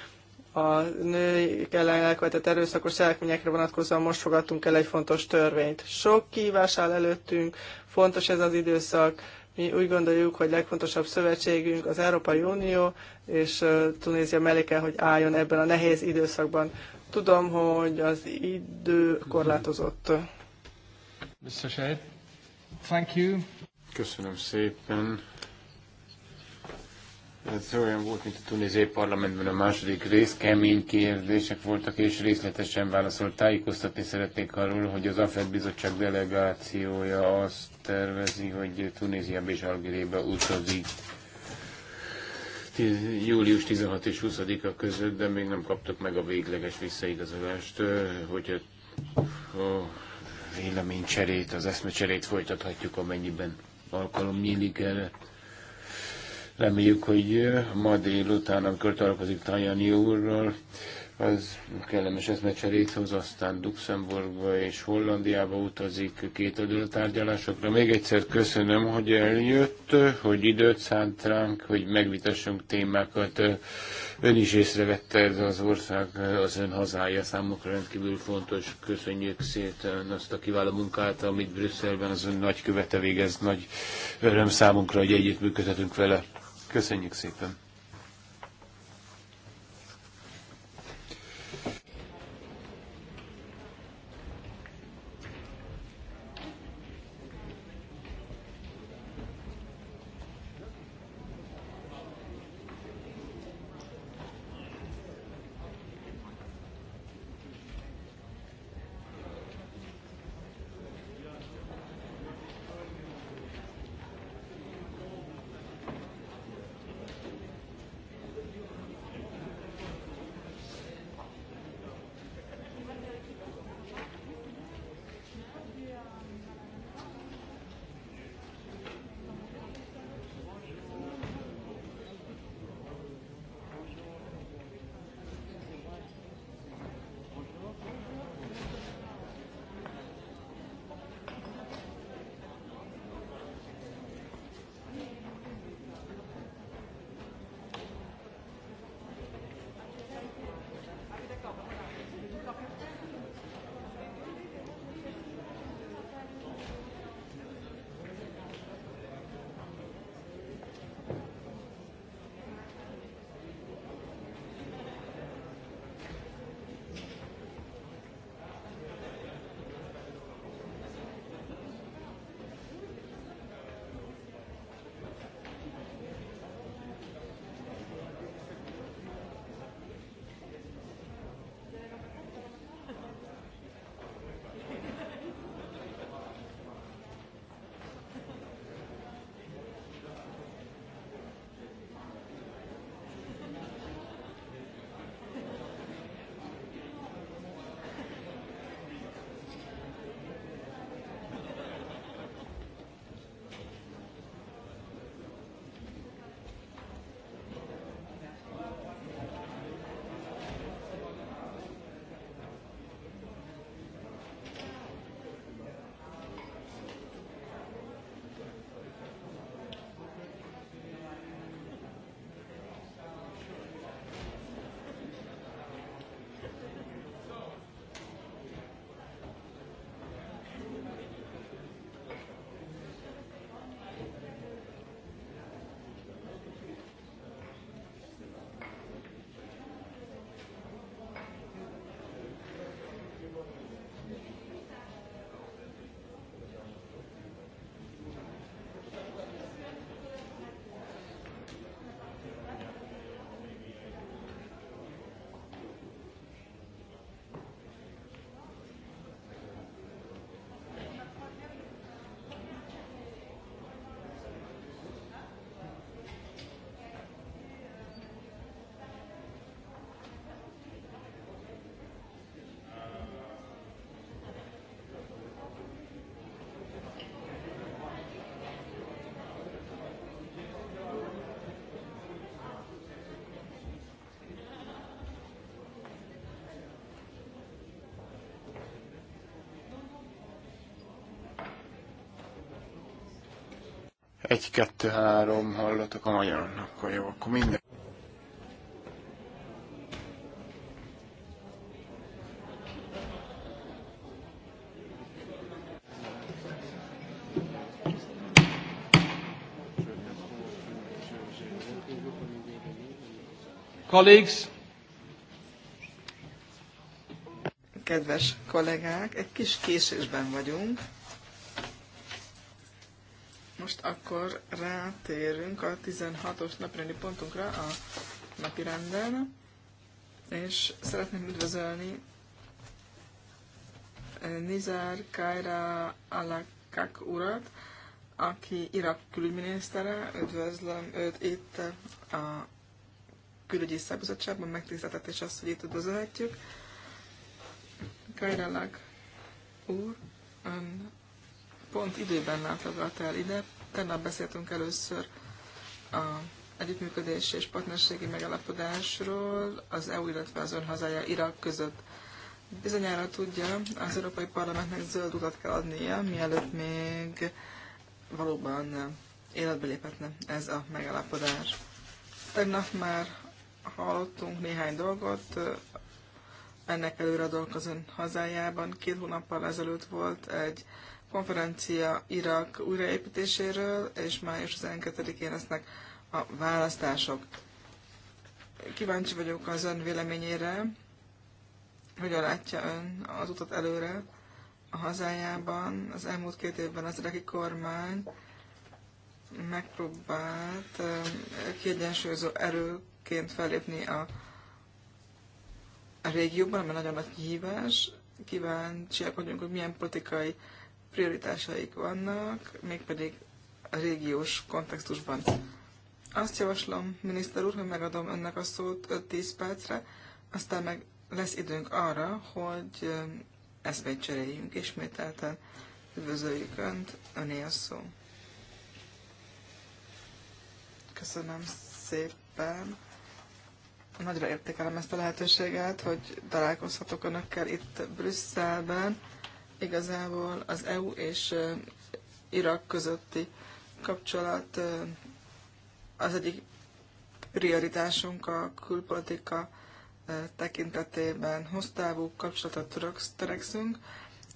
a nők ellen elkövetett erőszakos cselekményekre vonatkozóan most fogadtunk el egy fontos törvényt. Sok kívás áll előttünk, fontos ez az időszak, mi úgy gondoljuk, hogy legfontosabb szövetségünk az Európai Unió, és Tunézia mellé kell, hogy álljon ebben a nehéz időszakban. Tudom, hogy az idő korlátozott. Mr. Shade, thank you. Köszönöm szépen. Ez olyan volt, mint a tunézé parlamentben a második rész, kemény kérdések voltak, és részletesen válaszolt. Tájékoztatni szeretnék arról, hogy az AFED bizottság delegációja azt tervezi, hogy Tunéziába és Algériába utazik július 16 és 20-a között, de még nem kaptuk meg a végleges visszaigazolást, hogy a véleménycserét, az eszmecserét folytathatjuk, amennyiben alkalom nyílik erre. Reméljük, hogy ma délután, amikor találkozik Tajani úrral, ez kellemes eszmecserét hoz, aztán Luxemburgba és Hollandiába utazik két tárgyalásokra. Még egyszer köszönöm, hogy eljött, hogy időt szánt ránk, hogy megvitassunk témákat. Ön is észrevette ez az ország, az ön hazája számukra rendkívül fontos. Köszönjük szépen azt a kiváló munkát, amit Brüsszelben az ön nagykövete végez. Nagy öröm számunkra, hogy együttműködhetünk vele. Köszönjük szépen! Egy, kettő, három hallatok a magyaron, akkor jó, akkor minden. Colleagues. Kedves kollégák, egy kis késésben vagyunk akkor rátérünk a 16-os napirendi pontunkra a napirenden, és szeretném üdvözölni eh, Nizar Kaira Alakak urat, aki Irak külügyminisztere, üdvözlöm őt itt a külügyi szabizottságban, és azt, hogy itt üdvözölhetjük. Kairalak úr, ön pont időben látogat el ide, Tegnap beszéltünk először a együttműködés és partnerségi megalapodásról az EU, illetve az ön hazája Irak között. Bizonyára tudja, az Európai Parlamentnek zöld utat kell adnia, mielőtt még valóban életbe léphetne ez a megalapodás. Tegnap már hallottunk néhány dolgot, ennek előre dolgok az ön hazájában. Két hónappal ezelőtt volt egy konferencia Irak újraépítéséről, és május 12-én lesznek a választások. Kíváncsi vagyok az ön véleményére, hogyan látja ön az utat előre a hazájában. Az elmúlt két évben az iraki kormány megpróbált eh, kiegyensúlyozó erőként felépni a a régióban, ami nagyon nagy kihívás. Kíváncsiak vagyunk, hogy milyen politikai prioritásaik vannak, mégpedig a régiós kontextusban. Azt javaslom, miniszter úr, hogy megadom önnek a szót 5-10 percre, aztán meg lesz időnk arra, hogy eszmét cseréljünk ismételten. Üdvözöljük Önt, Öné a szó. Köszönöm szépen. Nagyra értékelem ezt a lehetőséget, hogy találkozhatok Önökkel itt Brüsszelben. Igazából az EU és Irak közötti kapcsolat az egyik prioritásunk a külpolitika tekintetében hoztávú kapcsolatot törekszünk.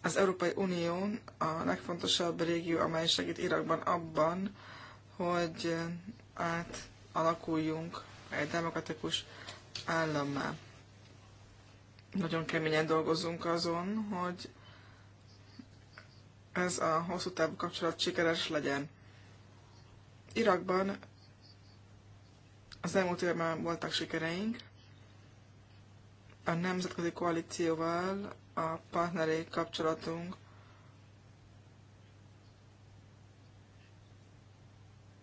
Az Európai Unió a legfontosabb régió, amely segít Irakban abban, hogy átalakuljunk egy demokratikus állammá. Nagyon keményen dolgozunk azon, hogy ez a hosszú távú kapcsolat sikeres legyen. Irakban az elmúlt évben voltak sikereink, a nemzetközi koalícióval a partneri kapcsolatunk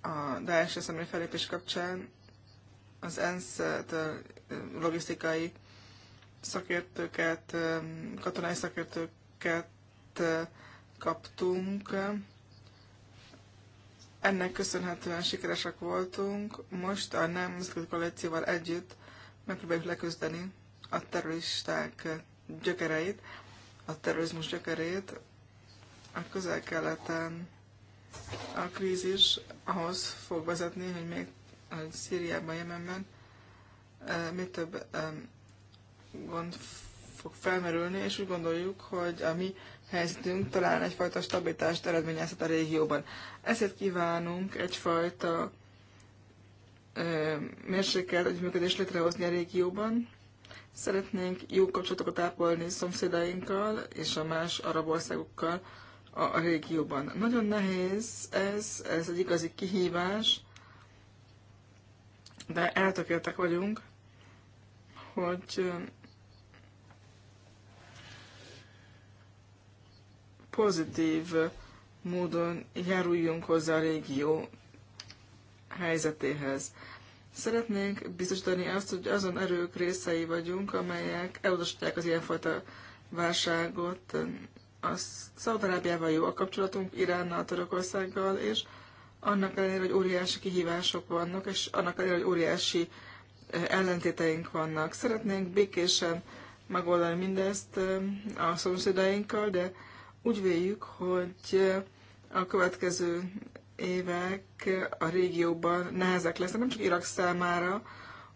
a Daesh eszemre felépés kapcsán az ENSZ logisztikai szakértőket, katonai szakértőket kaptunk. Ennek köszönhetően sikeresek voltunk. Most a Nemzetközi Koalícióval együtt megpróbáljuk leküzdeni a terroristák gyökereit, a terrorizmus gyökerét a közel-keleten. A krízis ahhoz fog vezetni, hogy még hogy Szíriában, Jemenben eh, még több eh, gond fog felmerülni, és úgy gondoljuk, hogy a mi helyzetünk talán egyfajta stabilitást eredményezhet a régióban. Ezért kívánunk egyfajta ö, mérsékelt együttműködést létrehozni a régióban. Szeretnénk jó kapcsolatokat ápolni szomszédainkkal és a más arab országokkal a, a régióban. Nagyon nehéz ez, ez egy igazi kihívás, de eltökéltek vagyunk, hogy pozitív módon járuljunk hozzá a régió helyzetéhez. Szeretnénk biztosítani azt, hogy azon erők részei vagyunk, amelyek elutasítják az ilyenfajta válságot. A Szaudarábiával jó a kapcsolatunk, Iránnal, Törökországgal, és annak ellenére, hogy óriási kihívások vannak, és annak ellenére, hogy óriási eh, ellentéteink vannak. Szeretnénk békésen megoldani mindezt eh, a szomszédainkkal, de úgy véljük, hogy a következő évek a régióban nehezek lesznek, nem csak Irak számára,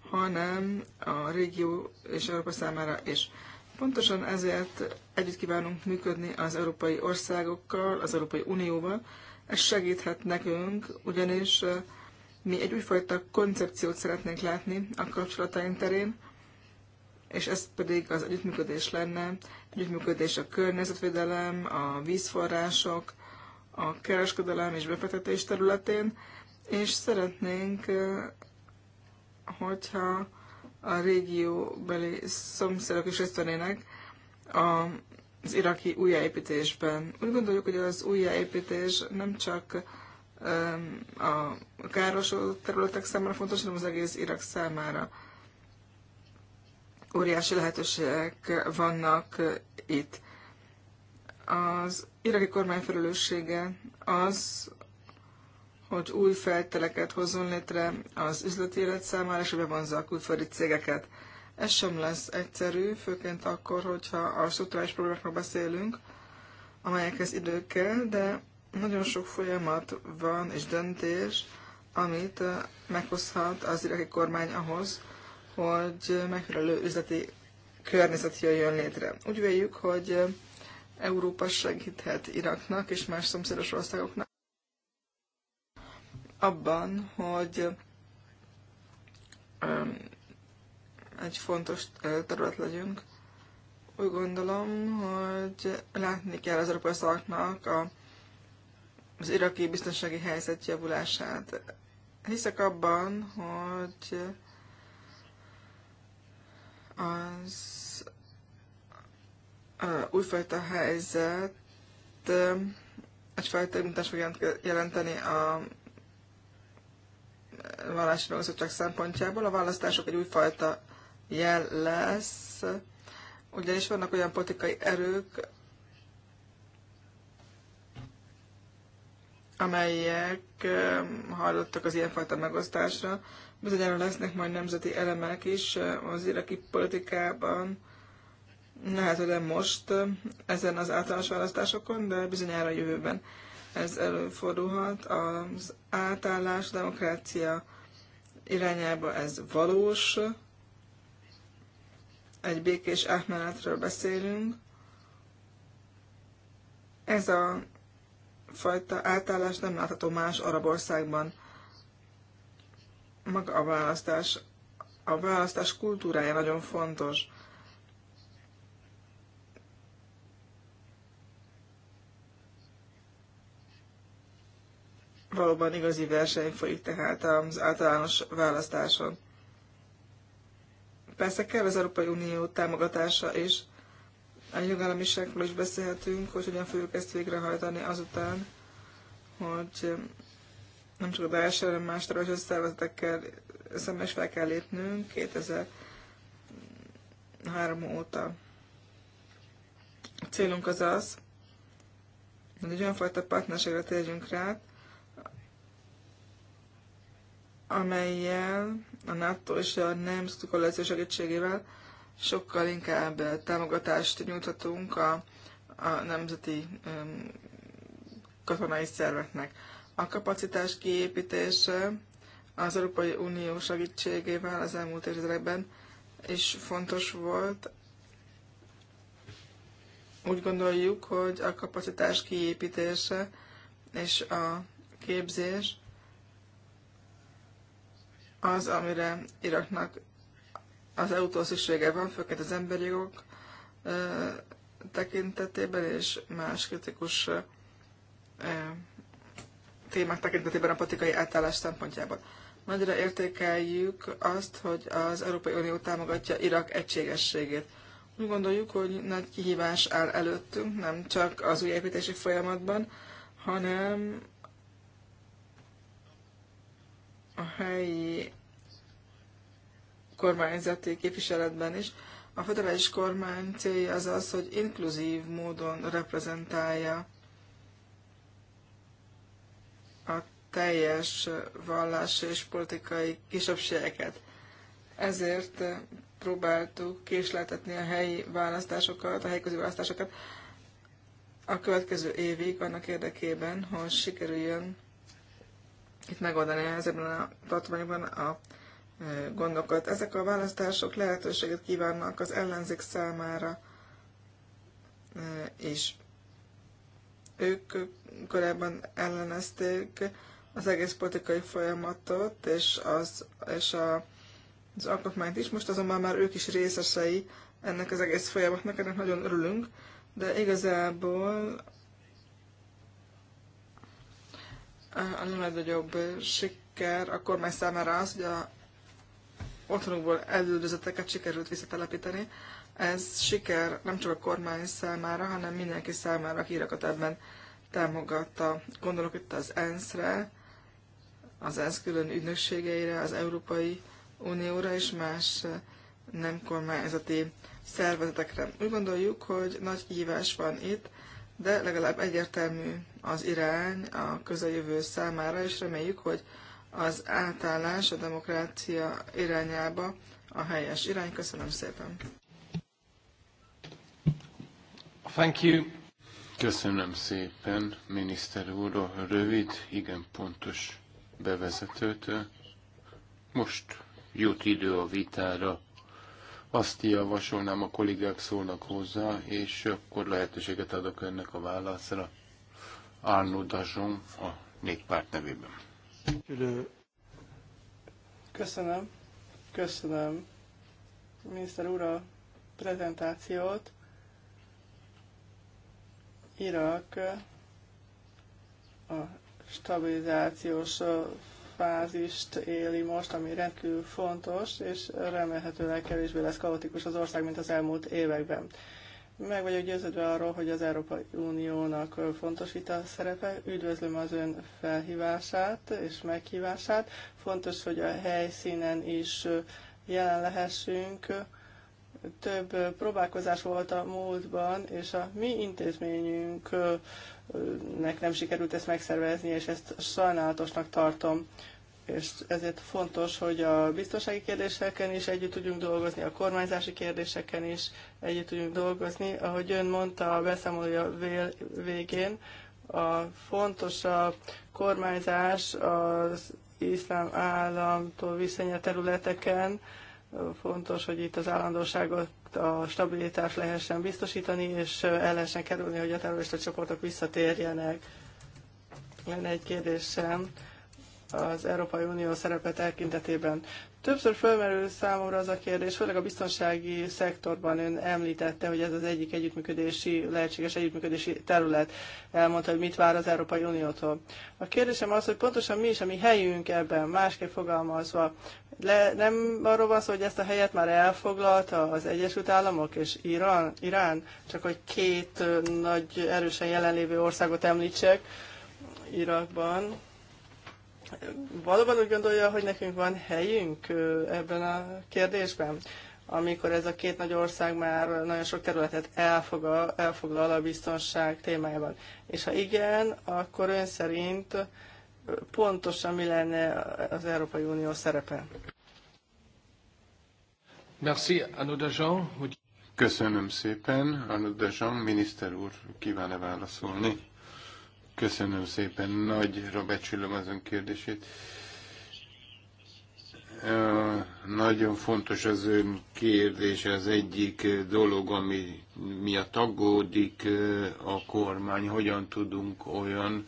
hanem a régió és Európa számára is. Pontosan ezért együtt kívánunk működni az európai országokkal, az Európai Unióval. Ez segíthet nekünk, ugyanis mi egy újfajta koncepciót szeretnénk látni a kapcsolataink terén, és ez pedig az együttműködés lenne, együttműködés a környezetvédelem, a vízforrások, a kereskedelem és befektetés területén, és szeretnénk, hogyha a régióbeli szomszédok is részt vennének az iraki újjáépítésben. Úgy gondoljuk, hogy az újjáépítés nem csak a káros területek számára fontos, hanem az egész Irak számára óriási lehetőségek vannak itt. Az iraki kormány felelőssége az, hogy új felteleket hozzon létre az üzleti élet számára, és bevonza a külföldi cégeket. Ez sem lesz egyszerű, főként akkor, hogyha a struktúrális problémákról beszélünk, amelyekhez idő kell, de nagyon sok folyamat van és döntés, amit meghozhat az iraki kormány ahhoz, hogy megfelelő üzleti környezet jöjjön létre. Úgy véljük, hogy Európa segíthet Iraknak és más szomszédos országoknak abban, hogy egy fontos terület legyünk. Úgy gondolom, hogy látni kell az európai szaknak a, az iraki biztonsági helyzet javulását. Hiszek abban, hogy az újfajta helyzet egyfajta mintás fog jelenteni a vallási megosztottság szempontjából. A választások egy újfajta jel lesz, ugyanis vannak olyan politikai erők, amelyek hajlottak az ilyenfajta megosztásra, Bizonyára lesznek majd nemzeti elemek is az iraki politikában, lehet, hogy nem most ezen az általános választásokon, de bizonyára a jövőben ez előfordulhat. Az átállás a demokrácia irányába ez valós. Egy békés átmenetről beszélünk. Ez a fajta átállás nem látható más arab országban maga a választás, a választás kultúrája nagyon fontos. Valóban igazi verseny folyik tehát az általános választáson. Persze kell az Európai Unió támogatása és a jogállamiságról is beszélhetünk, hogy hogyan fogjuk ezt végrehajtani azután, hogy nem csak a belső, hanem más tervezett szervezetekkel szemben is fel kell lépnünk 2003 óta. A célunk az az, hogy egy olyan fajta partnerségre térjünk rá, amelyel a NATO és a nemzeti koalíció segítségével sokkal inkább támogatást nyújthatunk a, a nemzeti um, katonai szerveknek. A kapacitás kiépítése az Európai Unió segítségével az elmúlt évtizedekben is fontos volt. Úgy gondoljuk, hogy a kapacitás kiépítése és a képzés az, amire Iraknak az EU-tól szüksége van, főként az emberi jogok tekintetében és más kritikus témák tekintetében a politikai átállás szempontjából. Nagyra értékeljük azt, hogy az Európai Unió támogatja Irak egységességét. Úgy gondoljuk, hogy nagy kihívás áll előttünk, nem csak az új építési folyamatban, hanem a helyi kormányzati képviseletben is. A federális kormány célja az az, hogy inkluzív módon reprezentálja teljes vallási és politikai kisebbségeket. Ezért próbáltuk késleltetni a helyi választásokat, a helyi választásokat a következő évig annak érdekében, hogy sikerüljön itt megoldani ezekben a tartományokban a e, gondokat. Ezek a választások lehetőséget kívánnak az ellenzék számára is. E, ők korábban ellenezték az egész politikai folyamatot és, az, és a, az alkotmányt is. Most azonban már ők is részesei ennek az egész folyamatnak, ennek nagyon örülünk, de igazából a legnagyobb siker a kormány számára az, hogy a otthonukból elüldözötteket sikerült visszatelepíteni. Ez siker nem csak a kormány számára, hanem mindenki számára, aki ebben támogatta. Gondolok itt az ENSZ-re, az ENSZ külön ügynökségeire, az Európai Unióra és más eh, nem kormányzati szervezetekre. Úgy gondoljuk, hogy nagy kihívás van itt, de legalább egyértelmű az irány a közeljövő számára, és reméljük, hogy az átállás a demokrácia irányába a helyes irány. Köszönöm szépen! Thank you. Köszönöm szépen, miniszter úr, a rövid, igen pontos bevezetőt. Most jut idő a vitára. Azt javasolnám, a kollégák szólnak hozzá, és akkor lehetőséget adok önnek a válaszra. Arnaud a néppárt nevében. Köszönöm. Köszönöm miniszter úr a prezentációt. Irak a stabilizációs fázist éli most, ami rendkívül fontos, és remélhetőleg kevésbé lesz kaotikus az ország, mint az elmúlt években. Meg vagyok győződve arról, hogy az Európai Uniónak fontos itt a szerepe. Üdvözlöm az ön felhívását és meghívását. Fontos, hogy a helyszínen is jelen lehessünk, több próbálkozás volt a múltban, és a mi intézményünknek nem sikerült ezt megszervezni, és ezt sajnálatosnak tartom és ezért fontos, hogy a biztonsági kérdéseken is együtt tudjunk dolgozni, a kormányzási kérdéseken is együtt tudjunk dolgozni. Ahogy ön mondta a beszámolója végén, a fontos a kormányzás az iszlám államtól visszanyert területeken, Fontos, hogy itt az állandóságot, a stabilitást lehessen biztosítani, és el lehessen kerülni, hogy a terrorista csoportok visszatérjenek. Lenne egy kérdésem az Európai Unió szerepe tekintetében. Többször fölmerül számomra az a kérdés, főleg a biztonsági szektorban ön említette, hogy ez az egyik együttműködési, lehetséges együttműködési terület. Elmondta, hogy mit vár az Európai Uniótól. A kérdésem az, hogy pontosan mi is a mi helyünk ebben, másképp fogalmazva. Le, nem arról van szó, hogy ezt a helyet már elfoglalta az Egyesült Államok és Irán, Irán csak hogy két nagy erősen jelenlévő országot említsek Irakban, valóban úgy gondolja, hogy nekünk van helyünk ebben a kérdésben? Amikor ez a két nagy ország már nagyon sok területet elfogal, elfoglal a biztonság témájában. És ha igen, akkor ön szerint pontosan mi lenne az Európai Unió szerepe? Merci, Anno Hogy... Köszönöm szépen, Anno Dajan. Miniszter úr, kíván-e válaszolni? Köszönöm szépen, nagyra becsülöm az ön kérdését. Nagyon fontos az ön kérdés, az egyik dolog, ami miatt aggódik a kormány, hogyan tudunk olyan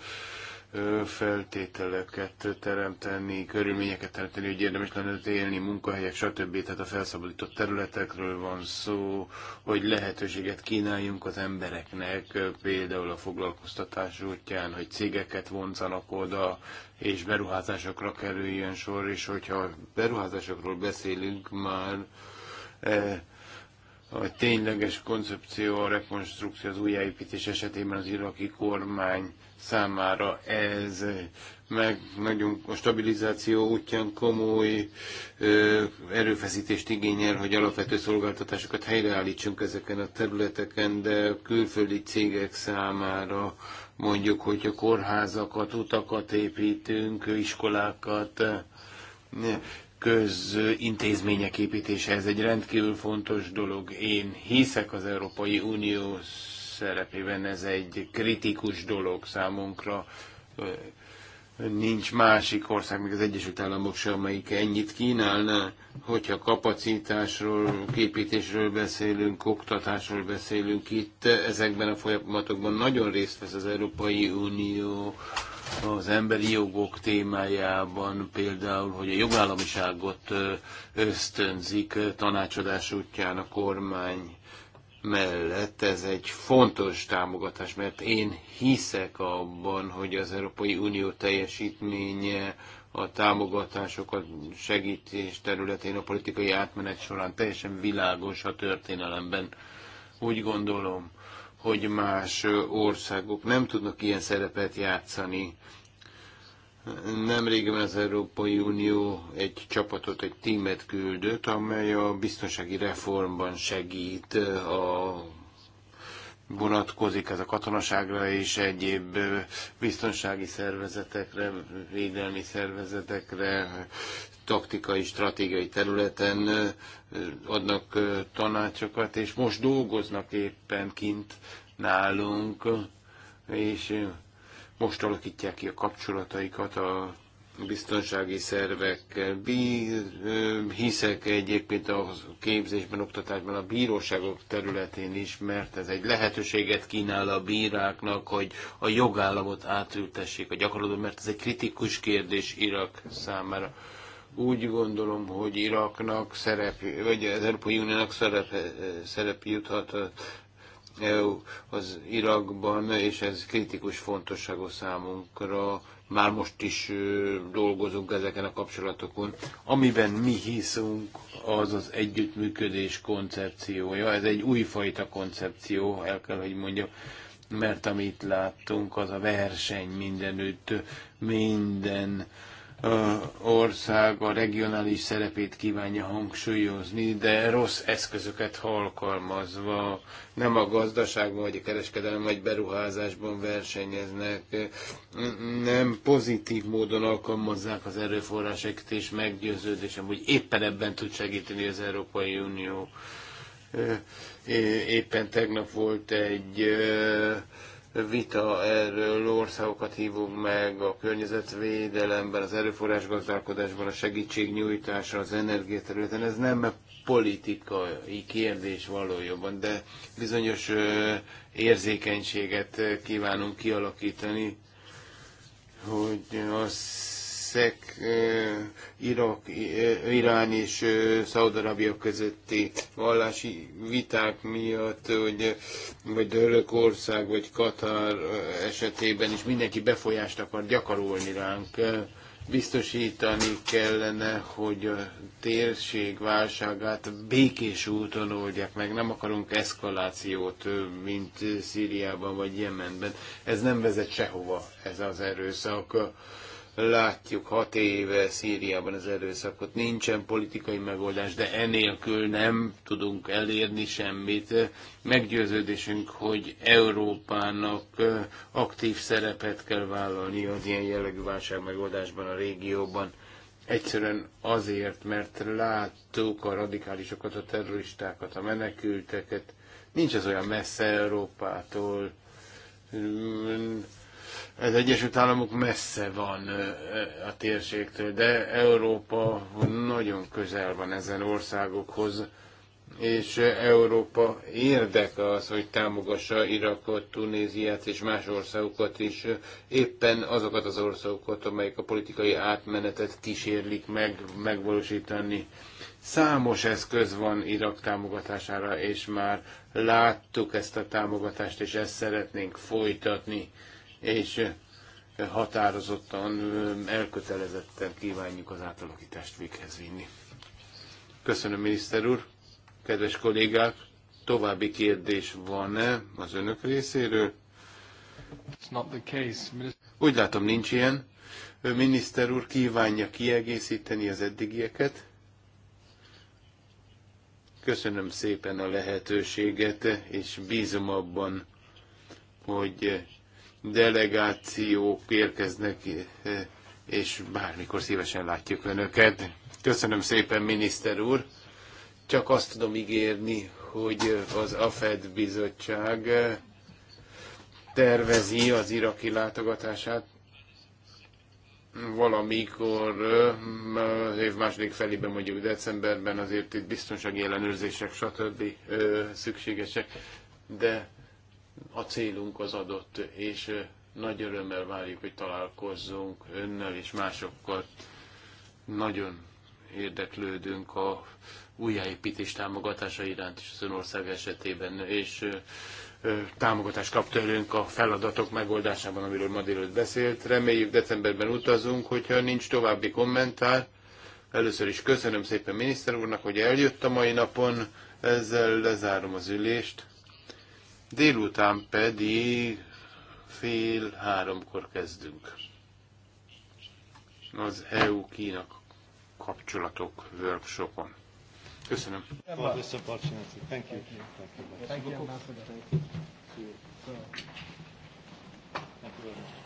feltételeket teremteni, körülményeket teremteni, hogy érdemes lenne élni, munkahelyek, stb. Tehát a felszabadított területekről van szó, hogy lehetőséget kínáljunk az embereknek, például a foglalkoztatás útján, hogy cégeket vonzanak oda, és beruházásokra kerüljön sor, és hogyha beruházásokról beszélünk már, e, a tényleges koncepció, a rekonstrukció, az újjáépítés esetében az iraki kormány számára ez meg nagyon a stabilizáció útján komoly ö, erőfeszítést igényel, hogy alapvető szolgáltatásokat helyreállítsunk ezeken a területeken, de külföldi cégek számára mondjuk, hogy a kórházakat, utakat építünk, iskolákat, közintézmények építése, ez egy rendkívül fontos dolog. Én hiszek az Európai Unió szerepében. Ez egy kritikus dolog számunkra. Nincs másik ország, még az Egyesült Államok sem, amelyik ennyit kínálna, hogyha kapacitásról, képítésről beszélünk, oktatásról beszélünk itt. Ezekben a folyamatokban nagyon részt vesz az Európai Unió az emberi jogok témájában, például, hogy a jogállamiságot ösztönzik tanácsadás útján a kormány mellett ez egy fontos támogatás, mert én hiszek abban, hogy az Európai Unió teljesítménye a támogatásokat segítés területén a politikai átmenet során teljesen világos a történelemben. Úgy gondolom, hogy más országok nem tudnak ilyen szerepet játszani, Nemrégben az Európai Unió egy csapatot, egy tímet küldött, amely a biztonsági reformban segít a vonatkozik ez a katonaságra és egyéb biztonsági szervezetekre, védelmi szervezetekre, taktikai, stratégiai területen adnak tanácsokat, és most dolgoznak éppen kint nálunk, és most alakítják ki a kapcsolataikat a biztonsági szervekkel. Bír, hiszek egyébként a képzésben, oktatásban, a bíróságok területén is, mert ez egy lehetőséget kínál a bíráknak, hogy a jogállamot átültessék a gyakorlatban, mert ez egy kritikus kérdés Irak számára. Úgy gondolom, hogy Iraknak szerep, vagy az Európai Uniónak szerep, szerep juthat az Irakban, és ez kritikus fontosságú számunkra. Már most is dolgozunk ezeken a kapcsolatokon. Amiben mi hiszünk, az az együttműködés koncepciója. Ez egy újfajta koncepció, el kell, hogy mondjam mert amit láttunk, az a verseny mindenütt, minden ország a regionális szerepét kívánja hangsúlyozni, de rossz eszközöket alkalmazva nem a gazdaságban, vagy a kereskedelem, vagy beruházásban versenyeznek, nem pozitív módon alkalmazzák az erőforrásokat, és meggyőződésem, hogy éppen ebben tud segíteni az Európai Unió. Éppen tegnap volt egy vita erről országokat hívunk meg a környezetvédelemben, az erőforrás gazdálkodásban, a segítségnyújtásra, az energiaterületen. Ez nem politikai kérdés valójában, de bizonyos érzékenységet kívánunk kialakítani, hogy az leszek Irak, Irán és Szaudarabia közötti vallási viták miatt, hogy, vagy Törökország, vagy Katar esetében is mindenki befolyást akar gyakorolni ránk. Biztosítani kellene, hogy a térség válságát békés úton oldják meg. Nem akarunk eszkalációt, mint Szíriában vagy Jemenben. Ez nem vezet sehova, ez az erőszak Látjuk hat éve Szíriában az erőszakot. Nincsen politikai megoldás, de enélkül nem tudunk elérni semmit. Meggyőződésünk, hogy Európának aktív szerepet kell vállalni az ilyen jellegű válság megoldásban a régióban. Egyszerűen azért, mert láttuk a radikálisokat, a terroristákat, a menekülteket. Nincs az olyan messze Európától az Egyesült Államok messze van a térségtől, de Európa nagyon közel van ezen országokhoz, és Európa érdeke az, hogy támogassa Irakot, Tunéziát és más országokat is, éppen azokat az országokat, amelyek a politikai átmenetet kísérlik meg, megvalósítani. Számos eszköz van Irak támogatására, és már láttuk ezt a támogatást, és ezt szeretnénk folytatni és eh, határozottan, eh, elkötelezetten kívánjuk az átalakítást véghez vinni. Köszönöm, miniszter úr! Kedves kollégák, további kérdés van-e az önök részéről? Úgy látom, nincs ilyen. Ő eh, miniszter úr kívánja kiegészíteni az eddigieket. Köszönöm szépen a lehetőséget, és bízom abban, hogy delegációk érkeznek, és bármikor szívesen látjuk Önöket. Köszönöm szépen, miniszter úr! Csak azt tudom ígérni, hogy az AFED bizottság tervezi az iraki látogatását valamikor az év második felében, mondjuk decemberben azért itt biztonsági ellenőrzések, stb. szükségesek, de a célunk az adott, és nagy örömmel várjuk, hogy találkozzunk önnel és másokkal. Nagyon érdeklődünk a újjáépítés támogatása iránt is az önország esetében, és támogatást kap tőlünk a feladatok megoldásában, amiről ma délőtt beszélt. Reméljük decemberben utazunk, hogyha nincs további kommentár. Először is köszönöm szépen miniszter úrnak, hogy eljött a mai napon. Ezzel lezárom az ülést. Délután pedig fél háromkor kezdünk. Az EU-Kína kapcsolatok workshopon. Köszönöm. For this Thank you. Thank you. Thank you. Thank you. Thank you. Thank you.